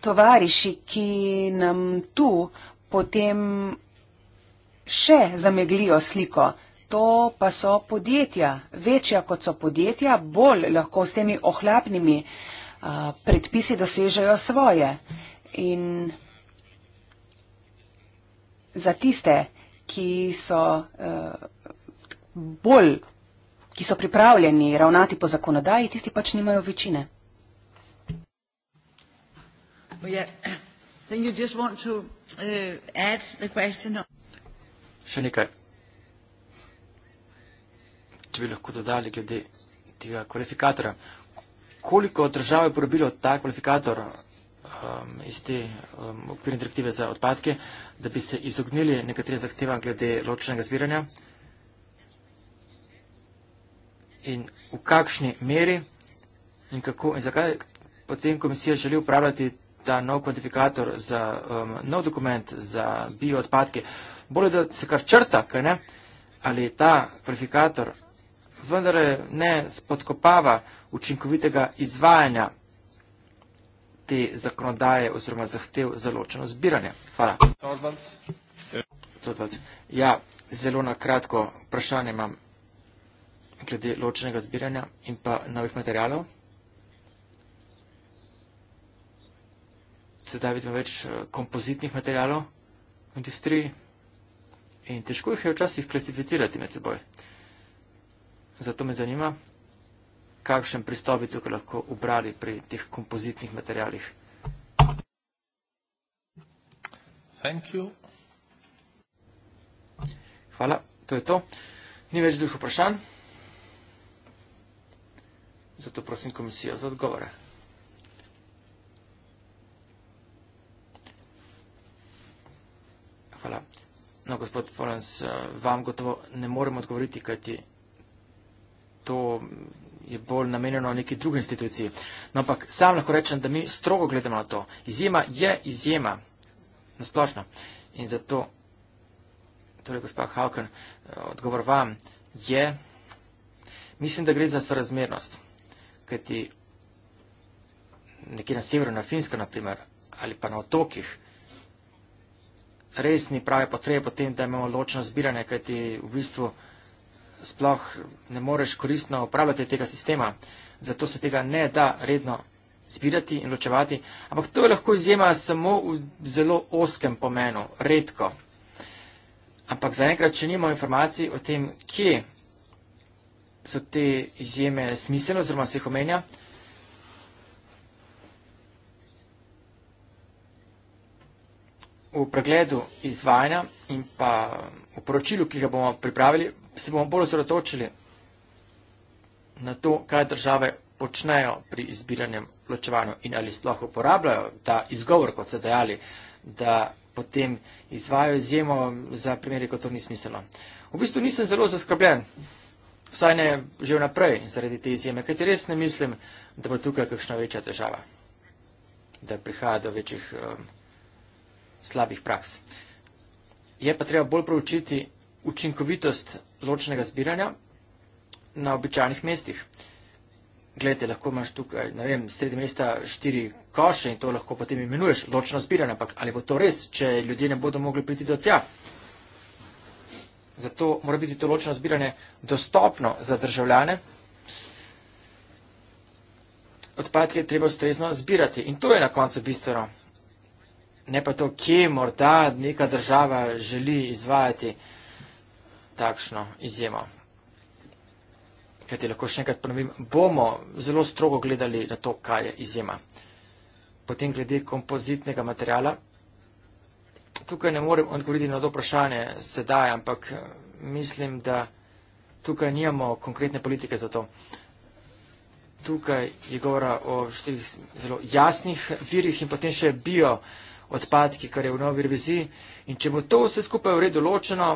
Speaker 2: tovariši, ki nam tu potem še zameglijo sliko to pa so podjetja. Večja kot so podjetja, bolj lahko s temi ohlapnimi a, predpisi dosežejo svoje. In za tiste, ki so a, bolj, ki so pripravljeni ravnati po zakonodaji, tisti pač nimajo večine.
Speaker 3: Uh,
Speaker 1: Še nekaj če bi lahko dodali glede tega kvalifikatora. Koliko država je porobilo ta kvalifikator um, iz te um, okvirne direktive za odpadke, da bi se izognili nekaterim zahtevam glede ločenega zbiranja? In v kakšni meri in kako in zakaj potem komisija želi upravljati ta nov kvantifikator za um, nov dokument za bioodpadke? Bolje, da se kar črta, kaj ne? Ali ta kvalifikator vendar ne spodkopava učinkovitega izvajanja te zakonodaje oziroma zahtev za ločeno zbiranje. Hvala. Ja, zelo na kratko vprašanje imam glede ločenega zbiranja in pa novih materialov. Sedaj vidimo več eh, kompozitnih materialov v industriji in težko jih je včasih klasificirati med seboj. Zato me zanima, kakšen pristop bi tukaj lahko ubrali pri teh kompozitnih materialih. Thank you. Hvala, to je to. Ni več drugih vprašanj. Zato prosim komisijo za odgovore. Hvala. No, gospod Florence, eh, vam gotovo ne morem odgovoriti, kaj ti to je bolj namenjeno neki drugi instituciji. No, ampak sam lahko rečem, da mi strogo gledamo na to. Izjema je izjema, nasplošno. In zato, torej gospod Hauken, eh, odgovor vam je, mislim, da gre za sorazmernost, kaj ti nekje na severu, na Finjsko naprimer, ali pa na otokih, res ni prave potrebe potem, da imamo ločno zbiranje, kaj ti v bistvu vsega, sploh ne moreš koristno upravljati tega sistema. Zato se tega ne da redno zbirati in ločevati. Ampak to je lahko izjema samo v zelo oskem pomenu, redko. Ampak zaenkrat, če nimamo informacij o tem, kje so te izjeme smiselne oziroma se jih omenja, v pregledu izvajanja in pa v poročilu, ki ga bomo pripravili, se bomo bolj osredotočili na to, kaj države počnejo pri izbiranjem ločevanja in ali sploh uporabljajo ta izgovor, kot ste dejali, da potem izvajo izjemo za primere, ko to ni smiselno. V bistvu nisem zelo zaskrbljen, vsaj ne že vnaprej zaradi te izjeme, kajti res ne mislim, da bo tukaj kakšna večja težava, da prihaja do večjih um, slabih praks. Je pa treba bolj proučiti učinkovitost ločnega zbiranja na običajnih mestih. Glede, lahko imaš tukaj, ne vem, sredi mesta štiri koše in to lahko potem imenuješ ločno zbiranje, ampak ali bo to res, če ljudje ne bodo mogli priti do tja? Zato mora biti to ločno zbiranje dostopno za državljane. Odpadke je treba ustrezno zbirati in to je na koncu bistveno. Ne pa to, kje morda neka država želi izvajati takšno izjemo. Kajti lahko še enkrat ponovim, bomo zelo strogo gledali na to, kaj je izjema. Potem glede kompozitnega materijala. Tukaj ne morem odgovoriti na to vprašanje sedaj, ampak eh, mislim, da tukaj nijamo konkretne politike za to. Tukaj je govora o štirih zelo jasnih virih in potem še bio odpadki, kar je v novi reviziji. In če bo to vse skupaj v redu ločeno,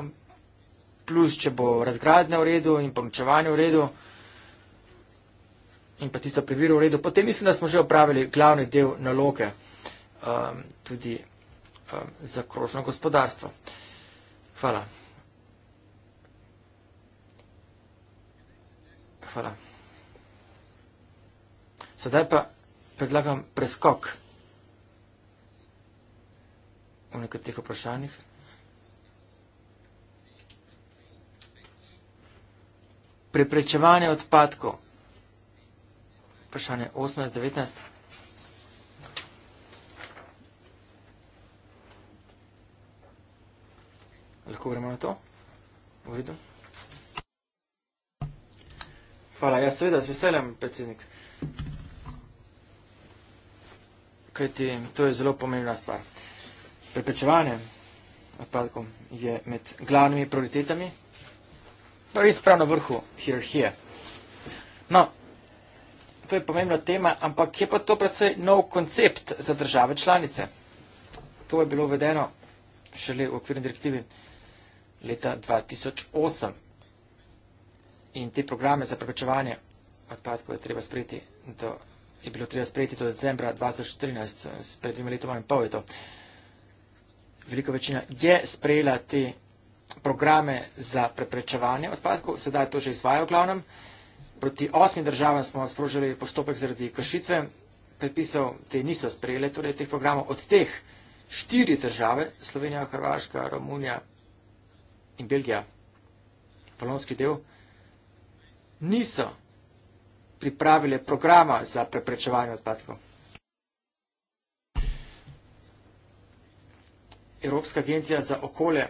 Speaker 1: plus, če bo razgradnja v redu in pomočevanje v redu in pa tisto pri viru v redu. Potem mislim, da smo že opravili glavni del naloge um, tudi um, za krožno gospodarstvo. Hvala. Hvala. Sedaj pa predlagam preskok v nekaterih vprašanjih. preprečevanje odpadkov. Vprašanje 18, 19. Lahko gremo na to? V redu. Hvala, jaz seveda z veseljem, predsednik. Kaj ti, to je zelo pomembna stvar. Preprečevanje odpadkov je med glavnimi prioritetami prvi sprav na vrhu hierarhije. No, to je pomembna tema, ampak je pa to predvsej nov koncept za države članice. To je bilo uvedeno šele v okvirni direktivi leta 2008 in te programe za preprečevanje odpadkov je treba sprejeti do je bilo treba sprejeti do decembra 2014, pred dvima letoma in pol je to. Velika večina je sprejela te programe za preprečevanje odpadkov, sedaj to že izvajo v glavnem. Proti osmi državam smo sprožili postopek zaradi kršitve predpisov, te niso sprejele, torej teh programov. Od teh štiri države, Slovenija, Hrvaška, Romunija in Belgija, polonski del, niso pripravile programa za preprečevanje odpadkov. Evropska agencija za okolje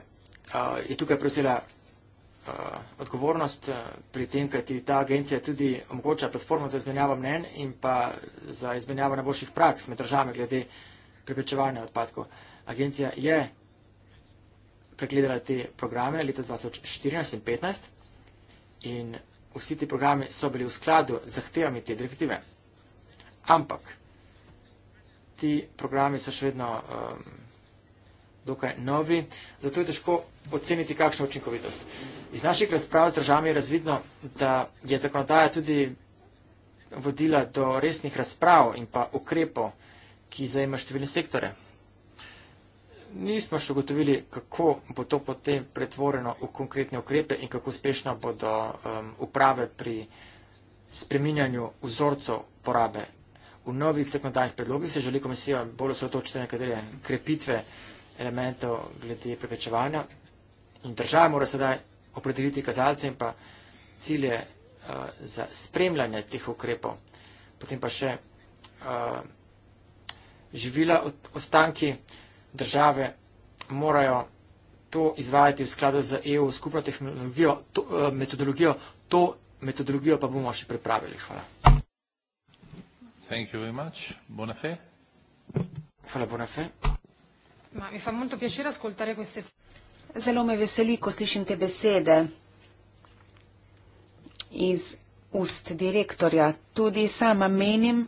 Speaker 1: uh, je tukaj prevzela uh, odgovornost uh, pri tem, kaj ti ta agencija tudi omogoča platformo za izmenjavo mnen in pa za izmenjavo najboljših praks med državami glede preprečevanja odpadkov. Agencija je pregledala te programe leta 2014 in 2015 in vsi ti programe so bili v skladu z zahtevami te direktive. Ampak ti programe so še vedno. Um, dokaj novi, zato je težko oceniti, kakšna učinkovitost. Iz naših razprav z državami je razvidno, da je zakonodaja tudi vodila do resnih razprav in pa ukrepov, ki zajema številne sektore. Nismo še ugotovili, kako bo to potem pretvoreno v konkretne ukrepe in kako uspešno bodo um, uprave pri spreminjanju vzorcev porabe. V novih zakonodajnih predlogih se želi komisija bolj osredotočiti na nekatere krepitve elementov glede preprečevanja. In država mora sedaj opredeliti kazalce in pa cilje uh, za spremljanje teh ukrepov. Potem pa še uh, živila od ostanki države morajo to izvajati v skladu z EU skupno tehnologijo, to, uh, metodologijo. To metodologijo pa bomo še pripravili. Hvala. Thank you very much. Bonafé. Hvala, Bonafé.
Speaker 3: Ma mi fa molto piacere ascoltare queste...
Speaker 2: Zelo me veseli, ko slišim te besede iz ust direktorja. Tudi sama menim,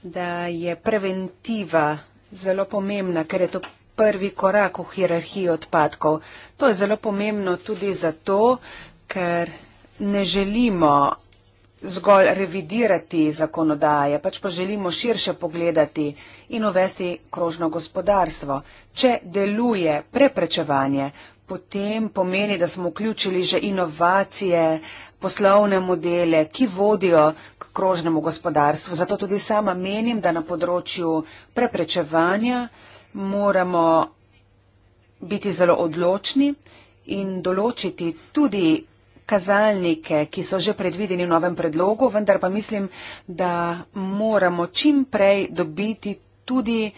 Speaker 2: da je preventiva zelo pomembna, ker je to prvi korak v hierarhiji odpadkov. To je zelo pomembno tudi zato, ker ne želimo zgolj revidirati zakonodaje, pač pa želimo širše pogledati in uvesti krožno gospodarstvo. Če deluje preprečevanje, potem pomeni, da smo vključili že inovacije, poslovne modele, ki vodijo k krožnemu gospodarstvu. Zato tudi sama menim, da na področju preprečevanja moramo biti zelo odločni in določiti tudi kazalnike, ki so že predvideni v novem predlogu, vendar pa mislim, da moramo čim prej dobiti tudi eh,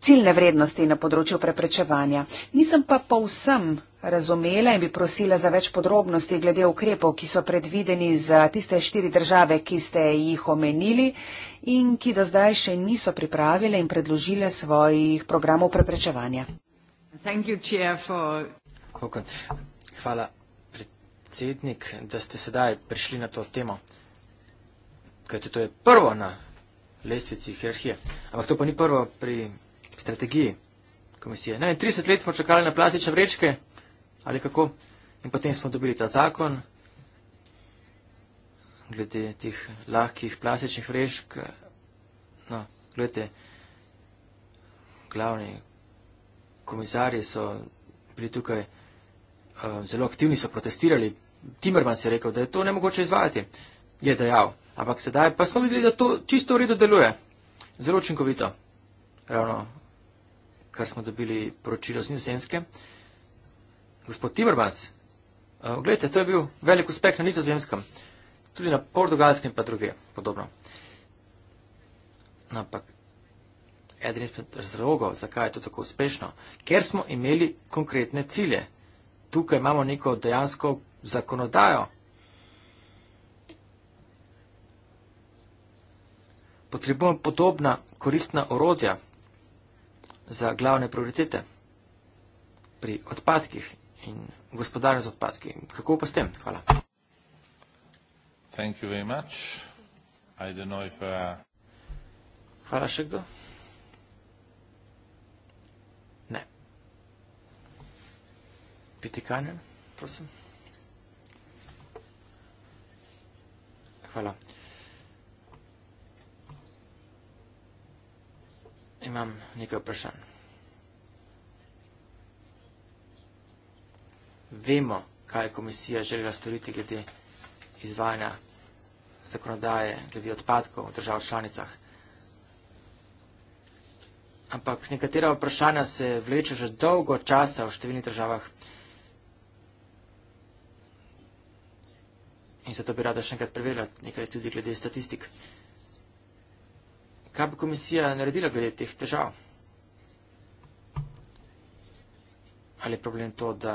Speaker 2: ciljne vrednosti na področju preprečevanja. Nisem pa povsem razumela in bi prosila za več podrobnosti glede ukrepov, ki so predvideni za tiste štiri države, ki ste jih omenili in ki do zdaj še niso pripravile in predložile
Speaker 1: svojih programov preprečevanja. Hvala predsednik, da ste sedaj prišli na to temo. Kajte, to je prvo na lestvici hierarhije. Ampak to pa ni prvo pri strategiji komisije. Ne, 30 let smo čakali na plastične vrečke, ali kako? In potem smo dobili ta zakon, glede tih lahkih plastičnih vrečk. No, gledajte, glavni komisarji so bili tukaj vrečki. Eh, zelo aktivni so protestirali. Timerman se je rekel, da je to ne mogoče izvajati. Je dejal. Ampak sedaj pa smo videli, da to čisto v redu deluje. Zelo učinkovito. Ravno, kar smo dobili poročilo z nizozemske. Gospod Timerbans, eh, gledajte, to je bil velik uspeh na nizozemskem, tudi na portugalskem in pa druge podobno. No, ampak eden izmed razlogov, zakaj je to tako uspešno, ker smo imeli konkretne cilje, tukaj imamo neko dejansko zakonodajo. Potrebujemo podobna koristna orodja za glavne prioritete pri odpadkih in gospodarju z odpadki. Kako pa s tem? Hvala. Uh, Hvala še kdo? Pitikanje, prosim. Hvala. Imam nekaj vprašanj. Vemo, kaj je komisija želela storiti glede izvajanja zakonodaje, glede odpadkov v držav članicah. Ampak nekatera vprašanja se vleče že dolgo časa v številnih državah In zato bi rada še enkrat preverila nekaj tudi glede statistik. Kaj bi komisija naredila glede teh težav? Ali je problem to, da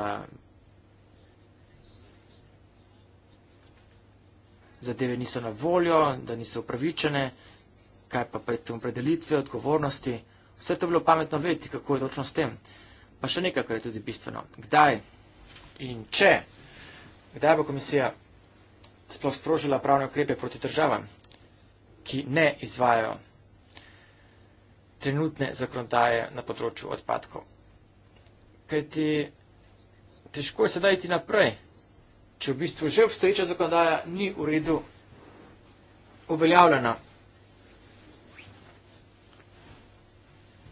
Speaker 1: zadeve niso na voljo, da niso upravičene, kaj pa pred tem predelitve, odgovornosti? Vse to bilo pametno vedeti, kako je točno s tem. Pa še nekaj, kar je tudi bistveno. Kdaj in če? Kdaj bo komisija sploh sprožila pravne ukrepe proti državam, ki ne izvajajo trenutne zakonodaje na področju odpadkov. Kaj ti težko je sedaj iti naprej, če v bistvu že obstoječa zakonodaja ni v redu uveljavljena.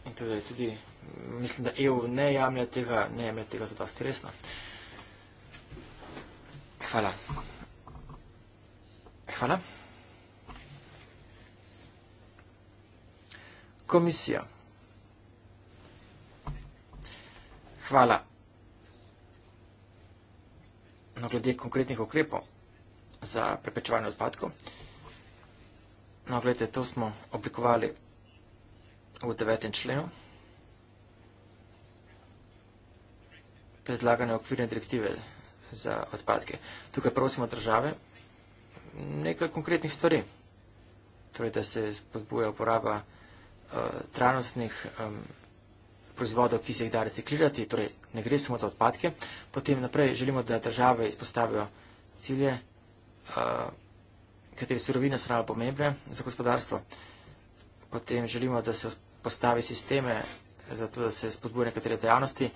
Speaker 1: In tudi, torej tudi mislim, da EU ne jemlje tega, ne jemlje tega za dosti resno. Hvala. Hvala. Komisija. Hvala. No, glede konkretnih ukrepov za prepečevanje odpadkov. No, glede, to smo oblikovali v devetem členu. Predlagane okvirne direktive za odpadke. Tukaj prosimo države, nekaj konkretnih stvari. Torej, da se spodbuja uporaba uh, trajnostnih um, proizvodov, ki se jih da reciklirati, torej ne gre samo za odpadke. Potem naprej želimo, da države izpostavijo cilje, uh, eh, kateri surovine so najbolj pomembne za gospodarstvo. Potem želimo, da se postavi sisteme za to, da se spodbuja nekatere dejavnosti,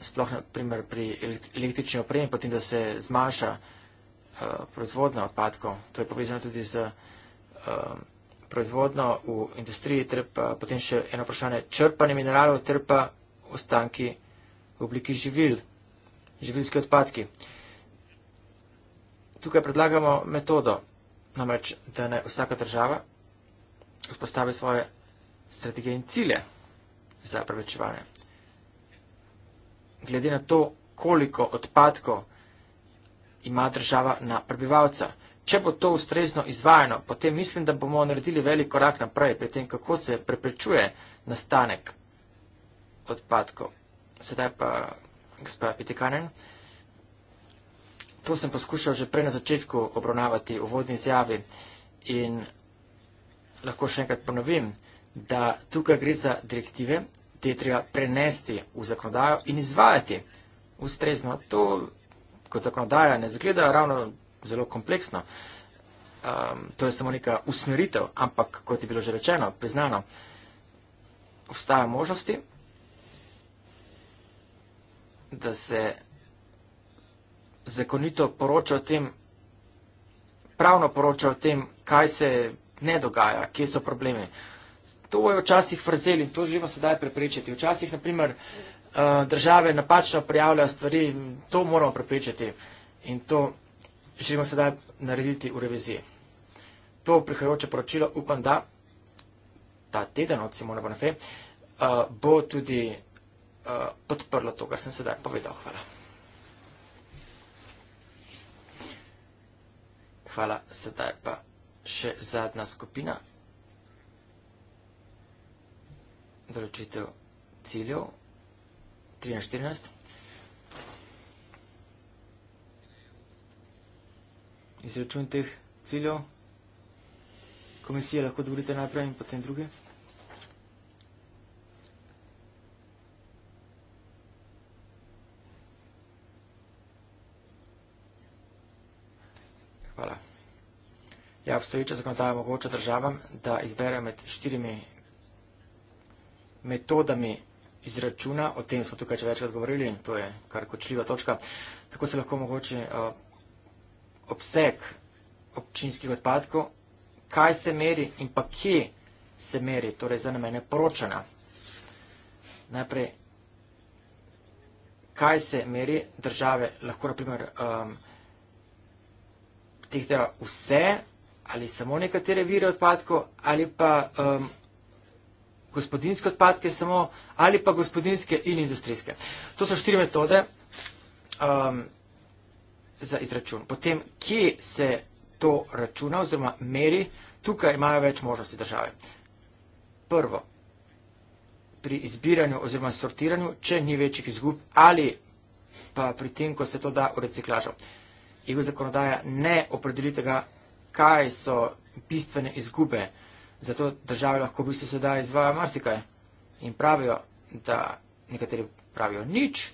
Speaker 1: sploh na primer pri električni opremi, potem da se zmanjša uh, Eh, proizvodnja odpadkov. To je povezano tudi z eh, proizvodnjo v industriji, ter pa potem še eno vprašanje črpanje mineralov, ter pa ostanki v obliki živil, živilski odpadki. Tukaj predlagamo metodo, namreč, da ne vsaka država vzpostavi svoje strategije in cilje za prevečevanje. Glede na to, koliko odpadkov ima država na prebivalca. Če bo to ustrezno izvajano, potem mislim, da bomo naredili velik korak naprej pri tem, kako se preprečuje nastanek odpadkov. Sedaj pa, gospod Pitekanen, to sem poskušal že prej na začetku obravnavati v vodni izjavi in lahko še enkrat ponovim, da tukaj gre za direktive, te treba prenesti v zakonodajo in izvajati ustrezno. To kot zakonodaja ne zgleda ravno zelo kompleksno. Um, to je samo neka usmeritev, ampak kot je bilo že rečeno, priznano, obstajajo možnosti, da se zakonito poroča o tem, pravno poroča o tem, kaj se ne dogaja, kje so problemi. To je včasih frazel in to živo sedaj preprečiti. Včasih, na primer, uh, Eh, države napačno prijavljajo stvari, to moramo prepričati in to želimo sedaj narediti v reviziji. To prihajajoče poročilo upam, da ta teden od Simona Bonafe eh, bo tudi eh, podprlo to, kar sem sedaj povedal. Hvala. Hvala sedaj pa še zadnja skupina. Določitev ciljev. 3 na 14. Izračun teh ciljev. Komisije lahko dovolite najprej in potem druge. Hvala. Ja, obstoječa zakonodaja mogoče državam, da izberajo med štirimi metodami izračuna, o tem smo tukaj če večkrat govorili in to je kar kočljiva točka, tako se lahko mogoče obseg občinskih odpadkov, kaj se meri in pa kje se meri, torej za namene poročana. Najprej, kaj se meri države, lahko naprimer tehtajo vse ali samo nekatere vire odpadkov ali pa gospodinske odpadke samo odpadke, ali pa gospodinske in industrijske. To so štiri metode um, za izračun. Potem, kje se to računa oziroma meri, tukaj imajo več možnosti države. Prvo, pri izbiranju oziroma sortiranju, če ni večjih izgub ali pa pri tem, ko se to da v reciklažo. Ego zakonodaja ne opredeli tega, kaj so bistvene izgube, zato države lahko v bistvu sedaj izvaja marsikaj in pravijo, da nekateri pravijo nič,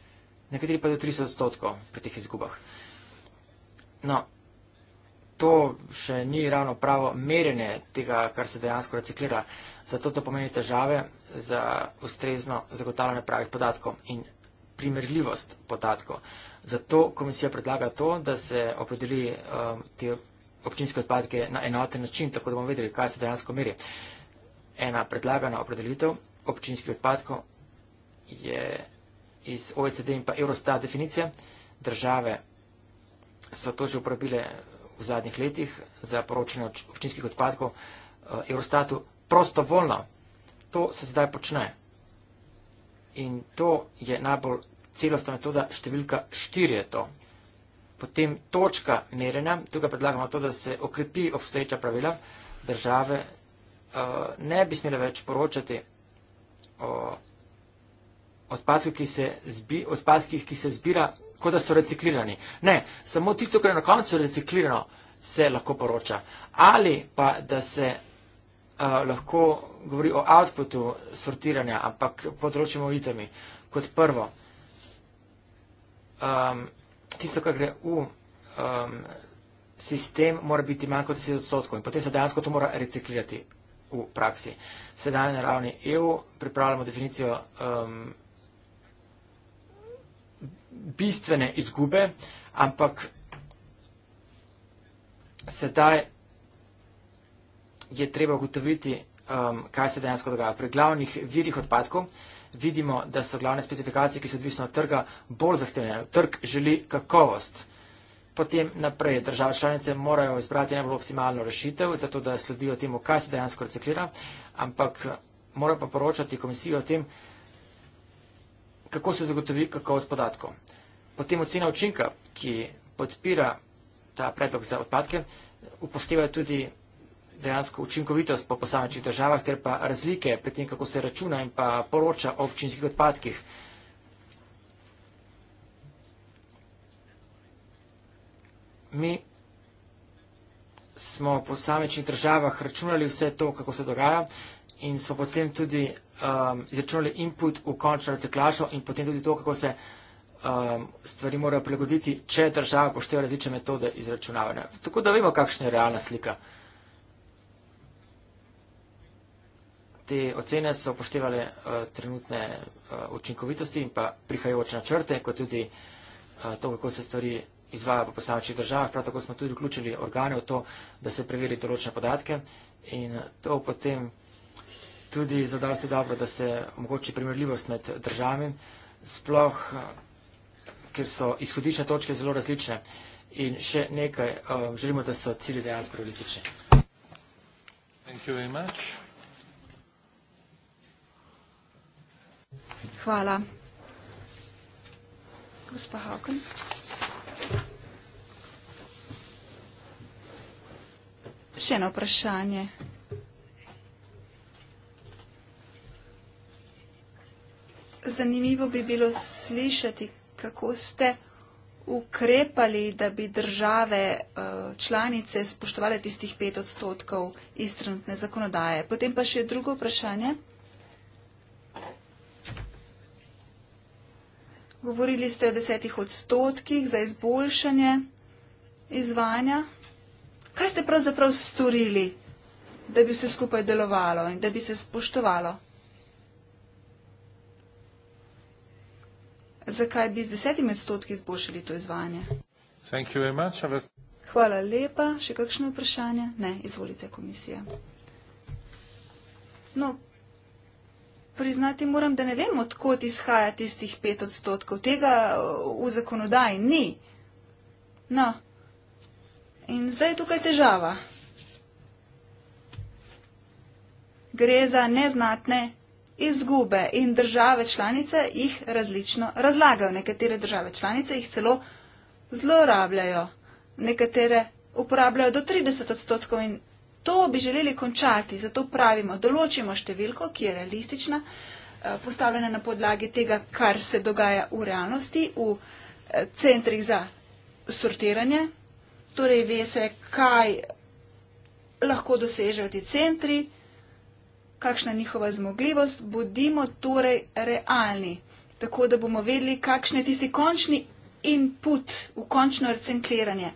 Speaker 1: nekateri pa do 30 odstotkov pri teh izgubah. No, to še ni ravno pravo merjenje tega, kar se dejansko reciklira. Zato to pomeni težave za ustrezno zagotavljanje pravih podatkov in primerljivost podatkov. Zato komisija predlaga to, da se opredeli um, te občinske odpadke na enoten način, tako da bomo vedeli, kaj se dejansko meri. Ena predlagana opredelitev občinskih odpadkov je iz OECD in pa Eurostat definicija. Države so to že uporabile v zadnjih letih za poročanje občinskih odpadkov eh, Eurostatu prostovoljno. To se zdaj počne. In to je najbolj celostna metoda, številka 4 je to. Potem točka merjena, tukaj predlagamo to, da se okrepi obstoječa pravila, države uh, ne bi smele več poročati o odpadkih, ki se, zbi, odpadkih, ki se zbira, kot da so reciklirani. Ne, samo tisto, kar je na koncu reciklirano, se lahko poroča. Ali pa da se uh, lahko govori o outputu sortiranja, ampak področjemo itemi. Kot prvo, um, tisto, kar gre v um, sistem, mora biti manj kot 10 odstotkov in potem se dejansko to mora reciklirati v praksi. Sedaj na ravni EU pripravljamo definicijo um, bistvene izgube, ampak sedaj je treba ugotoviti, um, kaj se dejansko dogaja. Pri glavnih virih odpadkov vidimo, da so glavne specifikacije, ki so odvisne od trga, bolj zahtevne. Trg želi kakovost potem naprej države članice morajo izbrati najbolj optimalno rešitev, zato da sledijo temu, kaj se dejansko reciklira, ampak morajo pa poročati komisijo o tem, kako se zagotovi kakovost podatkov. Potem ocena učinka, ki podpira ta predlog za odpadke, upošteva tudi dejansko učinkovitost po posamečnih državah, ter pa razlike pri tem, kako se računa in pa poroča o občinskih odpadkih. mi smo v posamečnih državah računali vse to, kako se dogaja in smo potem tudi um, izračunali input v končno reciklažo in potem tudi to, kako se um, stvari morajo prilagoditi, če država pošteva različne metode izračunavanja. Tako da vemo, kakšna je realna slika. Te ocene so upoštevale uh, trenutne uh, učinkovitosti in pa prihajajoče načrte, kot tudi uh, to, kako se stvari izvaja po posamečnih državah. Prav tako smo tudi vključili organe v to, da se preveri določene podatke in to potem tudi zadosti dobro, da se omogoči primerljivost med državami, sploh, ker so izhodične točke zelo različne. In še nekaj, um, želimo, da so cilji dejansko realistični.
Speaker 3: Hvala. Gospa Hawkins. Še eno vprašanje. Zanimivo bi bilo slišati, kako ste ukrepali, da bi države eh, članice spoštovali tistih pet odstotkov iz trenutne zakonodaje. Potem pa še drugo vprašanje. Govorili ste o desetih odstotkih za izboljšanje izvanja kaj ste pravzaprav storili, da bi vse skupaj delovalo in da bi se spoštovalo? Zakaj bi z desetimi odstotki izboljšali to izvajanje? Hvala lepa. Še kakšno vprašanje? Ne, izvolite komisija. No, priznati moram, da ne vem, odkot izhaja tistih pet odstotkov. Tega uh, v zakonodaji ni. No. In zdaj je tukaj težava. Gre za neznatne izgube in države članice jih različno razlagajo. Nekatere države članice jih celo zlorabljajo. Nekatere uporabljajo do 30 odstotkov in to bi želeli končati. Zato pravimo, določimo številko, ki je realistična, eh, postavljena na podlagi tega, kar se dogaja v realnosti, v eh, centrih za sortiranje torej ve se, kaj lahko dosežejo ti centri, kakšna je njihova zmogljivost, bodimo torej realni, tako da bomo vedeli, kakšen je tisti končni input v končno recenkliranje.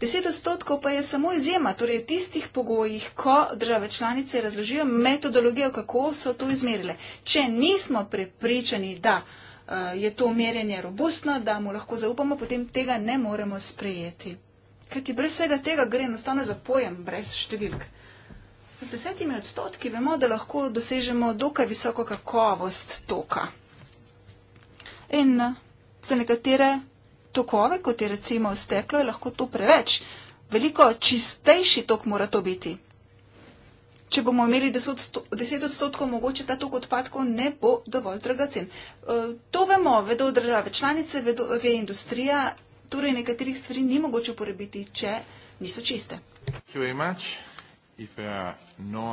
Speaker 3: 10 odstotkov pa je samo izjema, torej v tistih pogojih, ko države članice razložijo metodologijo, kako so to izmerile. Če nismo prepričani, da eh, je to merjenje robustno, da mu lahko zaupamo, potem tega ne moremo sprejeti. Kaj ti brez vsega tega gre, nastane za pojem, brez številk. Z desetimi odstotki vemo, da lahko dosežemo dokaj visoko kakovost toka. In eh, za nekatere tokove, kot je recimo steklo, je lahko to preveč. Veliko čistejši tok mora to biti. Če bomo imeli 10 odstotkov, mogoče ta tok odpadkov ne bo dovolj dragocen. Eh, to vemo, vedo države članice, vedo, ve industrija Torej, nekaterih stvari ni mogoče uporabiti, če niso čiste. No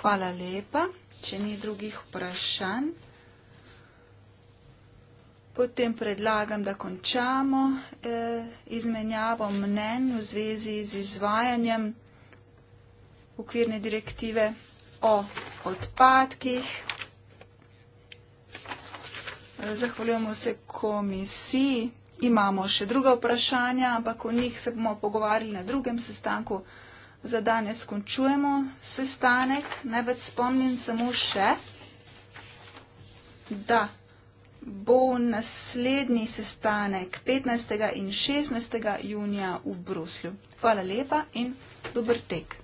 Speaker 3: Hvala lepa. Če ni drugih vprašanj, potem predlagam, da končamo eh, izmenjavo mnen v zvezi z izvajanjem okvirne direktive o odpadkih. Eh, zahvaljujemo se komisiji imamo še druga vprašanja, ampak o njih se bomo pogovarjali na drugem sestanku. Za danes končujemo sestanek. Največ spomnim samo še, da bo naslednji sestanek 15. in 16. junija v Bruslju. Hvala lepa in dober tek.